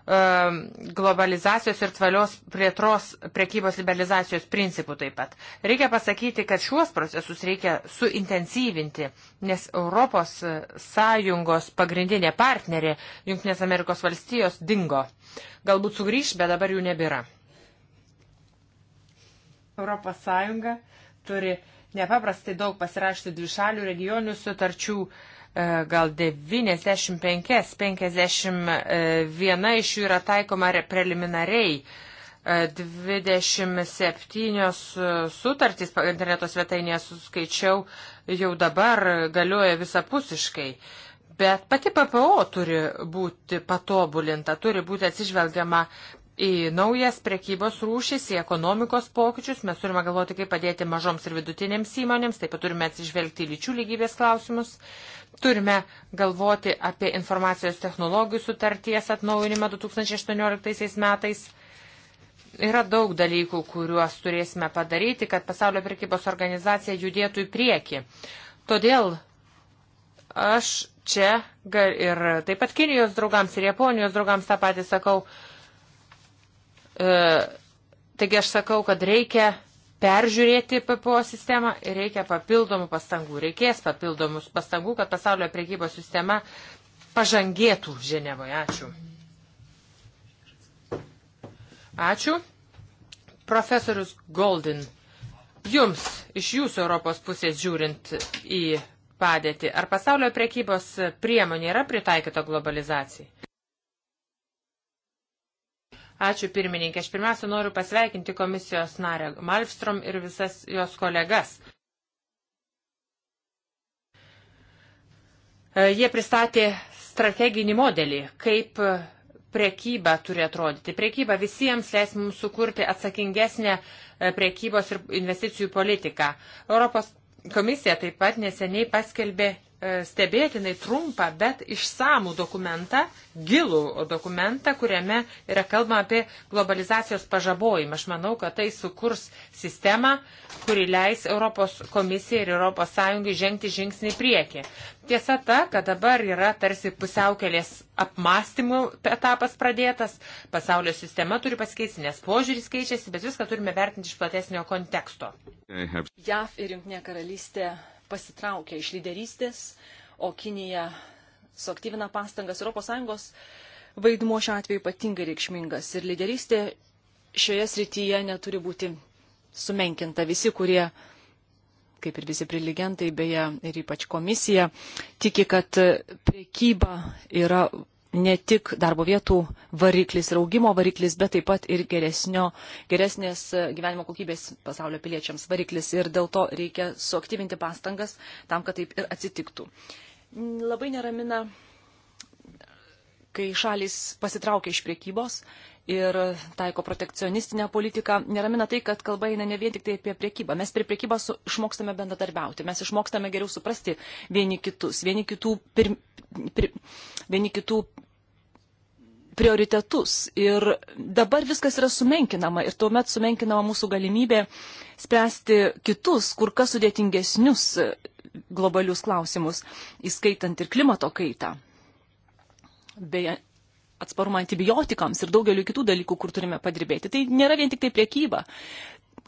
Um, globalizacijos ir tvalios plėtros prekybos liberalizacijos principų taip pat. Reikia pasakyti, kad šiuos procesus reikia suintensyvinti, nes Europos Sąjungos pagrindinė partnerė Junktinės Amerikos valstijos dingo. Galbūt sugrįž, bet dabar jų nebėra. Europos Sąjunga turi nepaprastai daug pasirašyti dvišalių regionių sutarčių uh, E, gal 95-51 iš jų yra taikoma preliminariai. 27 e, e, sutartys interneto svetainėje suskaičiau jau dabar galioja visapusiškai. Bet pati PPO turi būti patobulinta, turi būti atsižvelgiama į naujas prekybos rūšis, į ekonomikos pokyčius. Mes turime galvoti, kaip padėti mažoms ir vidutinėms įmonėms, taip pat turime atsižvelgti į lyčių lygybės klausimus. Turime galvoti apie informacijos technologijų sutarties atnaujinimą 2018 metais. Yra daug dalykų, kuriuos turėsime padaryti, kad pasaulio prekybos organizacija judėtų į priekį. Todėl aš čia ir taip pat Kinijos draugams ir Japonijos draugams tą patį sakau, E, taigi aš sakau, kad reikia peržiūrėti PPO sistemą ir reikia papildomų pastangų. Reikės papildomų pastangų, kad pasaulio priekybos sistema pažangėtų Ženevoje. Ačiū. Ačiū. Profesorius Goldin, jums iš jūsų Europos pusės žiūrint į padėtį, ar pasaulio priekybos priemonė yra pritaikyta globalizacijai? Ačiū pirmininkė. Aš pirmiausia noriu pasveikinti komisijos narę Malmstrom ir visas jos kolegas. E, jie pristatė strateginį modelį, kaip prekyba turi atrodyti. Prekyba visiems leis mums sukurti atsakingesnę e, prekybos ir investicijų politiką. Europos komisija taip pat neseniai paskelbė E, stebėtinai trumpą, bet išsamų dokumentą, gilų dokumentą, kuriame yra kalbama apie globalizacijos pažabojimą. Aš manau, kad tai sukurs sistemą, kuri leis Europos komisijai ir Europos Sąjungai žengti žingsnį į priekį. Tiesa ta, kad dabar yra tarsi pusiaukelės apmąstymų etapas pradėtas, pasaulio sistema turi pasikeisti, nes požiūris keičiasi, bet viską turime vertinti iš platesnio konteksto. JAV ir Junktinė karalystė pasitraukia iš lyderystės, o Kinija suaktyvina pastangas. ES vaidmuo šiuo atveju ypatingai reikšmingas ir lyderystė šioje srityje neturi būti sumenkinta. Visi, kurie, kaip ir visi priligentai, beje, ir ypač komisija, tiki, kad priekyba yra ne tik darbo vietų variklis ir augimo variklis, bet taip pat ir geresnio, geresnės e, gyvenimo kokybės pasaulio piliečiams variklis ir dėl to reikia suaktyvinti pastangas tam, kad taip ir atsitiktų. Labai neramina, kai šalis pasitraukia iš priekybos ir taiko protekcionistinę politiką, neramina tai, kad kalba eina ne vien tik tai apie priekybą. Mes per priekybą su, išmokstame bendradarbiauti, mes išmokstame geriau suprasti vieni kitus, vieni kitų, pir, pir, vieni kitų prioritetus. Ir dabar viskas yra sumenkinama ir tuomet sumenkinama mūsų galimybė spręsti kitus, kur kas sudėtingesnius e, globalius klausimus, įskaitant ir klimato kaitą, bei atsparumą antibiotikams ir daugeliu kitų dalykų, kur turime padirbėti. Tai nėra vien tik tai priekyba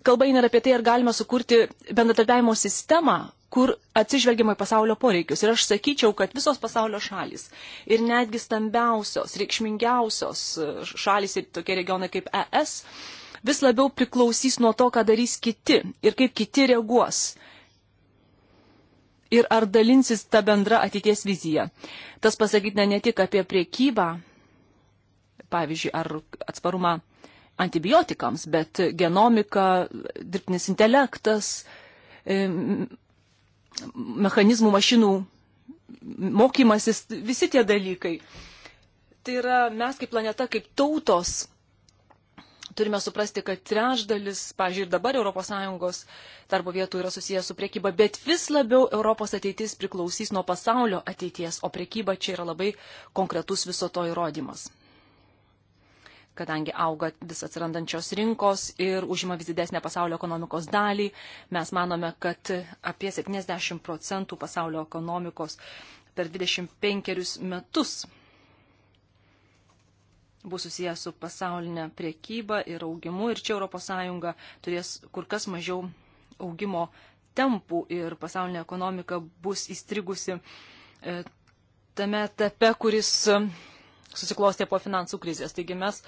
kalba eina apie tai, ar galima sukurti bendradarbiavimo sistemą, kur atsižvelgiama į pasaulio poreikius. Ir aš sakyčiau, kad visos pasaulio šalis ir netgi stambiausios, reikšmingiausios e, šalis ir tokie regionai kaip ES vis labiau priklausys nuo to, ką darys kiti ir kaip kiti reaguos. Ir ar dalinsis ta bendra ateities vizija. Tas pasakytina ne tik apie priekybą, pavyzdžiui, ar atsparumą antibiotikams, bet genomika, dirbtinis intelektas, e, mechanizmų mašinų mokymasis, visi tie dalykai. Tai yra mes kaip planeta, kaip tautos turime suprasti, kad trešdalis, pažiūrėjau, ir dabar ES darbo vietų yra susijęs su priekyba, bet vis labiau Europos ateitis priklausys nuo pasaulio ateities, o priekyba čia yra labai konkretus viso to įrodymas kadangi auga vis atsirandančios rinkos ir užima vis didesnę pasaulio ekonomikos dalį. Mes manome, kad apie 70 procentų pasaulio ekonomikos per 25 metus bus susijęs su pasaulinė priekyba ir augimu. Ir čia ES turės kur kas mažiau augimo tempų ir pasaulinė ekonomika bus įstrigusi e, tame etape, kuris susiklostė po finansų krizės. Taigi mes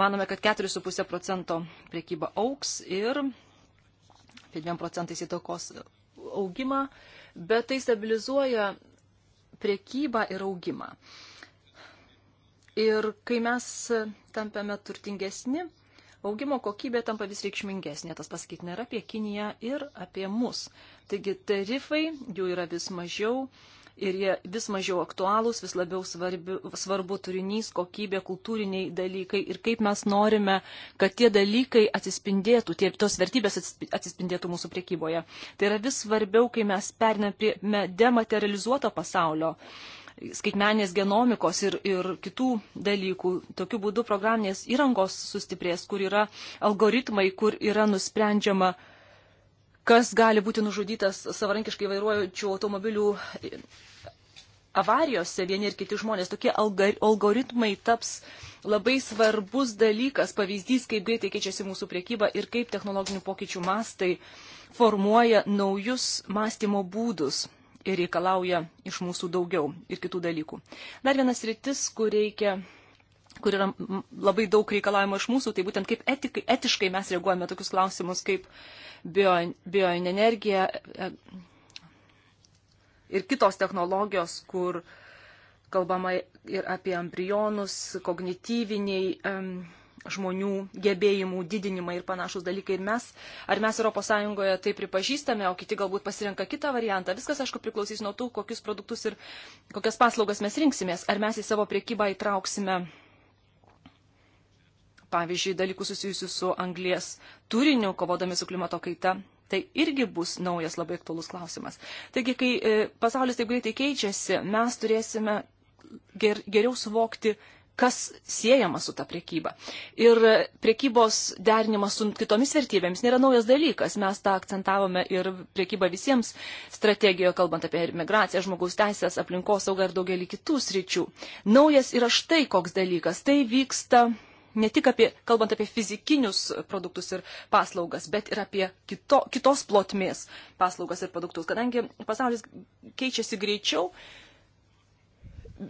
manome, kad 4,5 procento priekyba auks ir apie 2 procentais įtakos augimą, bet tai stabilizuoja priekybą ir augimą. Ir kai mes tampame turtingesni, augimo kokybė tampa vis reikšmingesnė. Tas pasakyti nėra apie Kiniją ir apie mus. Taigi tarifai jų yra vis mažiau ir jie vis mažiau aktualūs, vis labiau svarbi, svarbu turinys, kokybė, kultūriniai dalykai ir kaip mes norime, kad tie dalykai atsispindėtų, tie, tos vertybės atsispindėtų mūsų priekyboje. Tai yra vis svarbiau, kai mes periname prie dematerializuoto pasaulio skaitmenės genomikos ir, ir kitų dalykų. Tokiu būdu programinės įrangos sustiprės, kur yra algoritmai, kur yra nusprendžiama uh, kas gali būti nužudytas savarankiškai vairuojančių automobilių avarijose vieni ir kiti žmonės. Tokie algoritmai taps labai svarbus dalykas, pavyzdys, kaip greitai keičiasi mūsų priekyba ir kaip technologinių pokyčių mastai formuoja naujus mąstymo būdus ir reikalauja iš mūsų daugiau ir kitų dalykų. Dar vienas rytis, kur reikia kur yra labai daug reikalavimo iš mūsų, tai būtent kaip etikai, etiškai mes reaguojame tokius klausimus kaip bio, bioenergija e, ir kitos technologijos, kur kalbama ir apie embrionus, kognityviniai um, žmonių gebėjimų didinimą ir panašus dalykai. Ir mes, ar mes ES tai pripažįstame, o kiti galbūt pasirenka kitą variantą. Viskas, aišku, priklausys nuo tų, kokius produktus ir kokias paslaugas mes rinksimės. Ar mes į savo priekybą įtrauksime pavyzdžiui, dalykų susijusių su anglies turiniu, kovodami su klimato kaita. Tai irgi bus naujas labai aktuolus klausimas. Taigi, kai e, pasaulis taip greitai keičiasi, mes turėsime ger, geriau suvokti, kas siejama su ta priekyba. Ir e, priekybos derinimas su kitomis vertybėmis nėra naujas dalykas. Mes tą akcentavome ir priekybą visiems strategijoje, kalbant apie migraciją, žmogaus teisės, aplinkosaugą ir daugelį kitų sričių. Naujas yra štai koks dalykas. Tai vyksta ne tik apie, kalbant apie fizikinius produktus ir paslaugas, bet ir apie kito, kitos plotmės paslaugas ir produktus. Kadangi pasaulis keičiasi greičiau,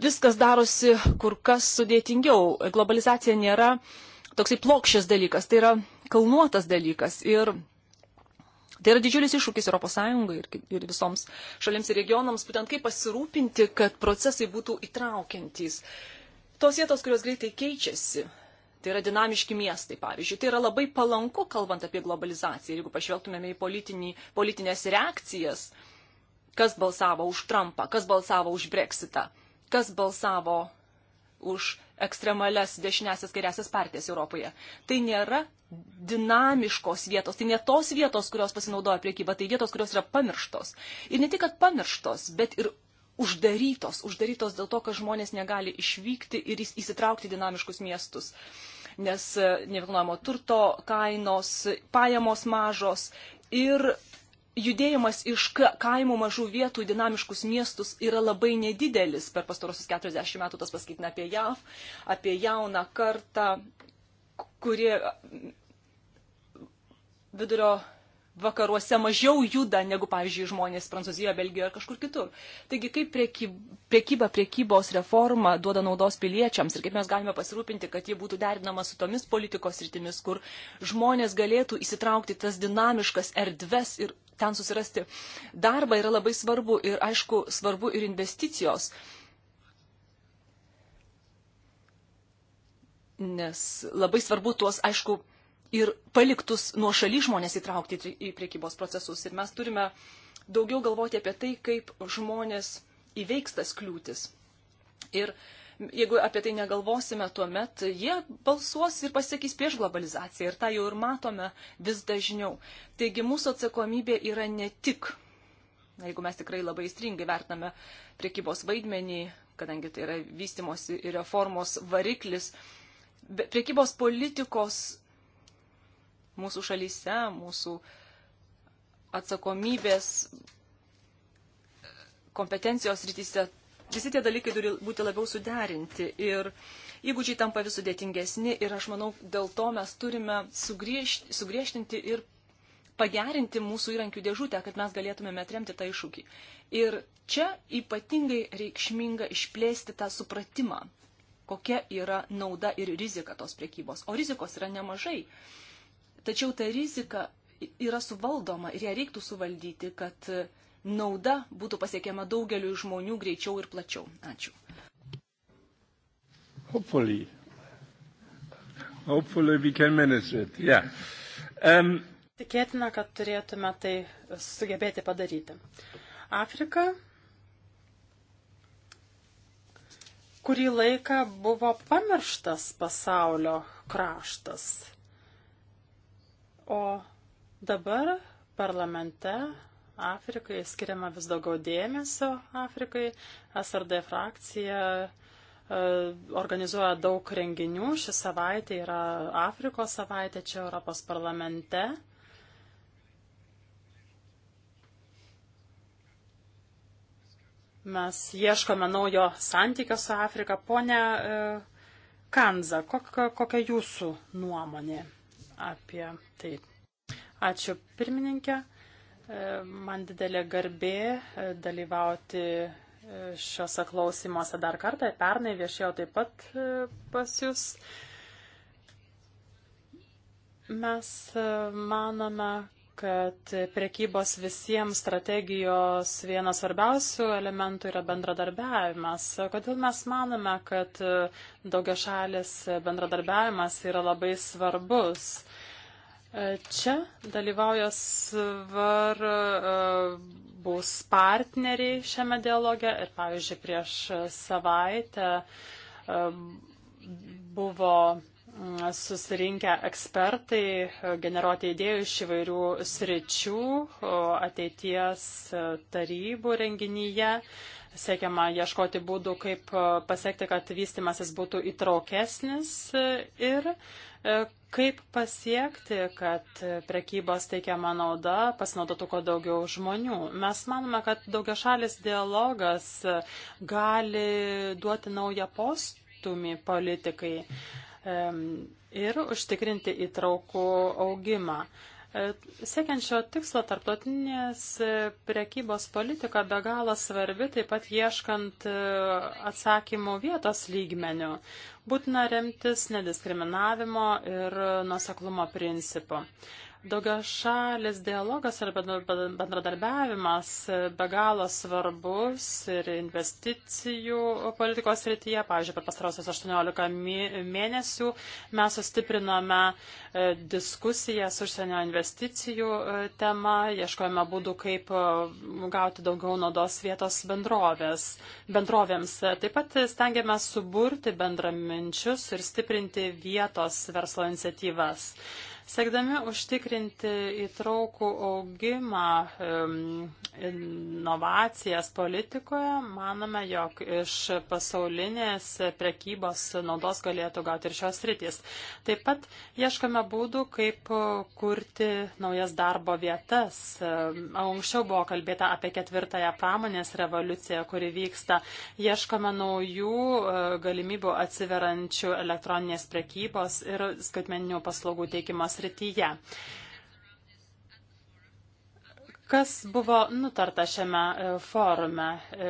viskas darosi kur kas sudėtingiau. Globalizacija nėra toksai plokščias dalykas, tai yra kalnuotas dalykas. Ir Tai yra didžiulis iššūkis ES ir, ir visoms šalims ir regionams, būtent kaip pasirūpinti, kad procesai būtų įtraukiantys. Tos vietos, kurios greitai keičiasi, Tai yra dinamiški miestai, pavyzdžiui. Tai yra labai palanku, kalbant apie globalizaciją. Ir jeigu pažvelgtumėme į politinį, politinės reakcijas, kas balsavo už Trumpą, kas balsavo už Brexitą, kas balsavo už ekstremales dešinėsias kairiasias partijas Europoje. Tai nėra dinamiškos vietos, tai ne tos vietos, kurios pasinaudoja priekyba, tai vietos, kurios yra pamirštos. Ir ne tik, kad pamirštos, bet ir uždarytos, uždarytos dėl to, kad žmonės negali išvykti ir įsitraukti dinamiškus miestus. Uh, nes e, nevilnojamo turto kainos, pajamos mažos ir judėjimas iš kaimų mažų vietų į dinamiškus miestus yra labai nedidelis. Per pastarosius 40 metų tas pasakytina apie JAV, apie jauną kartą, kurie vidurio vakaruose mažiau juda negu, pavyzdžiui, žmonės Prancūzijoje, Belgijoje ar kažkur kitur. Taigi, kaip priekyba, priekybos reforma duoda naudos piliečiams ir kaip mes galime pasirūpinti, kad ji būtų derinama su tomis politikos rytimis, kur žmonės galėtų įsitraukti tas dinamiškas erdves ir ten susirasti darbą yra labai svarbu ir, aišku, svarbu ir investicijos. Nes labai svarbu tuos, aišku, ir paliktus nuo šaly žmonės įtraukti į priekybos procesus. Ir mes turime daugiau galvoti apie tai, kaip žmonės įveiks tas kliūtis. Ir jeigu apie tai negalvosime, tuomet jie balsuos ir pasakys prieš globalizaciją. Ir tą jau ir matome vis dažniau. Taigi mūsų atsakomybė yra ne tik, na, jeigu mes tikrai labai stringai vertiname priekybos vaidmenį, kadangi tai yra vystimosi ir reformos variklis, priekybos politikos mūsų šalyse, mūsų atsakomybės, kompetencijos rytise. Visi tie dalykai turi būti labiau suderinti ir įgūdžiai tampa vis sudėtingesni ir aš manau, dėl to mes turime sugriežti, sugriežtinti ir pagerinti mūsų įrankių dėžutę, kad mes galėtumėme atremti tą iššūkį. Ir čia ypatingai reikšminga išplėsti tą supratimą, kokia yra nauda ir rizika tos priekybos. O rizikos yra nemažai. Uh, Tačiau ta rizika yra suvaldoma ir ją reiktų suvaldyti, kad nauda būtų pasiekiama daugeliu žmonių greičiau ir plačiau. Ačiū. Hopefully. Hopefully we can manage it. Yeah. Um... Tikėtina, kad turėtume tai sugebėti padaryti. Afrika kurį laiką buvo pamirštas pasaulio kraštas O dabar parlamente Afrikai skiriama vis daugiau dėmesio Afrikai. SRD frakcija e, organizuoja daug renginių. Ši savaitė yra Afrikos savaitė čia Europos parlamente. Mes ieškome naujo santykio su Afrika. Pone e, Kanza, kokia jūsų nuomonė? apie tai. Ačiū pirmininkė. E, man didelė garbė e, dalyvauti e, šiuose klausimuose dar kartą. Pernai viešėjau taip pat pas jūs. Mes manome, kad prekybos visiems strategijos vienas svarbiausių elementų yra bendradarbiavimas. Kodėl mes manome, kad daugia šalis bendradarbiavimas yra labai svarbus? Čia dalyvauja svarbus partneriai šiame dialoge ir, pavyzdžiui, prieš savaitę e, buvo susirinkę ekspertai generuoti idėjų iš įvairių sričių ateities tarybų renginyje. Siekiama ieškoti būdų, kaip pasiekti, kad vystimasis būtų įtraukesnis ir e, kaip pasiekti, kad prekybos teikiama nauda pasinaudotų kuo daugiau žmonių. Mes manome, kad daugiašalis dialogas gali duoti naują postumį politikai ir užtikrinti įtraukų augimą. E, siekiant šio tikslo tarptautinės e, prekybos politika be galo svarbi, taip pat ieškant e, atsakymų vietos lygmenių. Būtina remtis nediskriminavimo ir nuseklumo principu. Daugiašalis dialogas ar bendradarbiavimas be galo svarbus ir investicijų politikos srityje. Pavyzdžiui, per pastarosius 18 mėnesių mes sustiprinome e, diskusijas užsienio investicijų e, tema, ieškojame būdų, kaip e, gauti daugiau naudos vietos bendrovės, bendrovėms. Taip pat stengiame suburti bendraminčius ir stiprinti vietos verslo iniciatyvas. Siekdami užtikrinti įtraukų augimą, inovacijas politikoje, manome, jog iš pasaulinės prekybos naudos galėtų gauti ir šios rytis. Taip pat ieškame būdų, kaip kurti naujas darbo vietas. Anksčiau buvo kalbėta apie ketvirtąją pramonės revoliuciją, kuri vyksta. Ieškame naujų e, galimybių atsiverančių elektroninės prekybos ir skaitmeninių paslaugų teikimas srityje. Kas buvo nutarta šiame e, forume? E,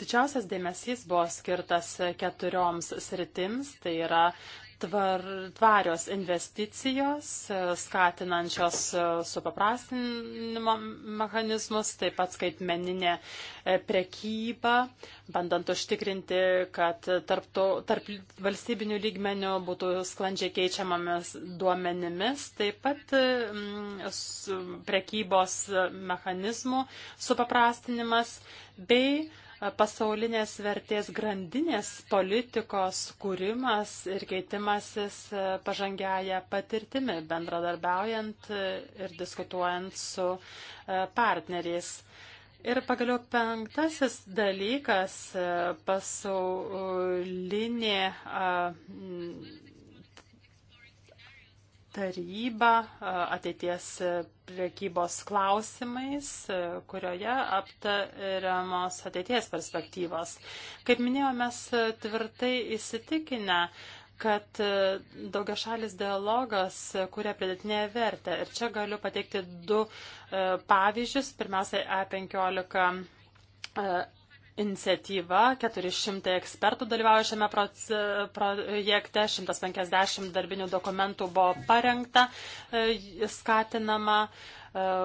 didžiausias dėmesys buvo skirtas keturioms sritims, tai yra tvar, tvarios investicijos, e, skatinančios e, supaprastinimo mechanizmus, taip pat skaitmeninė e, prekyba, bandant užtikrinti, kad tarp, to, tarp valstybinių lygmenių būtų sklandžiai keičiamomis duomenimis, taip pat prekybos mechanizmų supaprastinimas bei pasaulinės vertės grandinės politikos kūrimas ir keitimasis e, pažangiaja patirtimi, bendradarbiaujant e, ir diskutuojant su e, partneriais. Ir pagaliau penktasis dalykas - pasaulinė tarybą ateities priekybos klausimais, kurioje aptariamos ateities perspektyvos. Kaip minėjau, mes tvirtai įsitikinę, kad daugiašalis dialogas kuria pridėtinę vertę. Ir čia galiu pateikti du pavyzdžius. Pirmiausia, A15 iniciatyva, 400 ekspertų dalyvauja šiame projekte, 150 darbinių dokumentų buvo parengta, e, skatinama e,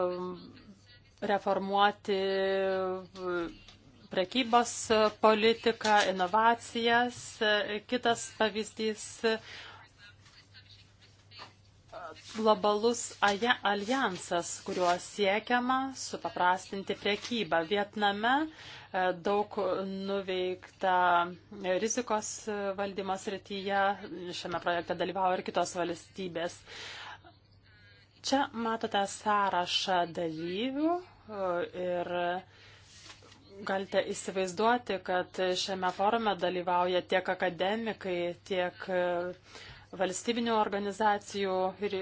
reformuoti e, prekybos politiką, inovacijas. Kitas pavyzdys globalus alijansas, kuriuo siekiama supaprastinti priekybą. Vietname e, daug nuveikta rizikos valdymos rytyje, šiame projekte dalyvavo ir kitos valstybės. Čia matote sąrašą dalyvių e, ir galite įsivaizduoti, kad šiame forume dalyvauja tiek akademikai, tiek uh, valstybinių organizacijų ir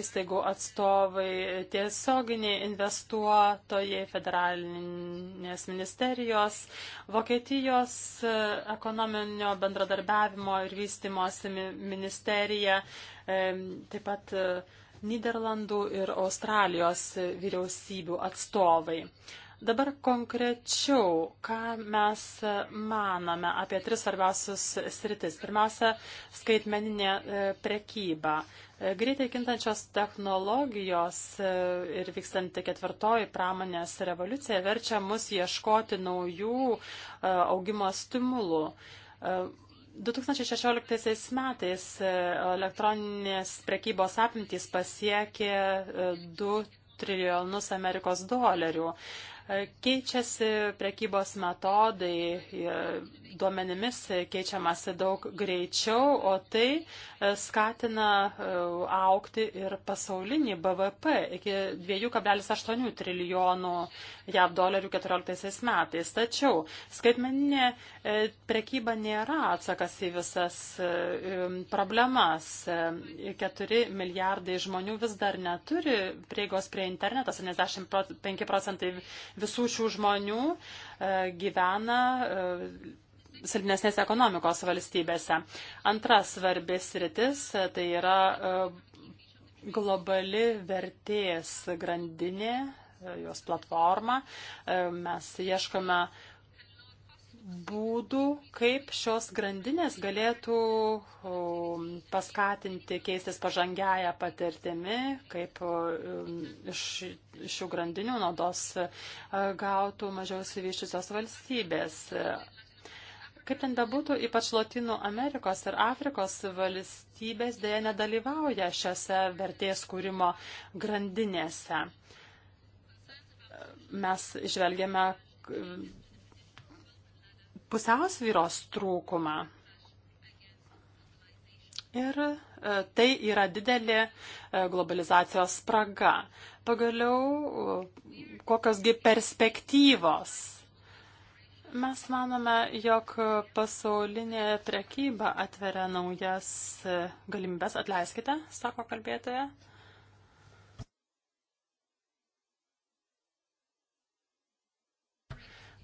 įstaigų atstovai, tiesioginiai investuotojai, federalinės ministerijos, Vokietijos e, ekonominio bendradarbiavimo ir vystimosi ministerija, e, taip pat e, Niderlandų ir Australijos vyriausybių atstovai. Dabar konkrečiau, ką mes manome apie tris svarbiausius sritis. Pirmiausia, skaitmeninė e, prekyba. E, greitai kintančios technologijos e, ir vykstanti ketvirtoji pramonės revoliucija verčia mus ieškoti naujų augimo stimulų. 2016 metais elektroninės prekybos apimtys pasiekė 2 trilijonus Amerikos dolerių. Keičiasi prekybos metodai, e, duomenimis keičiamasi daug greičiau, o tai e, skatina e, aukti ir pasaulinį BVP iki 2,8 trilijonų JAV dolerių 14 metais. Tačiau skaitmeninė prekyba nėra atsakas į visas problemas. 4 milijardai žmonių vis dar neturi prieigos prie interneto, 75 procentai visų šių žmonių e, gyvena e, silpnesnės ekonomikos valstybėse. Antra svarbis rytis e, tai yra globali vertės grandinė, jos platforma. Mes ieškome būdų, kaip šios grandinės galėtų paskatinti keistis pažangiają patirtimi, kaip um, iš šių grandinių naudos gautų mažiau įsivyščiusios valstybės. Kaip ten bebūtų, ypač Latinų Amerikos ir Afrikos valstybės dėja nedalyvauja šiose vertės kūrimo grandinėse. Mes žvelgiame pusiausvyros trūkumą. Ir e, tai yra didelė e, globalizacijos spraga. Pagaliau, e, kokiosgi perspektyvos Mes manome, jog pasaulinė prekyba atveria naujas galimybės. Atleiskite, sako kalbėtoja.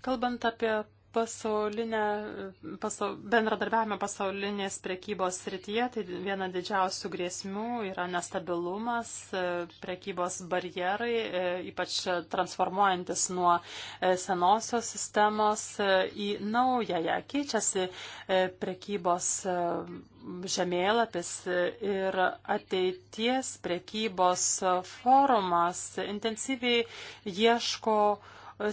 Kalbant apie pasaulinę, pasau, bendradarbiavime pasaulinės prekybos srityje, tai viena didžiausių grėsmių yra nestabilumas, e, prekybos barjerai, e, ypač transformuojantis nuo e, senosios sistemos į naująją. Keičiasi prekybos žemėlapis ir ateities prekybos forumas intensyviai ieško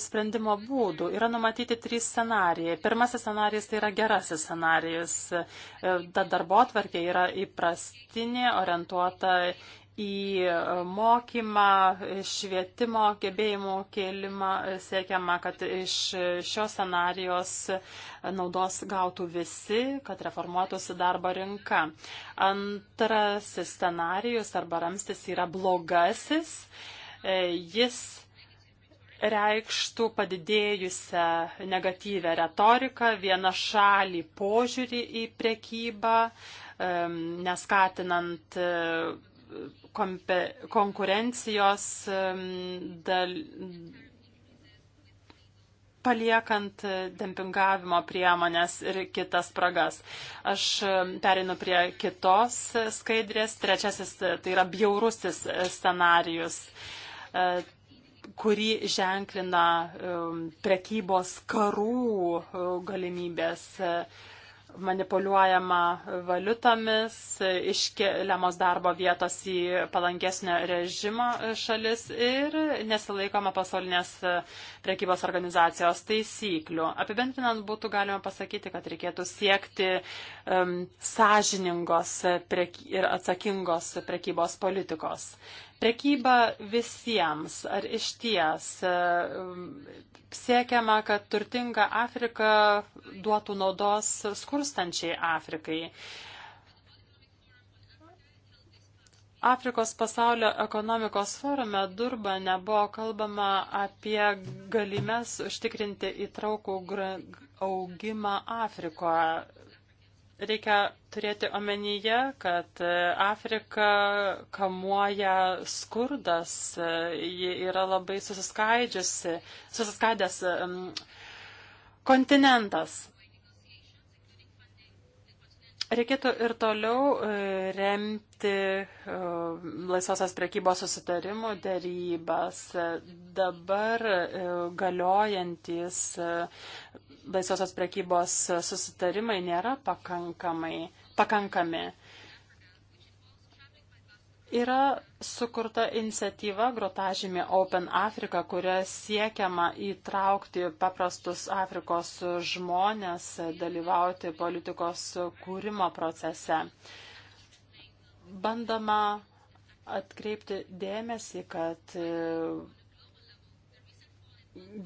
sprendimo būdų. Yra numatyti trys scenarijai. Pirmasis scenarijus tai yra gerasis scenarijus. E, ta darbo atvarkė yra įprastinė, orientuota į mokymą, švietimo gebėjimų kėlimą siekiama, kad iš šios scenarijos naudos gautų visi, kad reformuotųsi darbo rinka. Antrasis scenarijus arba ramstis yra blogasis. E, jis reikštų padidėjusią negatyvę retoriką, vieną šalį požiūrį į prekybą, neskatinant e, konkurencijos, dal, paliekant dempingavimo priemonės ir kitas spragas. Aš perinu prie kitos skaidrės. Trečiasis tai yra bjaurusis scenarius e, kurį ženklina um, prekybos karų uh, galimybės uh, manipuliuojama valiutomis, uh, iškeliamos darbo vietos į palankesnio režimo šalis ir nesilaikoma pasaulinės prekybos organizacijos taisyklių. Apibendrinant būtų galima pasakyti, kad reikėtų siekti um, sąžiningos prek ir atsakingos prekybos politikos. Prekyba visiems, ar iš ties e, siekiama, kad turtinga Afrika duotų naudos skurstančiai Afrikai. Afrikos pasaulio ekonomikos forume Durba nebuvo kalbama apie galimės užtikrinti įtraukų augimą Afrikoje reikia turėti omenyje, kad e, Afrika kamuoja skurdas, e, ji yra labai susiskaidžiusi, susiskaidęs kontinentas. Reikėtų ir toliau e, remti laisvosios prekybos susitarimų dėrybas. Dabar galiojantis laisvosios prekybos susitarimai nėra pakankamai, pakankami. Yra sukurta iniciatyva grotažymė Open Africa, kuria siekiama įtraukti paprastus Afrikos žmonės, dalyvauti politikos kūrimo procese. Bandoma atkreipti dėmesį, kad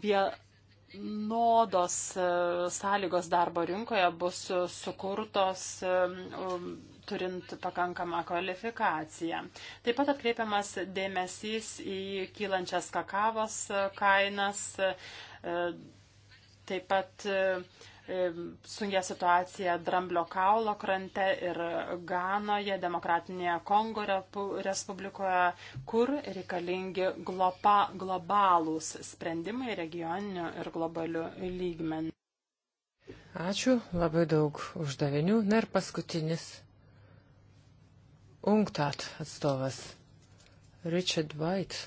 vie vienodos e, sąlygos darbo rinkoje bus sukurtos e, um, turint pakankamą kvalifikaciją. Taip pat atkreipiamas dėmesys į kylančias kakavos e, kainas, taip pat sunkia situacija Dramblio kaulo krante ir Ganoje, Demokratinėje Kongo Respublikoje, kur reikalingi globa, globalūs sprendimai regioniniu ir globaliu lygmeniu. Ačiū, labai daug uždavinių. Na ir paskutinis. UNCTAD atstovas Richard White.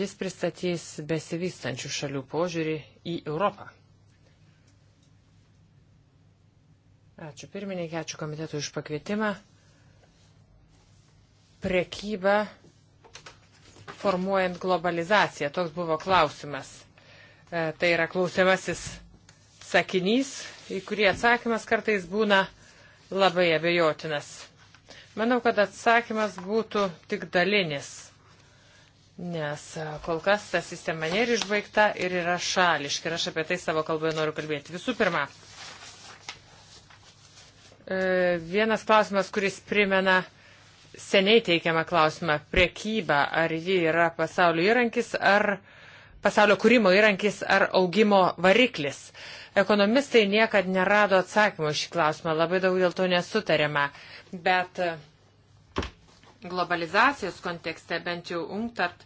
Jis pristatys besivystančių šalių požiūrį į Europą. Ačiū pirmininkė, ačiū komitetų iš pakvietimą. Prekyba formuojant globalizaciją, toks buvo klausimas. E, tai yra klausimasis sakinys, į kurį atsakymas kartais būna labai abejotinas. Manau, kad atsakymas būtų tik dalinis, nes kol kas ta sistema nėra išbaigta ir yra šališka. Ir aš apie tai savo kalboje noriu kalbėti. Visų pirma, E, vienas klausimas, kuris primena seniai teikiamą klausimą - priekyba, ar ji yra pasaulio įrankis, ar pasaulio kūrimo įrankis, ar augimo variklis. Ekonomistai niekad nerado atsakymo šį klausimą, labai daug dėl to nesutarėme, bet e, globalizacijos kontekste, bent jau UNCTAD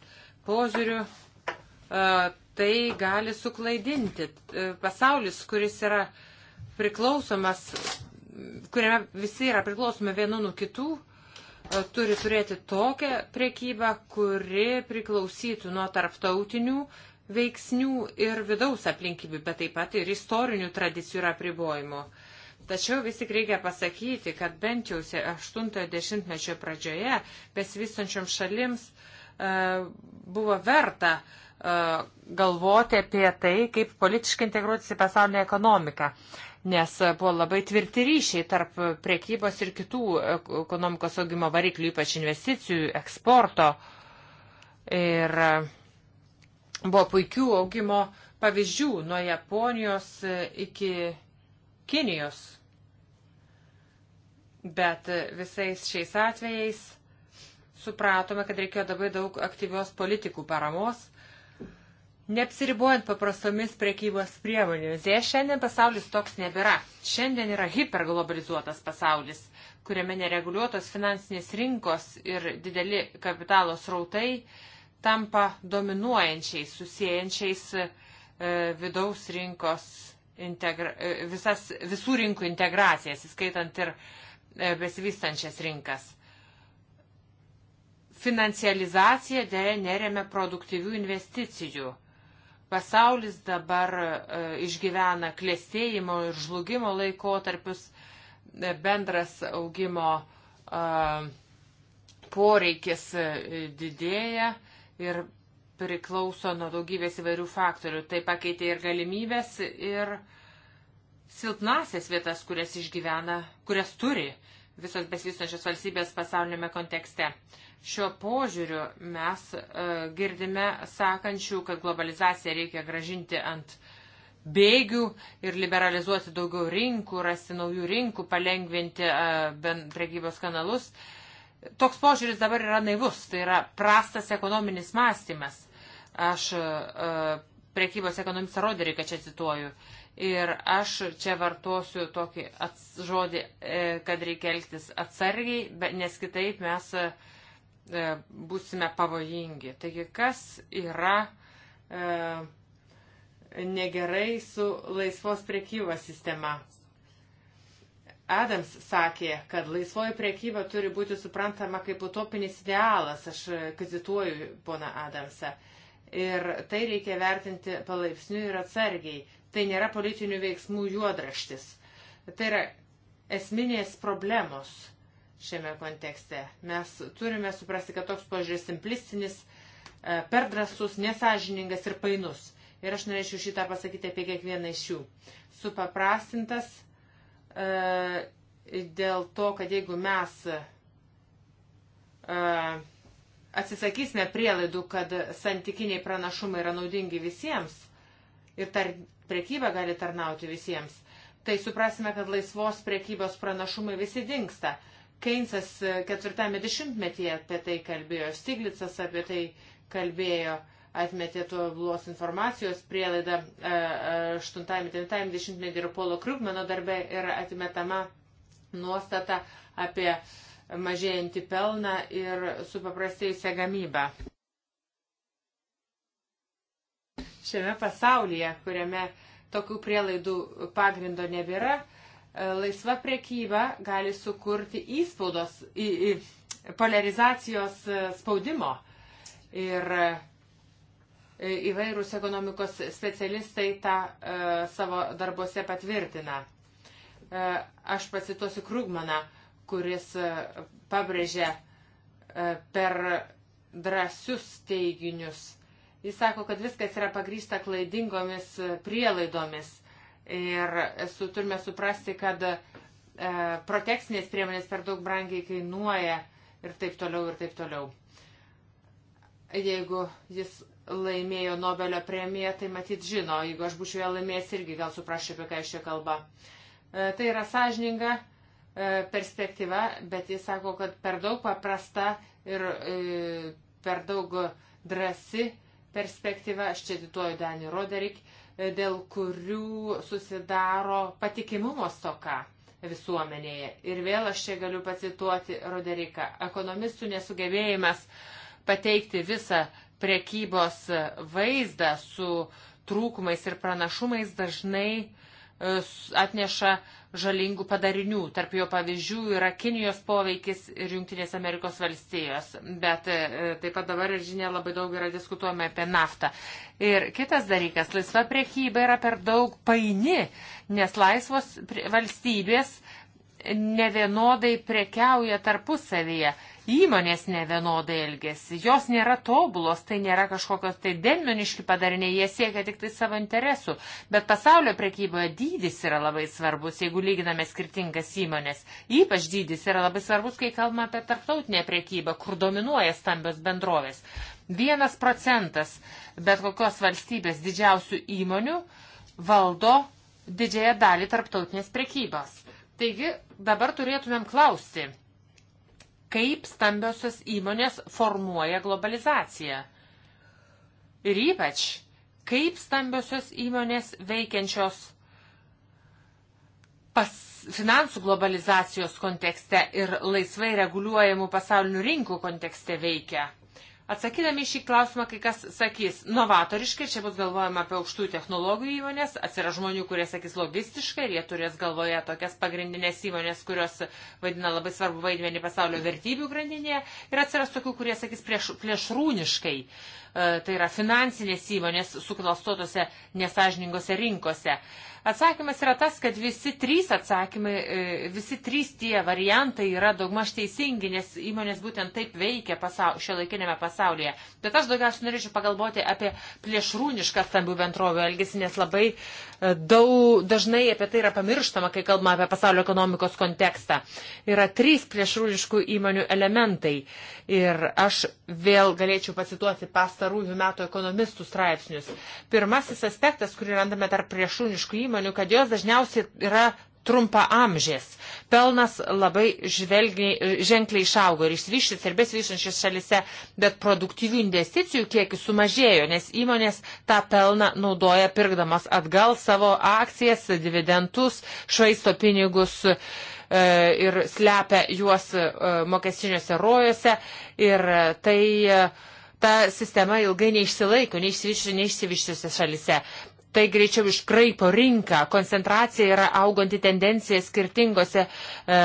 požiūriu, e, tai gali suklaidinti. Pasaulis, kuris yra priklausomas kuriame visi yra priklausomi vienu nuo kitų, e, turi turėti tokią priekybą, kuri priklausytų nuo tarptautinių veiksnių ir vidaus aplinkybių, bet taip pat ir istorinių tradicijų ir apribojimų. Tačiau vis tik reikia pasakyti, kad bent jau 80-ojo dešimtmečio pradžioje besivystančiom šalims e, buvo verta e, galvoti apie tai, kaip politiškai integruotis į pasaulinę ekonomiką nes buvo labai tvirti ryšiai tarp priekybos ir kitų ekonomikos augimo variklių, ypač investicijų, eksporto. Ir e, buvo puikių augimo pavyzdžių nuo Japonijos e, iki Kinijos. Bet e, visais šiais atvejais supratome, kad reikėjo labai daug aktyvios politikų paramos Neapsiribuojant paprastomis prekybos priemonėmis, jei šiandien pasaulis toks nebėra. Šiandien yra hiperglobalizuotas pasaulis, kuriame nereguliuotos finansinės rinkos ir dideli kapitalo srautai tampa dominuojančiais, susijęjančiais e, vidaus rinkos, integra, e, visas, visų rinkų integracijas, įskaitant ir e, besivystančias rinkas finansializacija dėja neremia produktyvių investicijų. Pasaulis dabar e, išgyvena klėstėjimo ir žlugimo laikotarpius, e, bendras augimo e, poreikis didėja ir priklauso nuo daugybės įvairių faktorių. Tai pakeitė ir galimybės, ir silpnasias vietas, kurias išgyvena, kurias turi visos besivystančios valstybės pasaulinėme kontekste. Šio požiūriu mes e, girdime sakančių, kad globalizaciją reikia gražinti ant bėgių ir liberalizuoti daugiau rinkų, rasti naujų rinkų, palengvinti e, prekybos kanalus. Toks požiūris dabar yra naivus, tai yra prastas ekonominis mąstymas. Aš e, prekybos ekonomistą Roderį, kad čia cituoju. Ir aš čia vartosiu tokį ats, žodį, kad reikia elgtis atsargiai, nes kitaip mes uh, E, būsime pavojingi. Taigi, kas yra e, negerai su laisvos priekybos sistema? Adams sakė, kad laisvoji priekyba turi būti suprantama kaip utopinis idealas, aš cituoju pona Adamsą. Ir tai reikia vertinti palaipsniui ir atsargiai. Tai nėra politinių veiksmų juodraštis. Tai yra esminės problemos šiame kontekste. Mes turime suprasti, kad toks požiūris simplistinis, e, per drasus, nesažiningas ir painus. Ir aš norėčiau šitą pasakyti apie kiekvieną iš jų. Supaprastintas e, dėl to, kad jeigu mes e, atsisakysime prielaidų, kad santykiniai pranašumai yra naudingi visiems ir tar, prekyba gali tarnauti visiems, tai suprasime, kad laisvos prekybos pranašumai visi dinksta. E, Keynesas ketvirtame dešimtmetyje apie tai kalbėjo, Stiglicas apie tai kalbėjo, atmetė tuo blos informacijos prielaidą e, e, aštuntame, devintame dešimtmetį ir Polo Krugmano darbe yra atmetama nuostata apie mažėjantį pelną ir supaprastėjusią gamybą. Šiame pasaulyje, kuriame tokių prielaidų pagrindo nebėra, E, laisva priekyba gali sukurti įspaudos, į, į, polarizacijos e, spaudimo. Ir e, įvairūs ekonomikos specialistai tą e, savo darbuose patvirtina. E, aš pasitosiu Krugmaną, kuris e, pabrėžė e, per drąsius teiginius. Jis sako, kad viskas yra pagrįsta klaidingomis prielaidomis Ir su, turime suprasti, kad e, protekcinės priemonės per daug brangiai kainuoja ir taip toliau, ir taip toliau. Jeigu jis laimėjo Nobelio premiją, tai matyt žino, jeigu aš būčiau ją laimėjęs, irgi gal suprasčiau, apie ką iš čia kalba. E, tai yra sąžininga e, perspektyva, bet jis sako, kad per daug paprasta ir e, per daug drasi perspektyva, aš čia dituoju Danį Roderick, e, dėl kurių susidaro patikimumo stoka visuomenėje. Ir vėl aš čia galiu pacituoti Roderiką. Ekonomistų nesugebėjimas pateikti visą prekybos vaizdą su trūkumais ir pranašumais dažnai e, atneša žalingų padarinių. Tarp jo pavyzdžių yra Kinijos poveikis ir Junktinės Amerikos valstijos. Bet e, taip pat dabar ir žinia labai daug yra diskutuojama apie naftą. Ir kitas dalykas, laisva priekyba yra per daug paini, nes laisvos valstybės nevienodai prekiauja tarpusavyje. Įmonės nevienodai elgesi, jos nėra tobulos, tai nėra kažkokios tai denmeniški padariniai, jie siekia tik tai savo interesų. Bet pasaulio prekyboje dydis yra labai svarbus, jeigu lyginame skirtingas įmonės. Ypač dydis yra labai svarbus, kai kalbame apie tarptautinę prekybą, kur dominuoja stambios bendrovės. Vienas procentas bet kokios valstybės didžiausių įmonių valdo didžiąją dalį tarptautinės prekybos. Taigi dabar turėtumėm klausti, kaip stambiosios įmonės formuoja globalizaciją. Ir ypač, kaip stambiosios įmonės veikiančios pas, finansų globalizacijos kontekste ir laisvai reguliuojamų pasaulinių rinkų kontekste veikia. Atsakydami šį klausimą, kai kas sakys novatoriškai, čia bus galvojama apie aukštųjų technologijų įmonės, atsiras žmonių, kurie sakys logistiškai ir jie turės galvoje tokias pagrindinės įmonės, kurios vaidina labai svarbu vaidmenį pasaulio vertybių grandinėje ir atsiras tokių, kurie sakys plėšrūniškai. Prieš, E, tai yra finansinės įmonės suklastotuose nesažiningose rinkose. Atsakymas yra tas, kad visi trys atsakymai, e, visi trys tie variantai yra daugmaž teisingi, nes įmonės būtent taip veikia pasaul, šio laikinėme pasaulyje. Bet aš daugiausiai norėčiau pagalvoti apie plėšrūnišką stambių bendrovių elgesį, nes labai e, daug, dažnai apie tai yra pamirštama, kai kalbama apie pasaulio ekonomikos kontekstą. Yra trys plėšrūniškų įmonių elementai. Ir aš vėl galėčiau pasituoti pastą pastarųjų metų ekonomistų straipsnius. Pirmasis aspektas, kurį randame tarp priešūniškų įmonių, kad jos dažniausiai yra trumpa amžės. Pelnas labai žvelgiai, ženkliai išaugo ir išsivyščius ir besivyščiančias šalise, bet produktyvių investicijų kiekis sumažėjo, nes įmonės tą pelną naudoja pirkdamas atgal savo akcijas, dividendus, švaisto pinigus e, ir slepia juos e, mokesiniuose rojuose. Ir tai e, ta sistema ilgai neišsilaiko neišsivyščiuose šalise. Tai greičiau iškraipo rinką. Koncentracija yra auganti tendencija skirtingose e,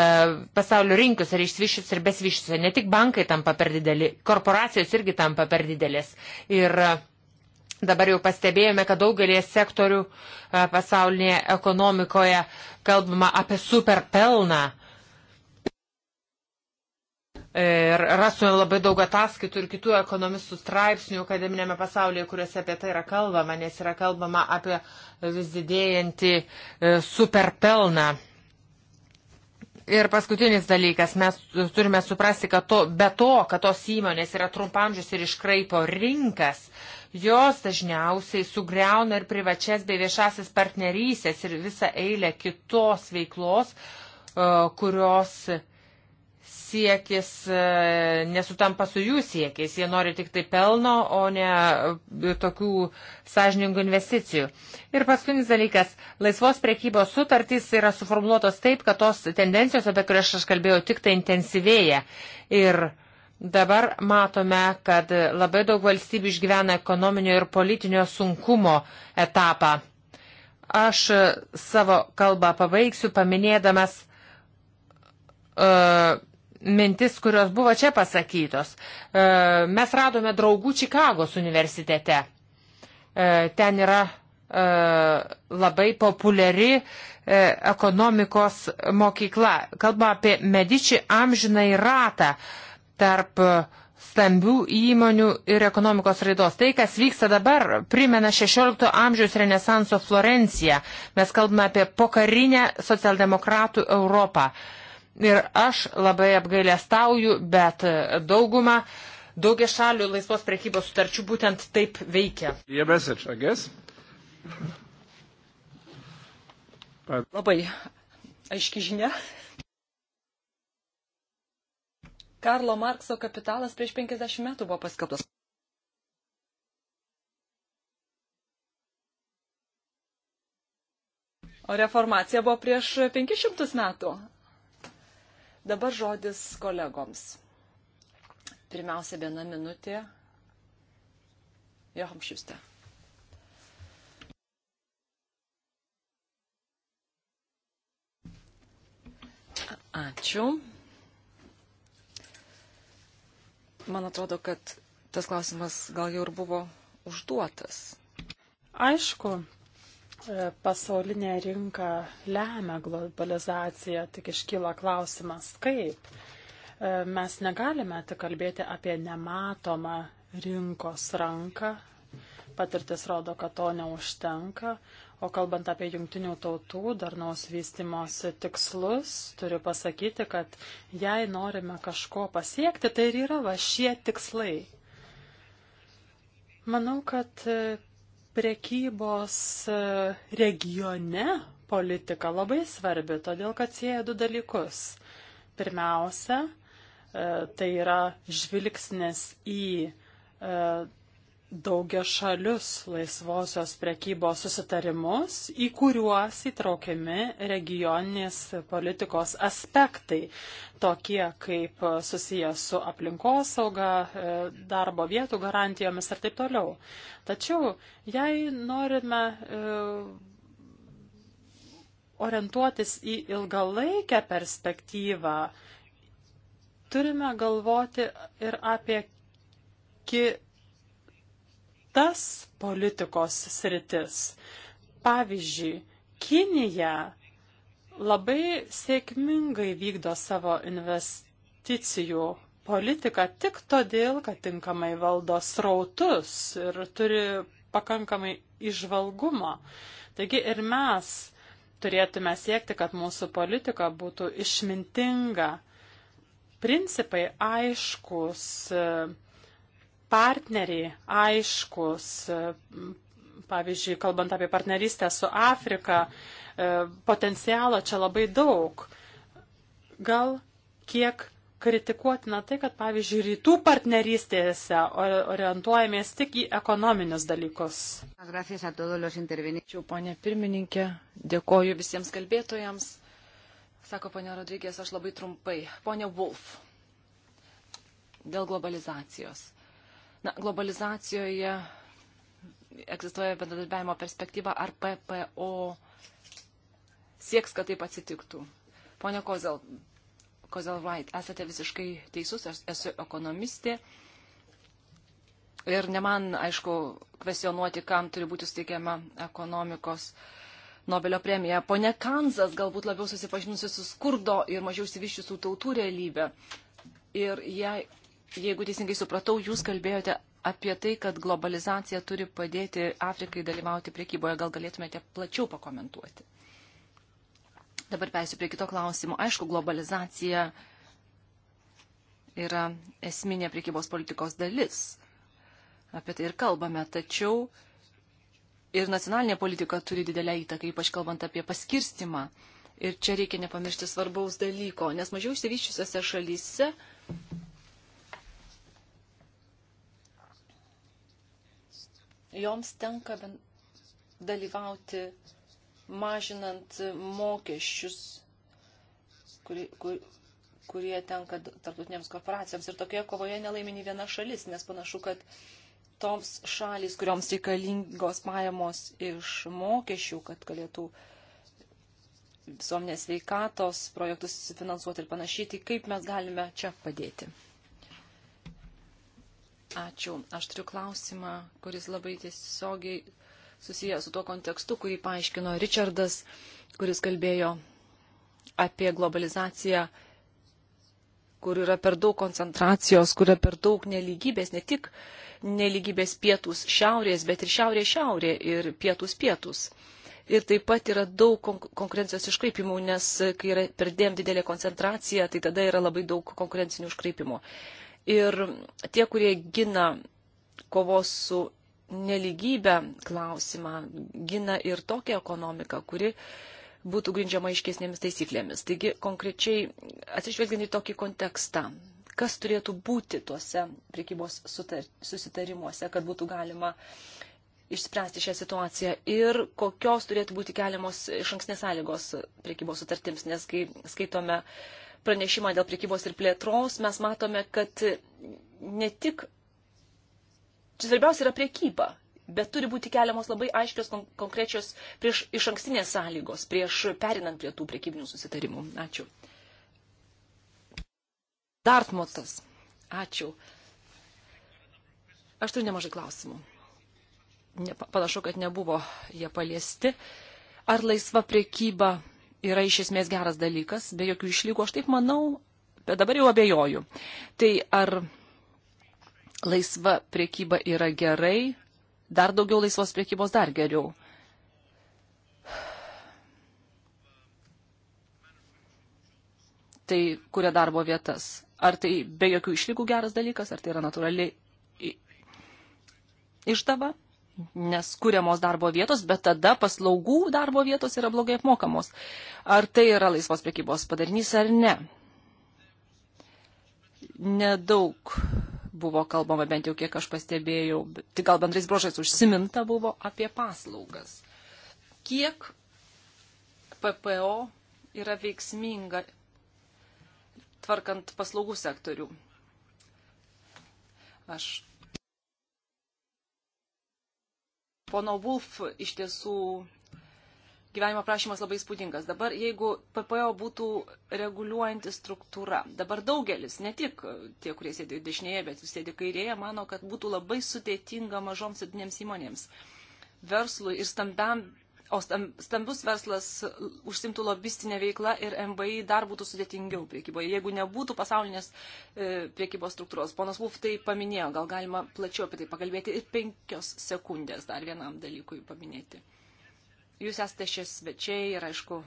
pasaulio rinkose, ar išsivyščiuose, ir besivyščiuose. Ne tik bankai tampa per dideli, korporacijos irgi tampa per didelės. Ir e, Dabar jau pastebėjome, kad daugelie sektorių e, pasaulinėje ekonomikoje kalbama apie superpelną. Ir rastume labai daug ataskaitų ir kitų ekonomistų straipsnių akademinėme pasaulyje, kuriuose apie tai yra kalbama, nes yra kalbama apie vis didėjantį e, superpelną. Ir paskutinis dalykas, mes turime suprasti, kad to, be to, kad tos įmonės yra trumpamžius ir iškraipo rinkas, jos dažniausiai sugriauna ir privačias bei viešasis partnerysės ir visą eilę kitos veiklos, e, kurios siekis e, nesutampa su jų siekiais. Jie nori tik tai pelno, o ne e, tokių sąžiningų investicijų. Ir paskutinis dalykas. Laisvos priekybos sutartys yra suformuoluotos taip, kad tos tendencijos, apie kurias aš kalbėjau, tik tai intensyvėja. Ir dabar matome, kad labai daug valstybių išgyvena ekonominio ir politinio sunkumo etapą. Aš savo kalbą pabaigsiu paminėdamas uh, mintis, kurios buvo čia pasakytos. Uh, mes radome draugų Čikagos universitete. Uh, ten yra labai populiari ekonomikos mokykla. Kalba apie mediči amžinai ratą tarp stambių įmonių ir ekonomikos raidos. Tai, kas vyksta dabar, primena 16 amžiaus renesanso Florenciją. Mes kalbame apie pokarinę socialdemokratų Europą. Uh, Ir aš labai apgailėstauju, bet dauguma daugia šalių laisvos prekybos sutarčių būtent taip veikia. Yeah, message, But... Labai aiški žinia. Karlo Markso kapitalas prieš 50 metų buvo paskelbtas. O reformacija buvo prieš 500 metų. Dabar žodis kolegoms. Pirmiausia, viena minutė. Joham Šiuste. Ačiū. Man atrodo, kad tas klausimas gal jau ir buvo užduotas. Aišku, E, pasaulinė rinka lemia globalizaciją, tik iškyla klausimas, kaip. E, mes negalime tik kalbėti apie nematomą rinkos ranką. Patirtis rodo, kad to neužtenka. O kalbant apie jungtinių tautų darnaus vystimosi tikslus, turiu pasakyti, kad jei norime kažko pasiekti, tai ir yra va šie tikslai. Manau, kad prekybos e, regione politika labai svarbi, todėl kad sieja du dalykus. Pirmiausia, e, tai yra žvilgsnis į e, daugia šalius laisvosios prekybos susitarimus, į kuriuos įtraukiami regioninės politikos aspektai, tokie kaip susijęs su aplinkosauga, e, darbo vietų garantijomis ir taip toliau. Tačiau, jei norime e, orientuotis į ilgalaikę perspektyvą, turime galvoti ir apie ki kitas politikos sritis. Pavyzdžiui, Kinija labai sėkmingai vykdo savo investicijų politiką tik todėl, kad tinkamai valdo srautus ir turi pakankamai išvalgumo. Taigi ir mes turėtume siekti, kad mūsų politika būtų išmintinga. Principai aiškus, partneriai aiškus. Pavyzdžiui, kalbant apie partnerystę su Afrika, e, potencialo čia labai daug. Gal kiek kritikuotina tai, kad, pavyzdžiui, rytų partnerystėse orientuojamės tik į ekonominius dalykus. Ačiū, ponė pirmininkė, dėkoju visiems kalbėtojams. Sako ponė Rodrygės, aš labai trumpai. Ponė Wolf, dėl globalizacijos. Na, globalizacijoje egzistuoja bendradarbiavimo perspektyva, ar PPO sieks, kad taip atsitiktų. Pone Kozel, Kozel Wright, esate visiškai teisus, aš esu ekonomistė. Ir ne man, aišku, kvesionuoti, kam turi būti suteikiama ekonomikos Nobelio premija. Pone Kanzas galbūt labiau susipažinusi su skurdo ir mažiau išsivyščiusių tautų realybė. Ir jai jeigu teisingai supratau, jūs kalbėjote apie tai, kad globalizacija turi padėti Afrikai dalyvauti priekyboje. Gal galėtumėte plačiau pakomentuoti? Dabar persiu prie kito klausimo. Aišku, globalizacija yra esminė priekybos politikos dalis. Apie tai ir kalbame. Tačiau ir nacionalinė politika turi didelę įtaką, ypač kalbant apie paskirstimą. Ir čia reikia nepamiršti svarbaus dalyko, nes mažiau išsivyščiusiose šalyse joms tenka dalyvauti mažinant mokesčius, kuri, kur, kurie tenka tarptautinėms korporacijoms. Ir tokioje kovoje nelaimi nei viena šalis, nes panašu, kad toms šalis, kurioms reikalingos pajamos iš mokesčių, kad galėtų visuomenės veikatos projektus finansuoti ir panašiai, tai kaip mes galime čia padėti. Ačiū. Aš turiu klausimą, kuris labai tiesiogiai susijęs su tuo kontekstu, kurį paaiškino Richardas, kuris kalbėjo apie globalizaciją, kur yra per daug koncentracijos, kur yra per daug neligybės, ne tik neligybės pietus šiaurės, bet ir šiaurė šiaurė ir pietus pietus. Ir taip pat yra daug konkurencijos iškraipimų, nes kai yra perdėm didelė koncentracija, tai tada yra labai daug konkurencinių iškraipimų. Ir tie, kurie gina kovos su neligybę klausimą, gina ir tokią ekonomiką, kuri būtų grindžiama iškesnėmis taisyklėmis. Taigi konkrečiai atsižvelgiant į tokį kontekstą, kas turėtų būti tuose prekybos susitarimuose, kad būtų galima išspręsti šią situaciją ir kokios turėtų būti keliamos iš anksnės sąlygos prekybos sutartims, nes kai skaitome uh, pranešimą dėl priekybos ir plėtros, mes matome, kad ne tik. Čia svarbiausia yra priekyba, bet turi būti keliamos labai aiškios konkrečios prieš iš ankstinės sąlygos, prieš perinant prie tų priekybinių susitarimų. Ačiū. Dartmotas. Ačiū. Aš turiu nemažai klausimų. Ne, panašu, kad nebuvo jie paliesti. Ar laisva priekyba yra iš esmės geras dalykas, be jokių išlygų, aš taip manau, bet dabar jau abejoju. Tai ar laisva priekyba yra gerai, dar daugiau laisvos priekybos dar geriau. Tai kuria darbo vietas. Ar tai be jokių išlygų geras dalykas, ar tai yra natūrali išdava? nes kuriamos darbo vietos, bet tada paslaugų darbo vietos yra blogai apmokamos. Ar tai yra laisvos prekybos padarinys ar ne? Nedaug buvo kalbama, bent jau kiek aš pastebėjau, tik gal bendrais brožais užsiminta buvo apie paslaugas. Kiek PPO yra veiksminga tvarkant paslaugų sektorių? Aš pono Wolf iš tiesų gyvenimo prašymas labai spūdingas. Dabar, jeigu PPO būtų reguliuojanti struktūra, dabar daugelis, ne tik tie, kurie sėdi dešinėje, bet ir sėdi kairėje, mano, kad būtų labai sudėtinga mažoms ir dinėms įmonėms, verslui ir stambiam o stambus verslas užsimtų lobistinę veiklą ir MBI dar būtų sudėtingiau priekyboje, jeigu nebūtų pasaulinės e, priekybos struktūros. Ponas Wolf tai paminėjo, gal galima plačiau apie tai pakalbėti ir penkios sekundės dar vienam dalykui paminėti. Jūs esate šie svečiai ir aišku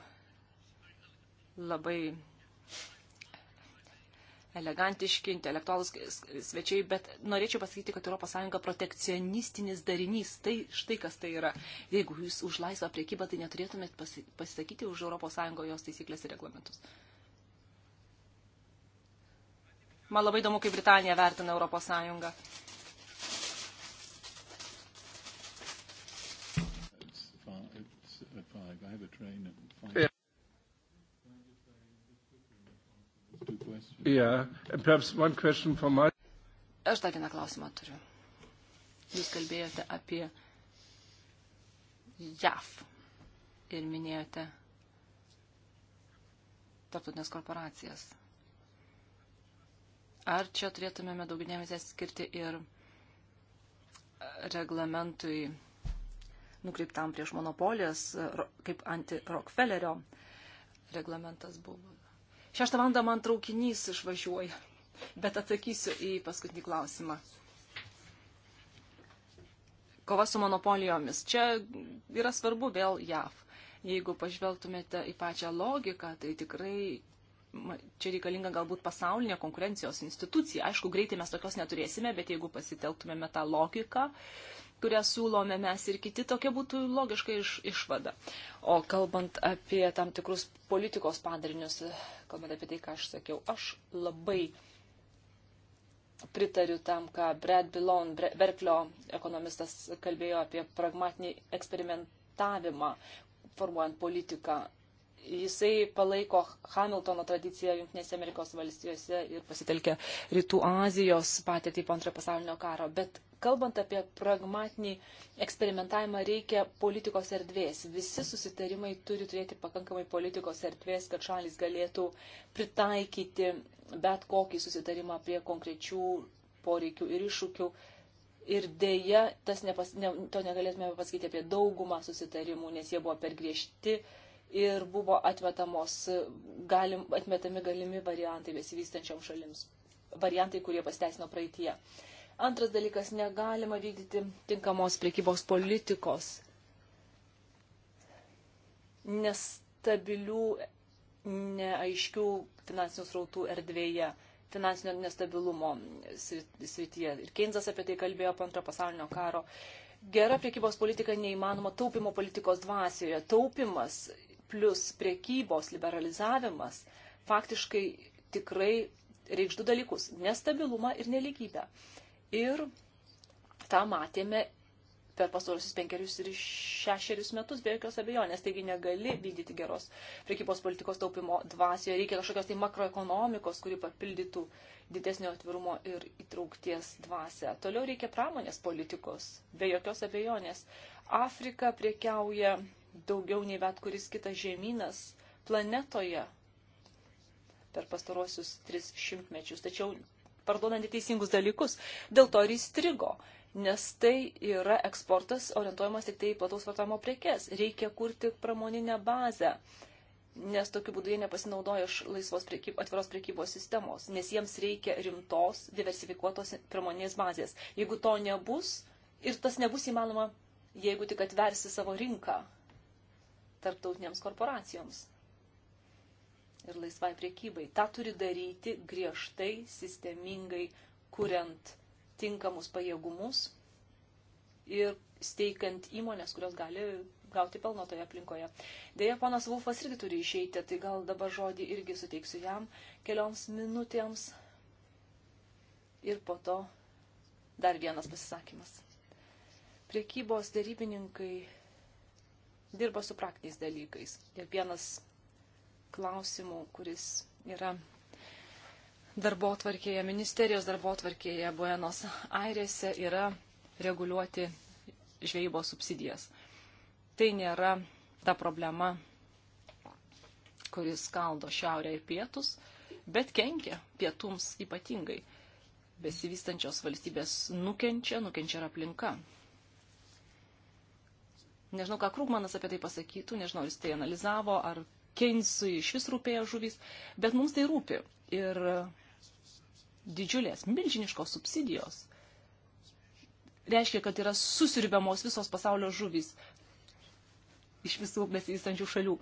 labai elegantiški, intelektualus svečiai, bet norėčiau pasakyti, kad ES protekcionistinis darinys, tai štai kas tai yra. Jeigu jūs už laisvą priekybą, tai neturėtumėt pasisakyti už ES jos taisyklės ir reglamentus. Man labai įdomu, kaip Britanija vertina ES. Yeah. Yeah. My... Aš dar vieną klausimą turiu. Jūs kalbėjote apie JAF ir minėjote tarptautinės korporacijas. Ar čia turėtumėme daug dėmesio skirti ir reglamentui nukreiptam prieš monopolijas, kaip anti-Rockefellerio reglamentas buvo? Šeštą valandą man traukinys išvažiuoja, bet atsakysiu į paskutinį klausimą. Kova su monopolijomis. Čia yra svarbu vėl JAV. Jeigu pažvelgtumėte į pačią logiką, tai tikrai čia reikalinga galbūt pasaulinė konkurencijos institucija. Aišku, greitai mes tokios neturėsime, bet jeigu pasitelktumėme tą logiką, uh, kurią siūlome mes ir kiti, tokia būtų logiška iš, išvada. O kalbant apie tam tikrus politikos padarinius, kalbant apie tai, ką aš sakiau, aš labai pritariu tam, ką Brad Bilon, Berklio ekonomistas, kalbėjo apie pragmatinį eksperimentavimą, formuojant politiką jisai palaiko Hamiltono tradiciją Junktinėse Amerikos valstijose ir pasitelkia Rytų Azijos patirtį po antrojo pasaulinio karo. Bet kalbant apie pragmatinį eksperimentavimą, reikia politikos erdvės. Visi susitarimai turi turėti pakankamai politikos erdvės, kad šalis galėtų pritaikyti bet kokį susitarimą prie konkrečių poreikių ir iššūkių. Ir dėja, nepas, ne, to negalėtume pasakyti apie daugumą susitarimų, nes jie buvo per griežti ir buvo atmetamos, galim, atmetami galimi variantai besivystančiom šalims variantai, kurie pasteisino praeitie. Antras dalykas, negalima vykdyti tinkamos priekybos politikos nestabilių, neaiškių finansinių srautų erdvėje, finansinio nestabilumo srityje. Ir Keynesas apie tai kalbėjo po antrojo pasaulinio karo. Gera priekybos politika neįmanoma taupimo politikos dvasioje. Taupimas plus priekybos liberalizavimas faktiškai tikrai reikš du dalykus - nestabilumą ir neligybę. Ir tą matėme per pastarosius penkerius ir šešerius metus, be jokios abejonės. Taigi negali vykdyti geros prekybos politikos taupimo dvasioje. Reikia kažkokios tai makroekonomikos, kuri papildytų didesnio atvirumo ir įtraukties dvasę. Toliau reikia pramonės politikos, be jokios abejonės. Afrika priekiauja daugiau nei bet kuris kitas žemynas planetoje per pastarosius tris šimtmečius. Tačiau parduoda neteisingus dalykus. Dėl to ir įstrigo, nes tai yra eksportas orientuojamas tik tai į plataus vartojimo prekes. Reikia kurti pramoninę bazę, nes tokiu būdu jie nepasinaudoja iš laisvos priekyb, atviros priekybos sistemos, nes jiems reikia rimtos, diversifikuotos pramoninės bazės. Jeigu to nebus, ir tas nebus įmanoma, jeigu tik atversi savo rinką tarptautinėms korporacijoms ir laisvai priekybai. Ta turi daryti griežtai, sistemingai, kuriant tinkamus pajėgumus ir steikant įmonės, kurios gali gauti pelno toje aplinkoje. Deja, ponas Vulfas irgi turi išeiti, tai gal dabar žodį irgi suteiksiu jam kelioms minutėms ir po to dar vienas pasisakymas. Priekybos darybininkai dirba su praktiniais dalykais ir vienas klausimu, kuris yra darbo tvarkėje, ministerijos darbo tvarkėje Buenos Airėse yra reguliuoti žvejybos subsidijas. Tai nėra ta problema, kuris skaldo šiaurę ir pietus, bet kenkia pietums ypatingai. Besivystančios valstybės nukenčia, nukenčia ir aplinka. Nežinau, ką Krūkmanas apie tai pasakytų, nežinau, ar jis tai analizavo, ar Keinsui iš vis rūpėjo žuvys, bet mums tai rūpi. Ir didžiulės, milžiniškos subsidijos reiškia, kad yra susiribiamos visos pasaulio žuvys iš visų besivystančių šalių,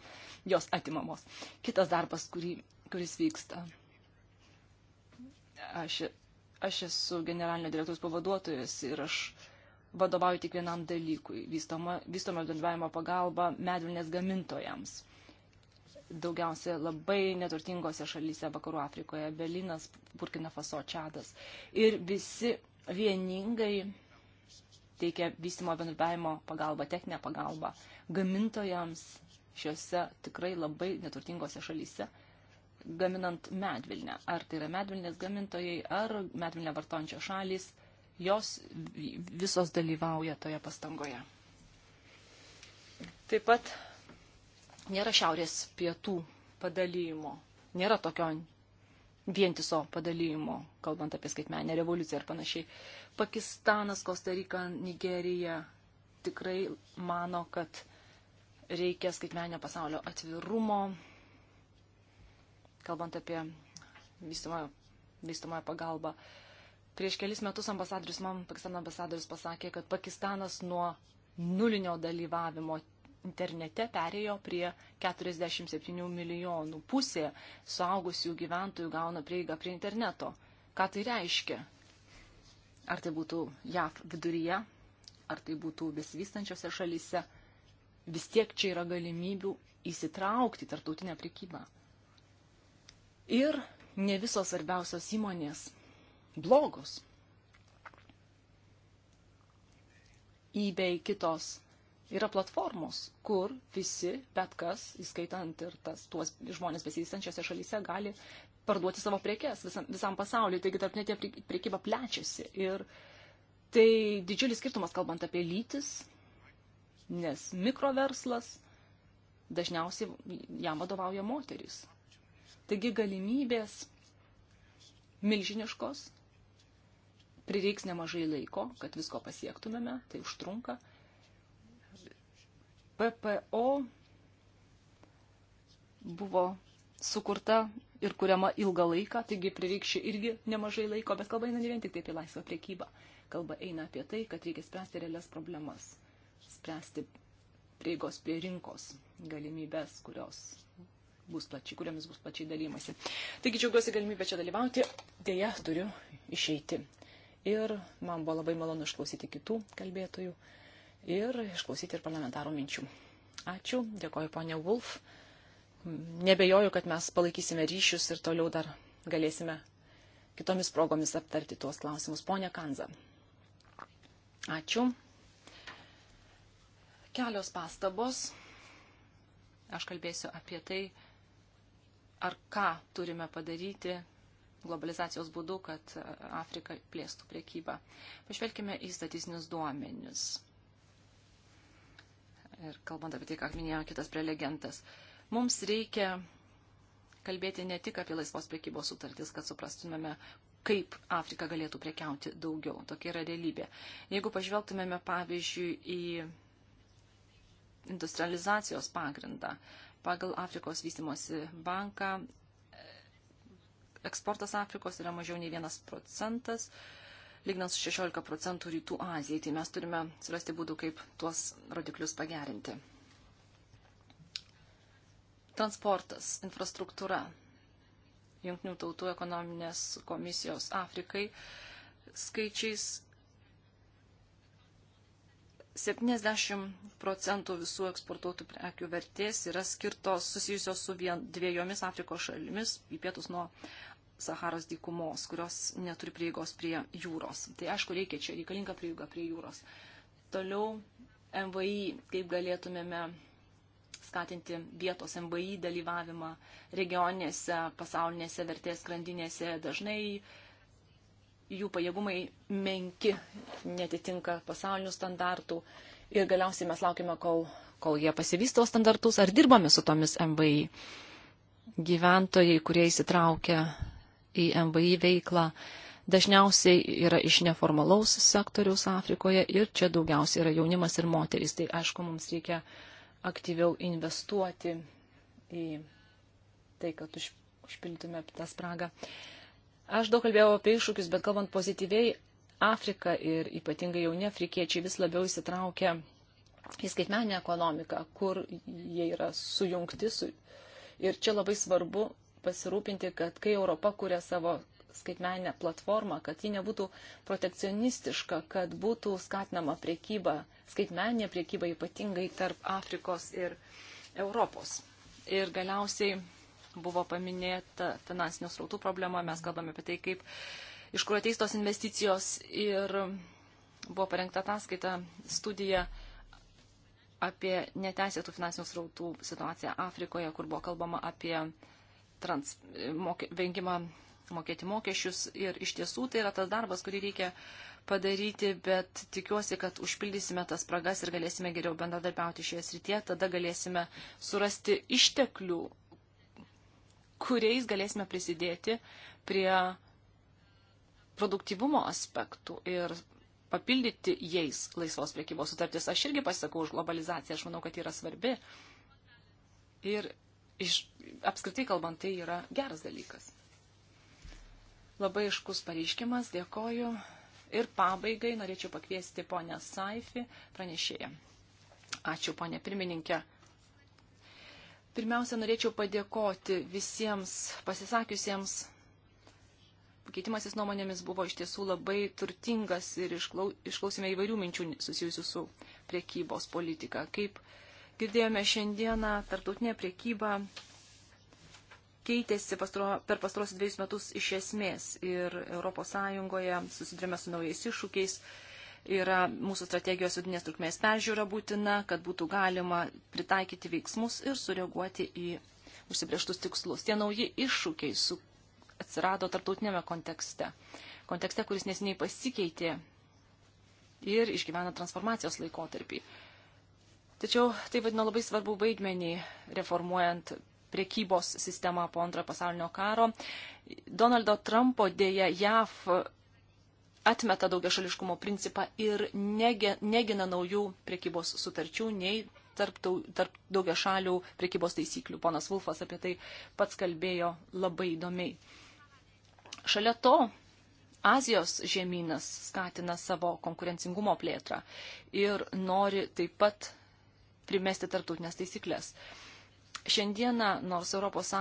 jos atimamos. Kitas darbas, kurį, kuris vyksta. Aš, aš esu generalinio direktoriaus pavaduotojas ir aš vadovauju tik vienam dalykui - vystoma, vystoma bendravimo pagalba medvilnės gamintojams daugiausia labai neturtingose šalyse Vakarų Afrikoje - Belinas, Burkina Faso, Čadas. Ir visi vieningai teikia vystimo bendradarbiavimo pagalbą, techninę pagalbą gamintojams šiuose tikrai labai neturtingose šalyse gaminant medvilnę. Ar tai yra medvilnės gamintojai, ar medvilnę vartončio šalis, jos visos dalyvauja toje pastangoje. Taip pat nėra šiaurės pietų padalymo, nėra tokio vientiso padalymo, kalbant apie skaitmenę revoliuciją ir panašiai. Pakistanas, Kostarika, Nigerija tikrai mano, kad reikia skaitmenio pasaulio atvirumo, kalbant apie vystamoją pagalbą. Prieš kelis metus ambasadorius, man Pakistano ambasadorius pasakė, kad Pakistanas nuo nulinio dalyvavimo internete perėjo prie 47 milijonų. Pusė suaugusių gyventojų gauna prieigą prie interneto. Ką tai reiškia? Ar tai būtų JAV viduryje, ar tai būtų besivystančiose šalyse, vis tiek čia yra galimybių įsitraukti tartautinę prekybą. Ir ne visos svarbiausios įmonės blogos. eBay kitos yra platformos, kur visi, bet kas, įskaitant ir tas, tuos žmonės besivystančiose šalyse, gali parduoti savo prekes visam, visam pasauliu. Taigi tarpinėtė priekyba plečiasi. Ir tai didžiulis skirtumas, kalbant apie lytis, nes mikroverslas dažniausiai jam vadovauja moteris. Taigi galimybės milžiniškos, prireiks nemažai laiko, kad visko pasiektumėme, tai užtrunka. PPO buvo sukurta ir kuriama ilgą laiką, taigi prireikšė irgi nemažai laiko, bet kalba eina ne vien tik tai apie laisvą priekybą. Kalba eina apie tai, kad reikia spręsti realias problemas, spręsti prieigos prie rinkos galimybės, kurios bus plačiai, kuriamis bus plačiai dalymasi. Taigi džiaugiuosi galimybę čia dalyvauti, dėja turiu išeiti. Ir man buvo labai malonu išklausyti kitų kalbėtojų ir išklausyti ir parlamentarų minčių. Ačiū, dėkoju ponė Wolf. Nebejoju, kad mes palaikysime ryšius ir toliau dar galėsime kitomis progomis aptarti tuos klausimus. Pone Kanza. Ačiū. Kelios pastabos. Aš kalbėsiu apie tai, ar ką turime padaryti globalizacijos būdu, kad Afrika plėstų priekybą. Pažvelkime į statistinius duomenius ir kalbant apie tai, ką minėjo kitas prelegentas, mums reikia kalbėti ne tik apie laisvos priekybos sutartis, kad suprastumėme, kaip Afrika galėtų prekiauti daugiau. Tokia yra realybė. Jeigu pažvelgtumėme, pavyzdžiui, į industrializacijos pagrindą, pagal Afrikos vystimosi banką eksportas Afrikos yra mažiau nei vienas procentas, lygnant su 16 procentų rytų Azijai. Tai mes turime surasti būdų, kaip tuos rodiklius pagerinti. Transportas, infrastruktūra. Junktinių tautų ekonominės komisijos Afrikai skaičiais 70 procentų visų eksportuotų prekių vertės yra skirtos susijusios su vien, dviejomis Afrikos šalimis, į pietus nuo Saharos dykumos, kurios neturi prieigos prie jūros. Tai aišku, reikia čia reikalinga prieiga prie jūros. Toliau MVI, kaip galėtumėme skatinti vietos MVI dalyvavimą regioninėse, pasaulinėse vertės grandinėse. Dažnai jų pajėgumai menki, netitinka pasaulinių standartų ir galiausiai mes laukime, kol, kol jie pasivysto standartus, ar dirbame su tomis MVI. Gyventojai, kurie įsitraukia į MVI veiklą dažniausiai yra iš neformalaus sektoriaus Afrikoje ir čia daugiausiai yra jaunimas ir moteris. Tai aišku, mums reikia aktyviau investuoti į tai, kad užpildytume tą spragą. Aš daug kalbėjau apie iššūkius, bet kalbant pozityviai, Afrika ir ypatingai jauni afrikiečiai vis labiau įsitraukia į skaitmeninę ekonomiką, kur jie yra sujungti su. Ir čia labai svarbu pasirūpinti, kad kai Europa kuria savo skaitmeninę platformą, kad ji nebūtų protekcionistiška, kad būtų skatinama priekyba, skaitmeninė priekyba ypatingai tarp Afrikos ir Europos. Ir galiausiai buvo paminėta finansinių srautų problema, mes kalbame apie tai, kaip iš kur ateis tos investicijos ir buvo parengta ataskaita, studija apie neteisėtų finansinių srautų situaciją Afrikoje, kur buvo kalbama apie trans, mokė, vengimą mokėti mokesčius. Ir iš tiesų tai yra tas darbas, kurį reikia padaryti, bet tikiuosi, kad užpildysime tas spragas ir galėsime geriau bendradarbiauti šioje srityje. Tada galėsime surasti išteklių, kuriais galėsime prisidėti prie produktyvumo aspektų ir papildyti jais laisvos priekybos sutartis. Aš irgi pasisakau už globalizaciją, aš manau, kad yra svarbi. Ir iš, apskritai kalbant, tai yra geras dalykas. Labai iškus pareiškimas, dėkoju. Ir pabaigai norėčiau pakviesti ponę Saifi pranešėją. Ačiū, ponė pirmininkė. Pirmiausia, norėčiau padėkoti visiems pasisakiusiems. Pakeitimasis nuomonėmis buvo iš tiesų labai turtingas ir išklausime įvairių minčių susijusių su priekybos politika. Kaip uh, Girdėjome šiandieną tarptautinė priekyba keitėsi pastaro, per pastarosius dviejus metus iš esmės ir ES susidurime su naujais iššūkiais. Yra mūsų strategijos vidinės trukmės peržiūra būtina, kad būtų galima pritaikyti veiksmus ir sureaguoti į užsibrieštus tikslus. Tie nauji iššūkiai su, atsirado tarptautinėme kontekste. Kontekste, kuris nesiniai pasikeitė ir išgyvena transformacijos laikotarpį. Tačiau tai vadino labai svarbu vaidmenį reformuojant priekybos sistemą po antrojo pasaulinio karo. Donaldo Trumpo dėja JAV atmeta daugiašališkumo principą ir negina naujų priekybos sutarčių nei tarp, tarp daugiašalių priekybos taisyklių. Ponas Vulfas apie tai pats kalbėjo labai įdomiai. Šalia to Azijos žemynas skatina savo konkurencingumo plėtrą ir nori taip pat primesti tarptautinės taisyklės. Šiandieną, nors ES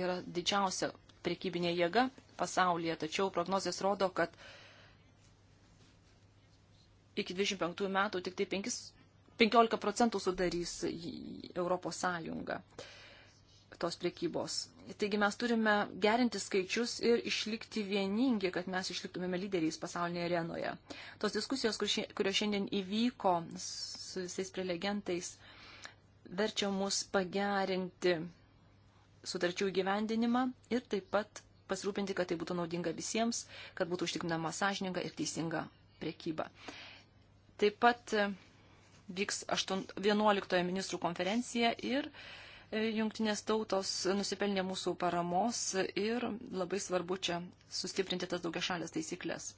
yra didžiausia priekybinė jėga pasaulyje, tačiau prognozijas rodo, kad iki 25 metų tik tai 5, 15 procentų sudarys Europos Sąjunga tos priekybos. Taigi mes turime gerinti skaičius ir išlikti vieningi, kad mes išliktumėme lyderiais pasaulinėje arenoje. Tos diskusijos, kurios šiandien įvyko su visais prelegentais verčia mus pagerinti sutarčių įgyvendinimą ir taip pat pasirūpinti, kad tai būtų naudinga visiems, kad būtų užtikrinama sąžininga ir teisinga priekyba. Taip pat e, vyks 11 ministrų konferencija ir e, jungtinės tautos nusipelnė mūsų paramos ir labai svarbu čia sustiprinti tas daugia šalės taisyklės.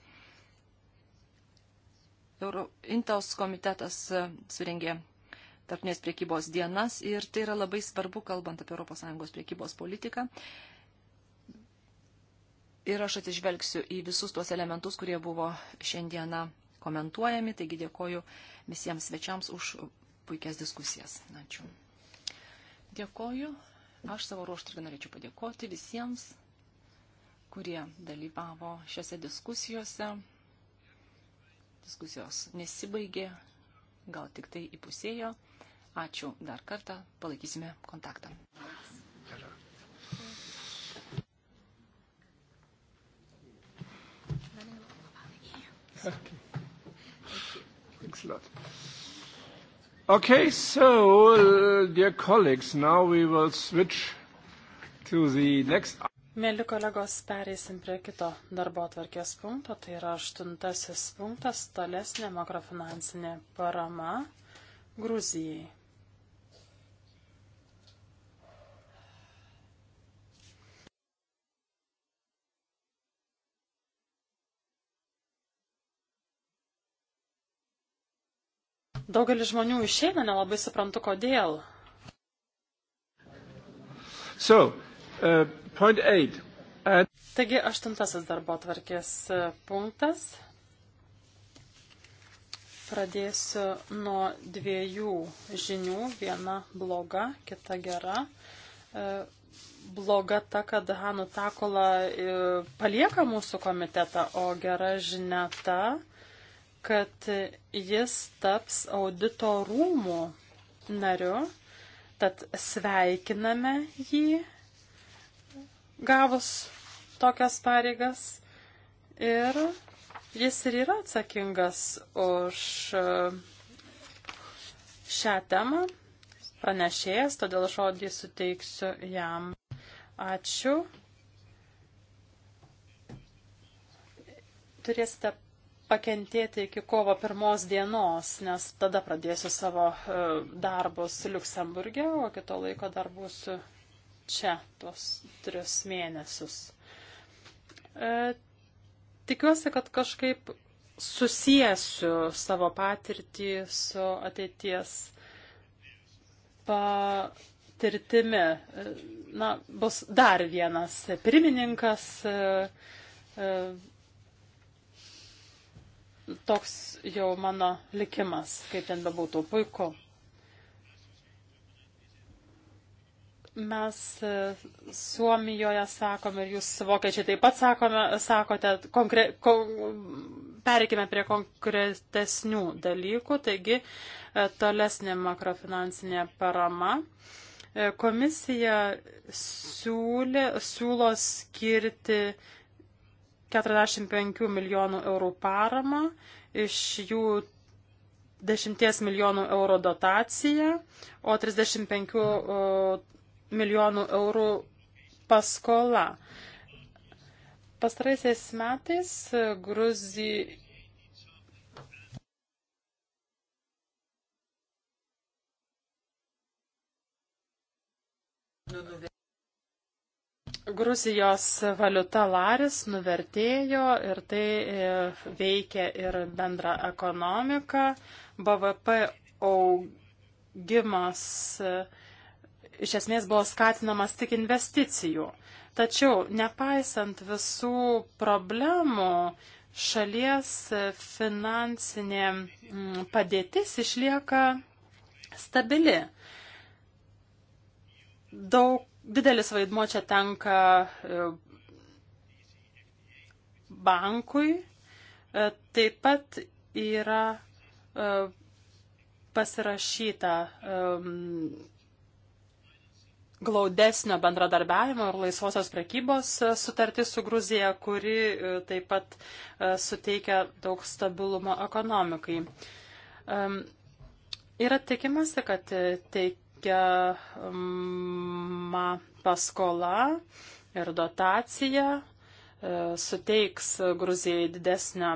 Euro, Intos komitetas e, surengė tarpnės priekybos dienas ir tai yra labai svarbu, kalbant apie ES priekybos politiką. Ir aš atsižvelgsiu į visus tuos elementus, kurie buvo šiandieną komentuojami. Taigi dėkoju visiems svečiams už puikias diskusijas. Ačiū. Dėkoju. Aš savo ruoštų irgi norėčiau padėkoti visiems, kurie dalyvavo šiose diskusijose diskusijos nesibaigė, gal tik tai įpusėjo. Ačiū dar kartą, palaikysime kontaktą. Okay. Thanks a lot. Okay, so, uh, dear colleagues, now we will switch to the next. Mėly kolegos, pereisim prie kito darbo atvarkės punkto, tai yra aštuntasis punktas - tolesnė makrofinansinė parama Gruzijai. Daugelis žmonių išeina, nelabai suprantu kodėl. So, Uh, point eight. At... Taigi aštuntasis darbo tvarkės uh, punktas. Pradėsiu nuo dviejų žinių. Viena bloga, kita gera. Uh, bloga ta, kad Hanu Takola uh, palieka mūsų komitetą, o gera žinia ta, kad jis taps audito rūmų nariu. Tad sveikiname jį gavus tokias pareigas ir jis ir yra atsakingas už e, šią temą, pranešėjas, todėl žodį suteiksiu jam. Ačiū. Turėsite pakentėti iki kovo pirmos dienos, nes tada pradėsiu savo e, darbus Luksemburgė, o kito laiko dar būsiu čia tuos tris mėnesius. E, tikiuosi, kad kažkaip susijęsiu savo patirtį su ateities patirtimi. E, na, bus dar vienas pirmininkas. E, e, toks jau mano likimas, kaip ten bebūtų, puiku. Mes e, Suomijoje sakome, ir jūs vokiečiai taip pat sakome, sakote, konkre, kon, pereikime prie konkretesnių dalykų, taigi e, tolesnė makrofinansinė parama. E, komisija siūlė, siūlo skirti 45 milijonų eurų paramą, iš jų 10 milijonų eurų dotacija, o 35 milijonų eurų paskola. Pastaraisiais metais Gruzija Gruzijos valiuta laris nuvertėjo ir tai e, veikia ir bendrą ekonomiką. BVP augimas uh, iš esmės buvo skatinamas tik investicijų. Tačiau, nepaisant visų problemų, šalies finansinė mm, padėtis išlieka stabili. Daug didelis vaidmo čia tenka e, bankui, e, taip pat yra e, pasirašyta glaudesnio bendradarbiavimo ir laisvosios prekybos e, sutartis su Gruzija, kuri e, taip pat e, suteikia daug stabilumo ekonomikai. Yra tikimasi, kad teikiama paskola ir dotacija suteiks Gruzijai didesnio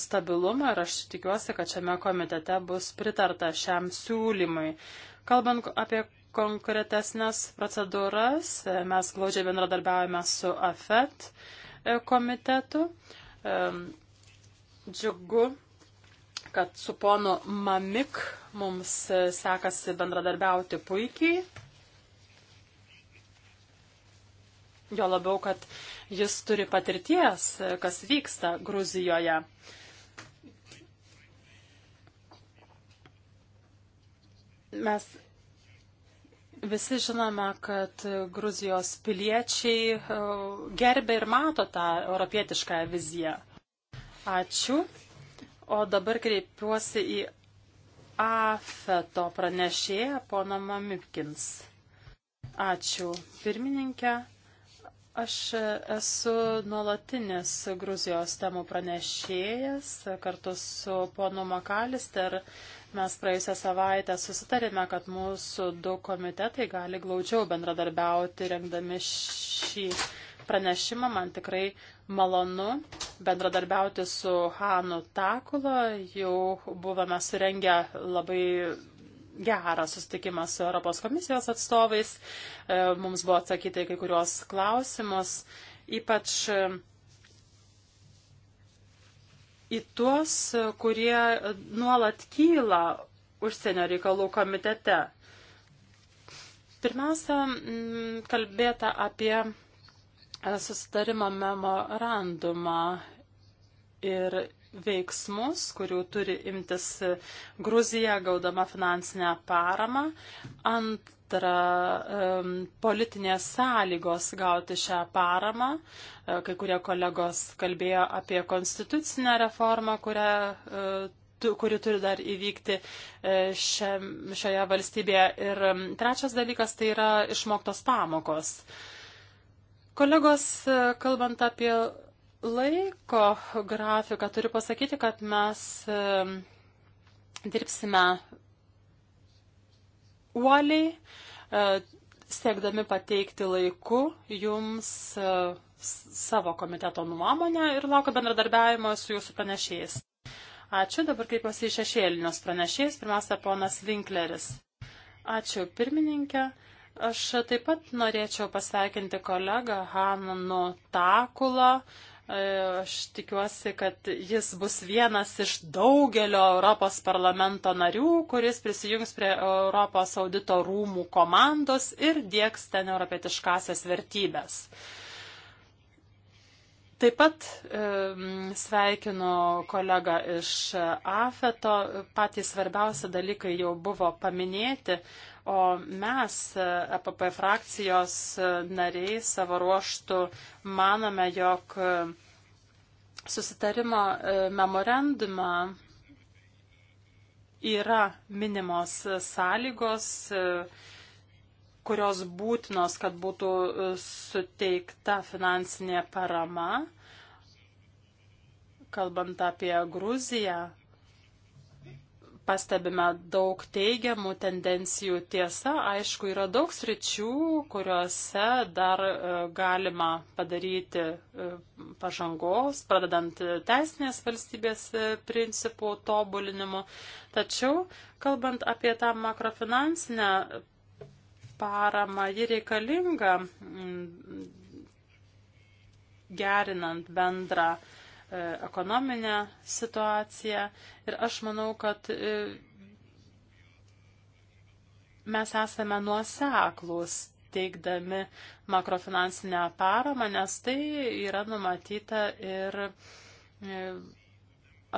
stabilumą ir aš tikiuosi, kad šiame komitete bus pritarta šiam siūlymui. Kalbant apie konkretesnės procedūras. Mes glaudžiai bendradarbiavame su AFET komitetu. Džiugu, kad su ponu Mamik mums sekasi bendradarbiauti puikiai. Jo labiau, kad jis turi patirties, kas vyksta Gruzijoje. Mes Visi žinome, kad Gruzijos piliečiai e, gerbė ir mato tą europietišką viziją. Ačiū. O dabar kreipiuosi į AFETO pranešėją, poną Mamipkins. Ačiū, pirmininkė. Aš esu nuolatinis Gruzijos temų pranešėjas. Kartu su ponu Makalister mes praėjusią savaitę susitarėme, kad mūsų du komitetai gali glaudžiau bendradarbiauti rengdami šį pranešimą. Man tikrai malonu bendradarbiauti su Hanu Takula. Jau buvome surengę labai geras susitikimas su Europos komisijos atstovais. E, mums buvo atsakyti kai kurios klausimus, ypač e, į tuos, kurie nuolat kyla užsienio reikalų komitete. Pirmiausia, kalbėta apie e, susitarimą memorandumą ir veiksmus, kurių turi imtis Gruzija gaudama finansinę paramą. Antra, politinės sąlygos gauti šią paramą. E, kai kurie kolegos kalbėjo apie konstitucinę reformą, kurią e, kuri turi dar įvykti e, šia, šioje valstybėje. Ir trečias dalykas tai yra išmoktos pamokos. Kolegos, kalbant apie laiko grafiką, turiu pasakyti, kad mes dirbsime uoliai, e, siekdami pateikti laiku jums e, savo komiteto nuomonę ir laukia bendradarbiavimo su jūsų pranešėjais. Ačiū, dabar kreipiuosi į šešėlinius pranešėjus, pirmiausia, ponas Winkleris. Ačiū, pirmininkė. Aš taip pat norėčiau pasveikinti kolegą Hannu Takulą. Uh, Aš tikiuosi, kad jis bus vienas iš daugelio Europos parlamento narių, kuris prisijungs prie Europos audito rūmų komandos ir dieks ten europietiškasias vertybės. Taip pat sveikinu kolegą iš AFETO, patys svarbiausi dalykai jau buvo paminėti, o mes, EPP frakcijos nariai, savo ruoštų manome, jog susitarimo e, memorandumą yra minimos sąlygos, e, kurios būtinos, kad būtų e, suteikta finansinė parama. Kalbant apie Gruziją, pastebime daug teigiamų tendencijų. Tiesa, aišku, yra daug sričių, kuriuose dar e, galima padaryti e, pažangos, pradedant teisinės valstybės principų tobulinimu. Tačiau, kalbant apie tą makrofinansinę paramą. Ji reikalinga mm, gerinant bendrą e, ekonominę situaciją. Ir aš manau, kad e, mes esame nuoseklus teikdami makrofinansinę paramą, nes tai yra numatyta ir e,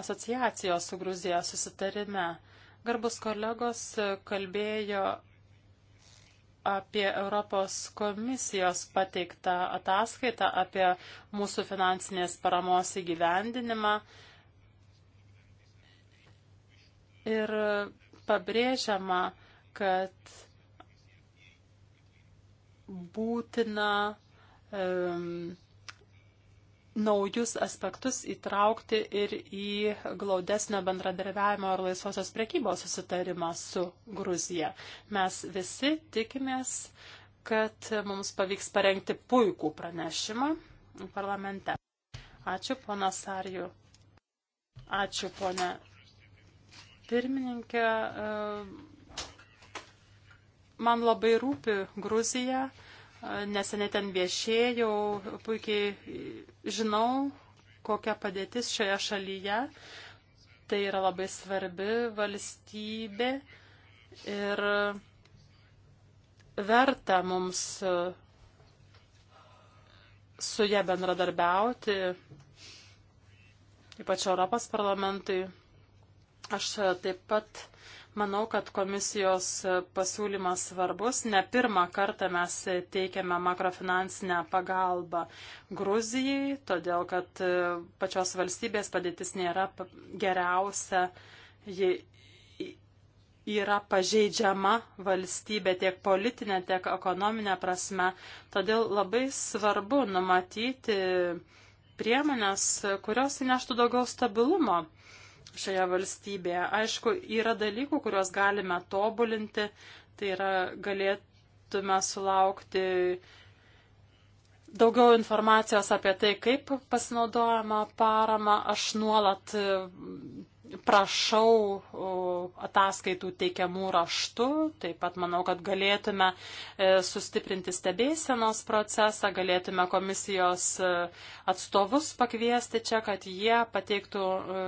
asociacijos su Gruzija susitarime. Garbus kolegos kalbėjo apie Europos komisijos pateiktą ataskaitą apie mūsų finansinės paramos įgyvendinimą. Ir pabrėžiama, kad būtina um, e, naujus aspektus įtraukti ir į glaudesnio bendradarbiavimo ir laisvosios prekybos susitarimą su Gruzija. Mes visi tikimės, kad mums pavyks parengti puikų pranešimą parlamente. Ačiū, pona Sarju. Ačiū, pone pirmininkė. Man labai rūpi Gruzija neseniai ten viešėjau, puikiai žinau, kokia padėtis šioje šalyje. Tai yra labai svarbi valstybė ir verta mums su ją bendradarbiauti, ypač Europos parlamentui. Aš taip pat Manau, kad komisijos pasiūlymas svarbus. Ne pirmą kartą mes teikiame makrofinansinę pagalbą Gruzijai, todėl kad e, pačios valstybės padėtis nėra geriausia. Ji yra pažeidžiama valstybė tiek politinė, tiek ekonominė prasme. Todėl labai svarbu numatyti priemonės, kurios įneštų daugiau stabilumo šioje valstybėje. Aišku, yra dalykų, kuriuos galime tobulinti, tai yra galėtume sulaukti daugiau informacijos apie tai, kaip pasinaudojama parama. Aš nuolat prašau ataskaitų teikiamų raštų, taip pat manau, kad galėtume e, sustiprinti stebėsenos procesą, galėtume komisijos e, atstovus pakviesti čia, kad jie pateiktų e,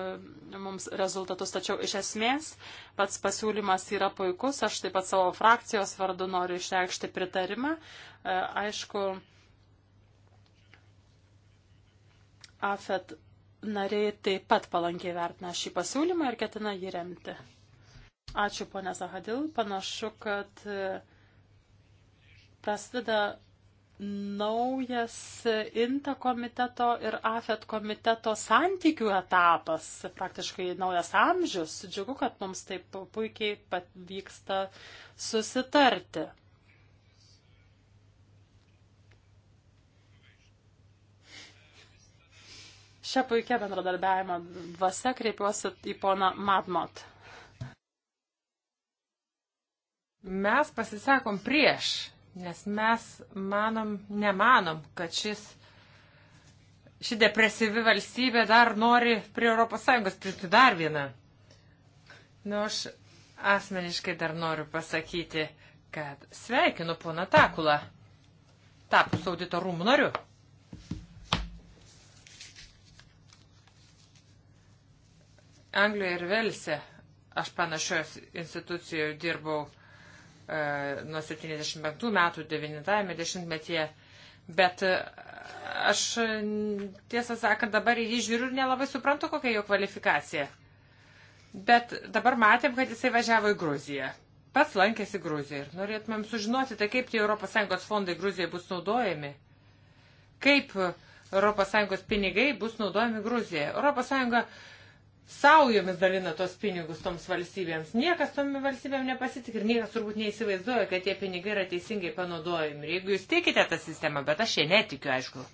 mums rezultatus. Tačiau iš esmės pats pasiūlymas yra puikus, aš taip pat savo frakcijos vardu noriu išreikšti pritarimą. Aišku, AFET nariai taip pat palankiai vertina šį pasiūlymą ir ketina jį remti. Ačiū, ponė Zahadil. Panašu, kad e, prasideda naujas INTA komiteto ir AFET komiteto santykių etapas, praktiškai naujas amžius. Džiugu, kad mums taip puikiai pavyksta susitarti. Šią puikią bendradarbiavimo dvasę kreipiuosi į poną Madmot. Mes pasisakom prieš, nes mes manom, nemanom, kad šis ši depresyvi valstybė dar nori prie ES pridėti dar vieną. Nu, aš asmeniškai dar noriu pasakyti, kad sveikinu poną Takulą, tapus audito rūmų noriu. Anglijoje ir Velse aš panašios institucijoje dirbau e, nuo 75 metų, 90-ame dešimtmetyje, bet e, aš tiesą sakant dabar į jį žiūriu ir nelabai suprantu, kokia jo kvalifikacija. Bet dabar matėm, kad jisai važiavo į Gruziją. Pats lankėsi Gruziją ir norėtumėm sužinoti, tai kaip tie ES fondai Gruzijoje bus naudojami. Kaip ES pinigai bus naudojami Gruzijoje. ES saujomis dalina tos pinigus toms valstybėms. Niekas tom valstybėm nepasitik ir niekas turbūt neįsivaizduoja, kad tie pinigai yra teisingai panaudojami. Ir jeigu jūs tikite tą sistemą, bet aš jie netikiu, aišku,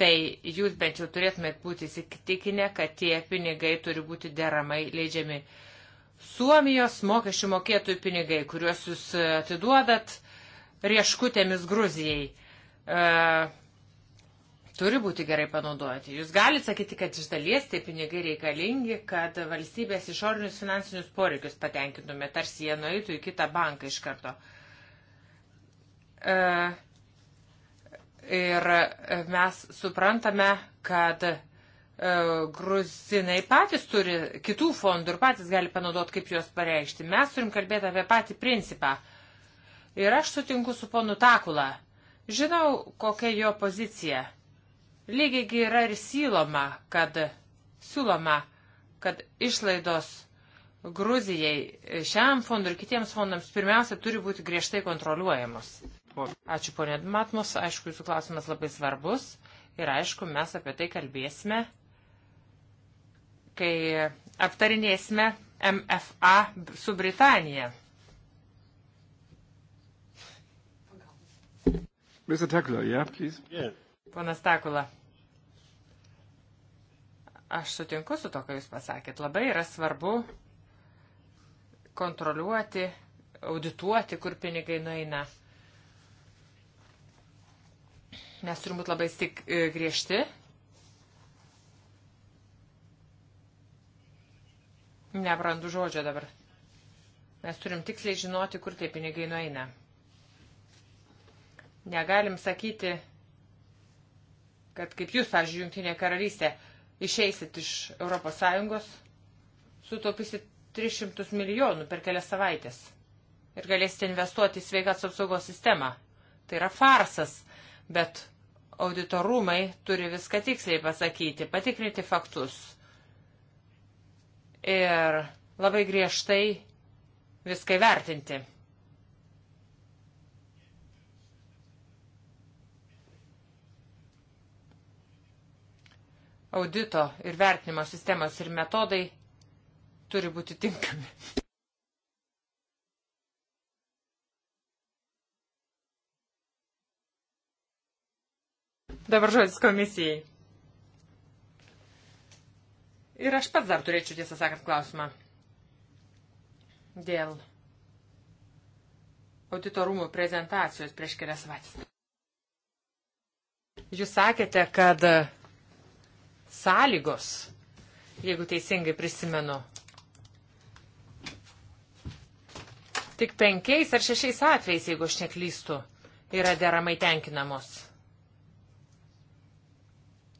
tai jūs bent jau turėtumėt būti įsitikinę, kad tie pinigai turi būti deramai leidžiami. Suomijos mokesčių mokėtojų pinigai, kuriuos jūs atiduodat rieškutėmis Gruzijai. Uh, turi būti gerai panaudoti. Jūs galite sakyti, kad iš dalies tie pinigai reikalingi, kad valstybės išorinius finansinius poreikius patenkintume, tarsi jie nueitų į kitą banką iš karto. E, ir mes suprantame, kad e, gruzinai patys turi kitų fondų ir patys gali panaudoti, kaip juos pareikšti. Mes turim kalbėti apie patį principą. Ir aš sutinku su ponu Takula. Žinau, kokia jo pozicija Lygiai yra ir siūloma, kad, siūloma, kad išlaidos Gruzijai šiam fondui ir kitiems fondams pirmiausia turi būti griežtai kontroliuojamos. Ačiū ponė Matmos, aišku, jūsų klausimas labai svarbus ir aišku, mes apie tai kalbėsime, kai aptarinėsime MFA su Britanija. Mr. Tackler, yeah, please. Yeah. Ponas Takula, aš sutinku su to, ką Jūs pasakėt. Labai yra svarbu kontroliuoti, audituoti, kur pinigai nueina. Mes turim būti labai stik e, griežti. Nebrandu žodžio dabar. Mes turim tiksliai žinoti, kur tie pinigai nueina. Negalim sakyti, kad kaip jūs, pavyzdžiui, Junktinė karalystė, išeisit iš ES, sutaupysit 300 milijonų per kelias savaitės ir galėsite investuoti į sveikatos apsaugos sistemą. Tai yra farsas, bet auditorumai turi viską tiksliai pasakyti, patikrinti faktus. Ir labai griežtai viską vertinti. audito ir vertinimo sistemos ir metodai turi būti tinkami. Dabar žodis komisijai. Ir aš pats dar turėčiau, tiesą sakant, klausimą. Dėl auditorumų prezentacijos prieš kelias savaitės. Jūs sakėte, kad sąlygos, jeigu teisingai prisimenu. Tik penkiais ar šešiais atvejais, jeigu aš neklystu, yra deramai tenkinamos.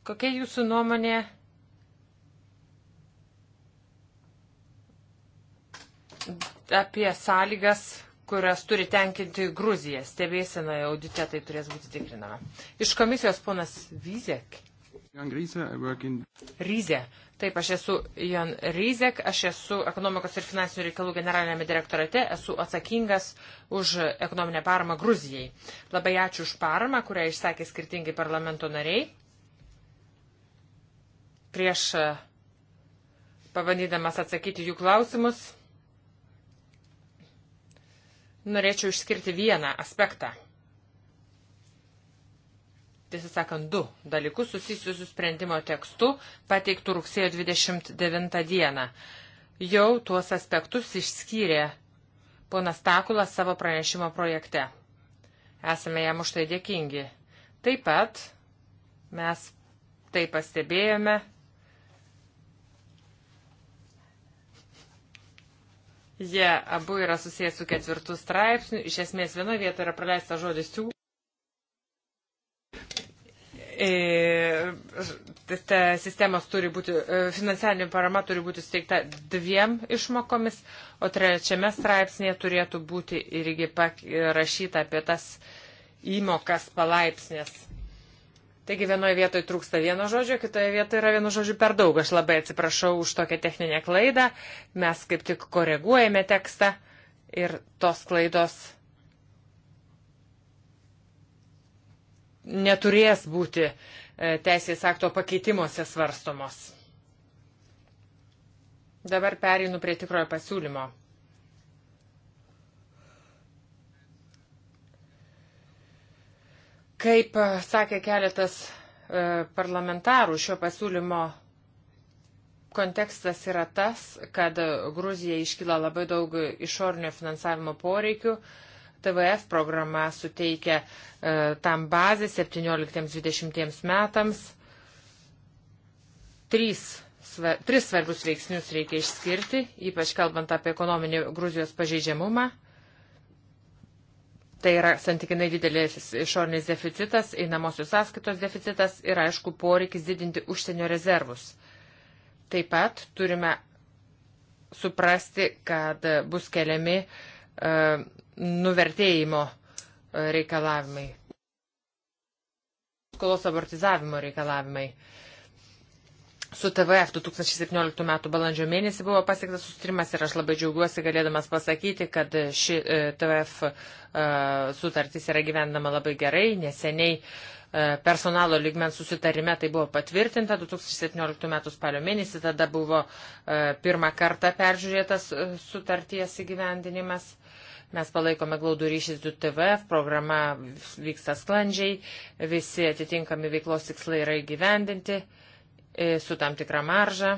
Kokia jūsų nuomonė? apie sąlygas, kurias turi tenkinti Gruzija. Stebėsenoje audite tai turės būti tikrinama. Iš komisijos ponas Vizek. Ryzė. Taip, aš esu Jan Ryzek, aš esu ekonomikos ir finansinių reikalų generalinėme direktorate, esu atsakingas už ekonominę paramą Gruzijai. Labai ačiū už paramą, kurią išsakė skirtingi parlamento nariai. Prieš e, pabandydamas atsakyti jų klausimus, norėčiau išskirti vieną aspektą tiesą sakant, du dalykus susijusius su sprendimo tekstu pateiktų rugsėjo 29 dieną. Jau tuos aspektus išskyrė ponas Takulas savo pranešimo projekte. Esame jam už tai dėkingi. Taip pat mes tai pastebėjome. Jie abu yra susijęs su ketvirtu straipsniu. Iš esmės vienoje vietoje yra praleista žodis siūlymas. E, ta sistemos turi būti, e, finansinė parama turi būti steigta dviem išmokomis, o trečiame straipsnėje turėtų būti irgi rašyta apie tas įmokas palaipsnės. Taigi vienoje vietoje trūksta vieno žodžio, kitoje vietoje yra vieno žodžio per daug. Aš labai atsiprašau už tokią techninę klaidą. Mes kaip tik koreguojame tekstą ir tos klaidos neturės būti e, teisės akto pakeitimuose svarstomos. Dabar pereinu prie tikrojo pasiūlymo. Kaip e, sakė keletas e, parlamentarų, šio pasiūlymo kontekstas yra tas, kad Gruzija iškyla labai daug išornio finansavimo poreikių, TVF programa suteikia e, tam bazę 17-20 metams. Trys, sve, tris svarbus veiksnius reikia išskirti, ypač kalbant apie ekonominį Gruzijos pažeidžiamumą. Tai yra santykinai didelis išorinis deficitas, einamosios sąskaitos deficitas ir aišku poreikis didinti užsienio rezervus. Taip pat turime suprasti, kad bus keliami e, nuvertėjimo e, reikalavimai, skolos amortizavimo reikalavimai. Su TVF 2017 m. balandžio mėnesį buvo pasiektas sustrimas ir aš labai džiaugiuosi galėdamas pasakyti, kad ši e, TVF e, sutartis yra gyvendama labai gerai, neseniai personalo lygmens susitarime tai buvo patvirtinta 2017 m. spalio mėnesį, tada buvo pirmą kartą peržiūrėtas sutarties įgyvendinimas. Mes palaikome glaudų ryšį su TVF, programa vyksta sklandžiai, visi atitinkami veiklos tikslai yra įgyvendinti e, su tam tikra marža.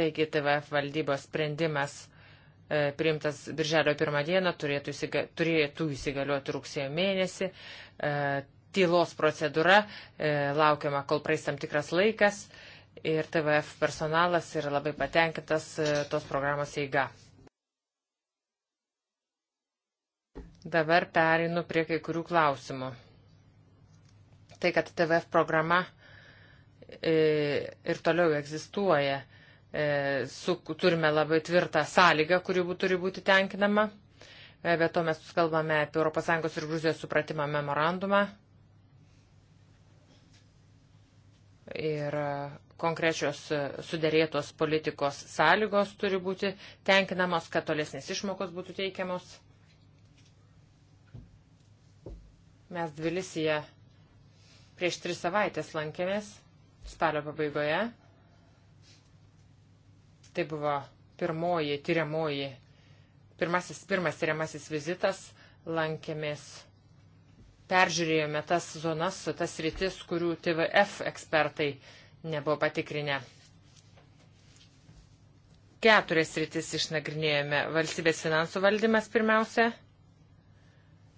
Taigi TVF valdybos sprendimas e, priimtas birželio pirmą dieną, turėtų, įsiga, turėtų įsigaliuoti rugsėjo mėnesį. E, tylos procedūra laukiama, kol praeis tam tikras laikas ir TVF personalas yra labai patenkintas tos programos eiga. Dabar perinu prie kai kurių klausimų. Tai, kad TVF programa e, ir toliau egzistuoja, e, su, turime labai tvirtą sąlygą, kuri turi būti tenkinama. E, be to mes kalbame apie ES ir Gruzijos supratimą memorandumą. Ir konkrečios sudėrėtos politikos sąlygos turi būti tenkinamos, kad tolesnės išmokos būtų teikiamos Mes Dvilisije prieš tris savaitės lankėmės spalio pabaigoje. Tai buvo pirmoji, tyriamoji, pirmasis, pirmas tyriamasis vizitas. Lankėmės, peržiūrėjome tas zonas, tas rytis, kurių TVF ekspertai nebuvo patikrinę. Keturias rytis išnagrinėjome. Valstybės finansų valdymas pirmiausia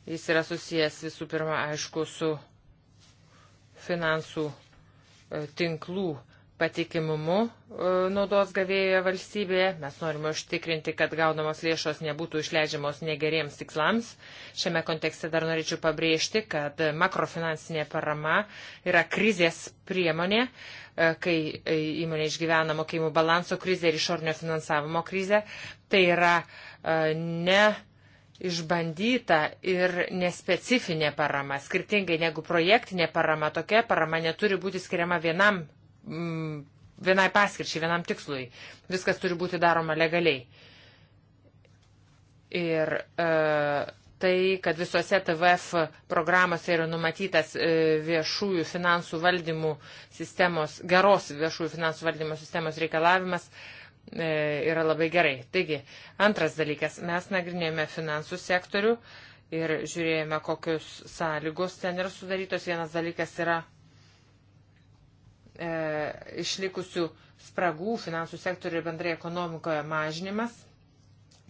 Jis yra susijęs visų pirma, aišku, su finansų e, tinklų patikimumu e, naudos gavėjoje valstybėje. Mes norime užtikrinti, kad gaunamos lėšos nebūtų išleidžiamos negeriems tikslams. Šiame kontekste dar norėčiau pabrėžti, kad makrofinansinė parama yra krizės priemonė, e, kai įmonė išgyvena mokėjimų balanso krizę ir išornio finansavimo krizę. Tai yra ne išbandyta ir nespecifinė parama. Skirtingai negu projektinė parama, tokia parama neturi būti skiriama vienam, mm, vienai paskirčiai, vienam tikslui. Viskas turi būti daroma legaliai. Ir e, tai, kad visose TVF programose yra numatytas e, viešųjų finansų valdymų sistemos, geros viešųjų finansų valdymo sistemos reikalavimas, e, E, yra labai gerai. Taigi, antras dalykas, mes nagrinėjome finansų sektorių ir žiūrėjome, kokius sąlygos ten yra sudarytos. Vienas dalykas yra e, išlikusių spragų finansų sektorių ir bendrai ekonomikoje mažinimas.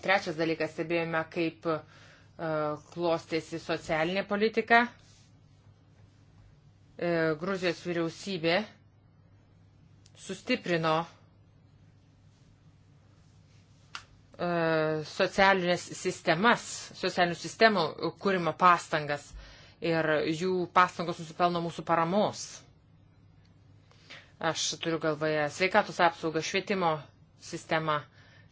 Trečias dalykas, stebėjome, kaip e, klostėsi socialinė politika. E, Gruzijos vyriausybė sustiprino E, socialinės sistemas, socialinių sistemų kūrimo pastangas ir jų pastangos nusipelno mūsų paramos. Aš turiu galvoje sveikatos apsaugą, švietimo sistemą.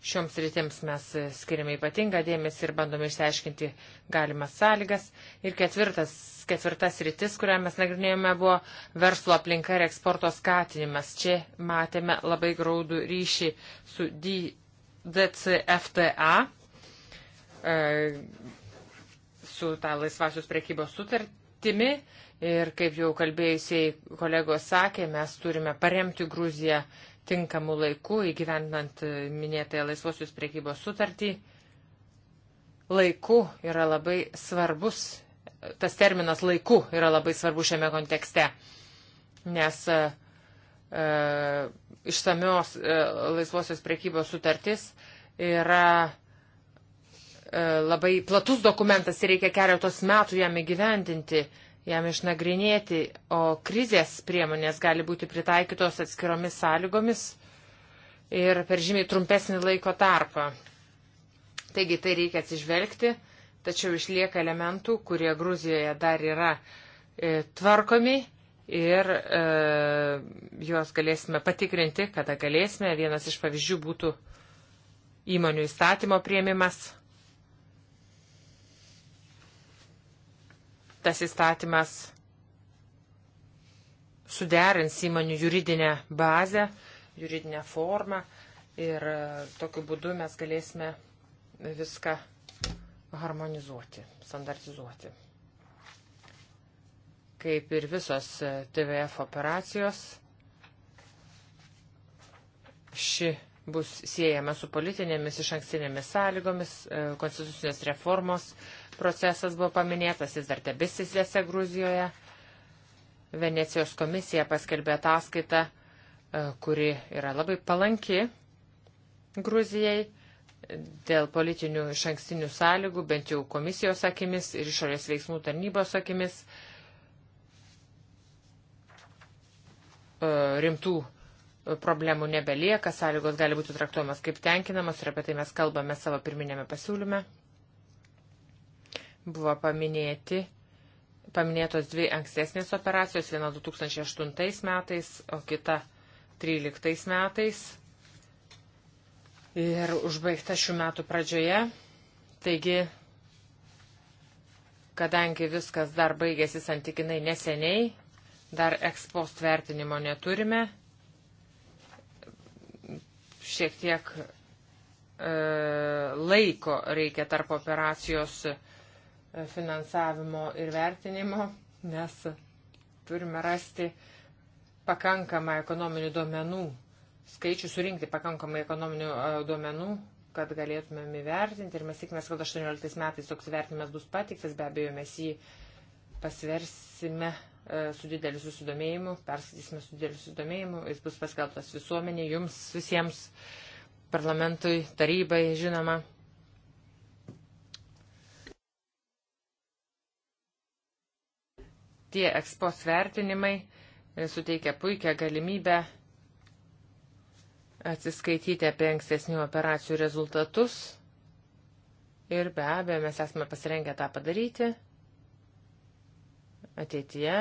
Šioms rytims mes skiriame ypatingą dėmesį ir bandome išsiaiškinti galimas sąlygas. Ir ketvirtas, ketvirtas rytis, kurią mes nagrinėjome, buvo verslo aplinka ir eksporto skatinimas. Čia matėme labai graudų ryšį su D DCFTA e, su tą laisvasios priekybos sutartimi. Ir kaip jau kalbėjusiai kolegos sakė, mes turime paremti Gruziją tinkamų laikų įgyvendinant minėtąją laisvosios priekybos sutartį. Laiku yra labai svarbus, tas terminas laiku yra labai svarbus šiame kontekste, nes uh, E, išsamios e, laisvosios prekybos sutartis yra e, labai platus dokumentas ir reikia keletos metų jam įgyvendinti, jam išnagrinėti, o krizės priemonės gali būti pritaikytos atskiromis sąlygomis ir per žymiai trumpesnį laiko tarpą. Taigi tai reikia atsižvelgti, tačiau išlieka elementų, kurie Gruzijoje dar yra e, tvarkomi ir e, juos galėsime patikrinti, kada galėsime. Vienas iš pavyzdžių būtų įmonių įstatymo prieimimas. Tas įstatymas suderins įmonių juridinę bazę, juridinę formą ir e, tokiu būdu mes galėsime viską harmonizuoti, standartizuoti kaip ir visos TVF operacijos. Ši bus siejama su politinėmis iš ankstinėmis sąlygomis, e, konstitucinės reformos procesas buvo paminėtas, jis dar tebesisėse Gruzijoje. Venecijos komisija paskelbė ataskaitą, e, kuri yra labai palanki Gruzijai dėl politinių iš ankstinių sąlygų, bent jau komisijos akimis ir išorės veiksmų tarnybos akimis. Uh, E, rimtų e, problemų nebelieka, sąlygos gali būti traktuojamas kaip tenkinamas ir apie tai mes kalbame savo pirminėme pasiūlyme. Buvo paminėti, paminėtos dvi ankstesnės operacijos, viena 2008 metais, o kita 2013 metais ir užbaigta šių metų pradžioje. Taigi, kadangi viskas dar baigėsi santykinai neseniai, Dar ekspost vertinimo neturime. Šiek tiek e, laiko reikia tarp operacijos e, finansavimo ir vertinimo, nes turime rasti pakankamą ekonominių duomenų, skaičių surinkti pakankamai ekonominių e, duomenų, kad galėtumėm įvertinti ir mes tikimės, kad 18 metais toks vertinimas bus patiktas, be abejo mes jį pasversime E, su dideliu susidomėjimu, perskaitysime su dideliu susidomėjimu, jis bus paskelbtas visuomenė, jums visiems, parlamentui, tarybai, žinoma. Tie ekspos vertinimai e, suteikia puikią galimybę atsiskaityti apie ankstesnių operacijų rezultatus ir be abejo mes esame pasirengę tą padaryti. Ateityje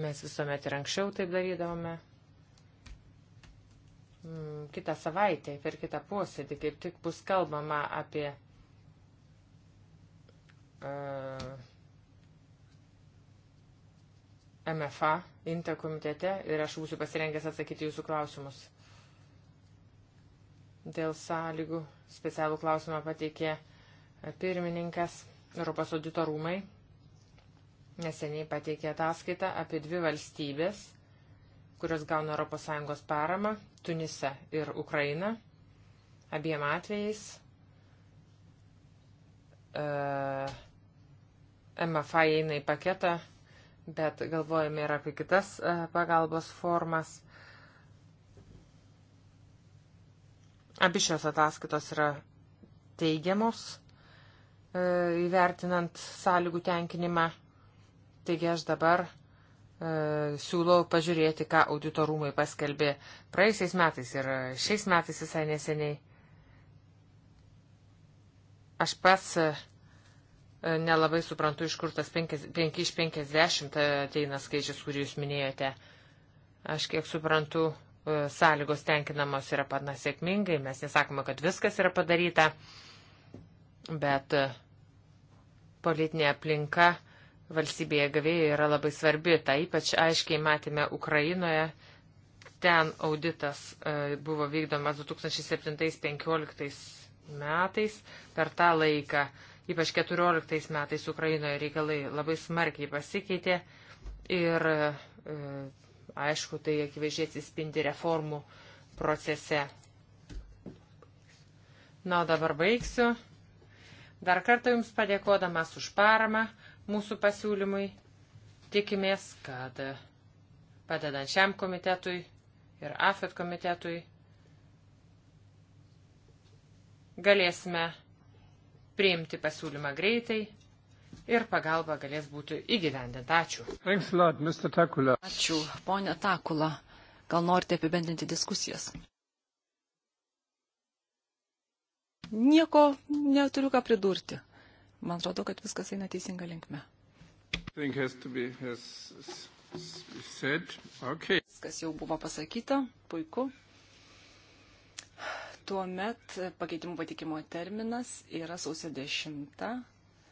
mes visuomet ir anksčiau taip darydavome. Mm, Kita savaitė, per kitą posėdį, kaip tik bus kalbama apie uh, e, MFA INTA komitete ir aš būsiu pasirengęs atsakyti jūsų klausimus. Dėl sąlygų specialų klausimą pateikė pirmininkas Europos audito rūmai neseniai pateikė ataskaitą apie dvi valstybės, kurios gauna ES paramą - Tunisa ir Ukraina. Abiem atvejais uh, e, MFA eina į paketą, bet galvojame ir apie kitas uh, pagalbos formas. Abi šios ataskaitos yra teigiamos, uh, įvertinant sąlygų tenkinimą Taigi aš dabar e, siūlau pažiūrėti, ką auditorumai paskelbė praeisiais metais ir šiais metais visai neseniai. Aš pats e, nelabai suprantu, iš kur tas 5 iš 50 ateina skaičius, kurį jūs minėjote. Aš kiek suprantu, e, sąlygos tenkinamos yra pana sėkmingai, mes nesakome, kad viskas yra padaryta, bet e, politinė aplinka valstybėje gavėjai yra labai svarbi. Ta ypač aiškiai matėme Ukrainoje. Ten auditas e, buvo vykdomas 2007-2015 metais. Per tą laiką, ypač 2014 metais Ukrainoje reikalai labai smarkiai pasikeitė. Ir e, aišku, tai akivaizdžiai atsispindi reformų procese. Na, o dabar baigsiu. Dar kartą Jums padėkodamas už paramą mūsų pasiūlymui. Tikimės, kad padedant šiam komitetui ir AFET komitetui galėsime priimti pasiūlymą greitai ir pagalba galės būti įgyvendinta. Ačiū. Ačiū, ponė Takula. Gal norite apibendinti diskusijas? Nieko neturiu ką pridurti. Man atrodo, kad viskas eina teisinga linkme. Okay. Viskas jau buvo pasakyta, puiku. Tuomet pakeitimų patikimo terminas yra sausio 10,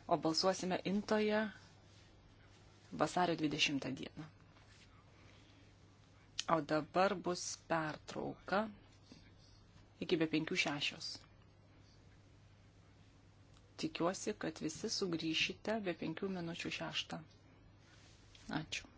o balsuosime intoje vasario 20 dieną. O dabar bus pertrauka iki be 5-6 tikiuosi, kad visi sugrįšite be penkių minučių šeštą. Ačiū.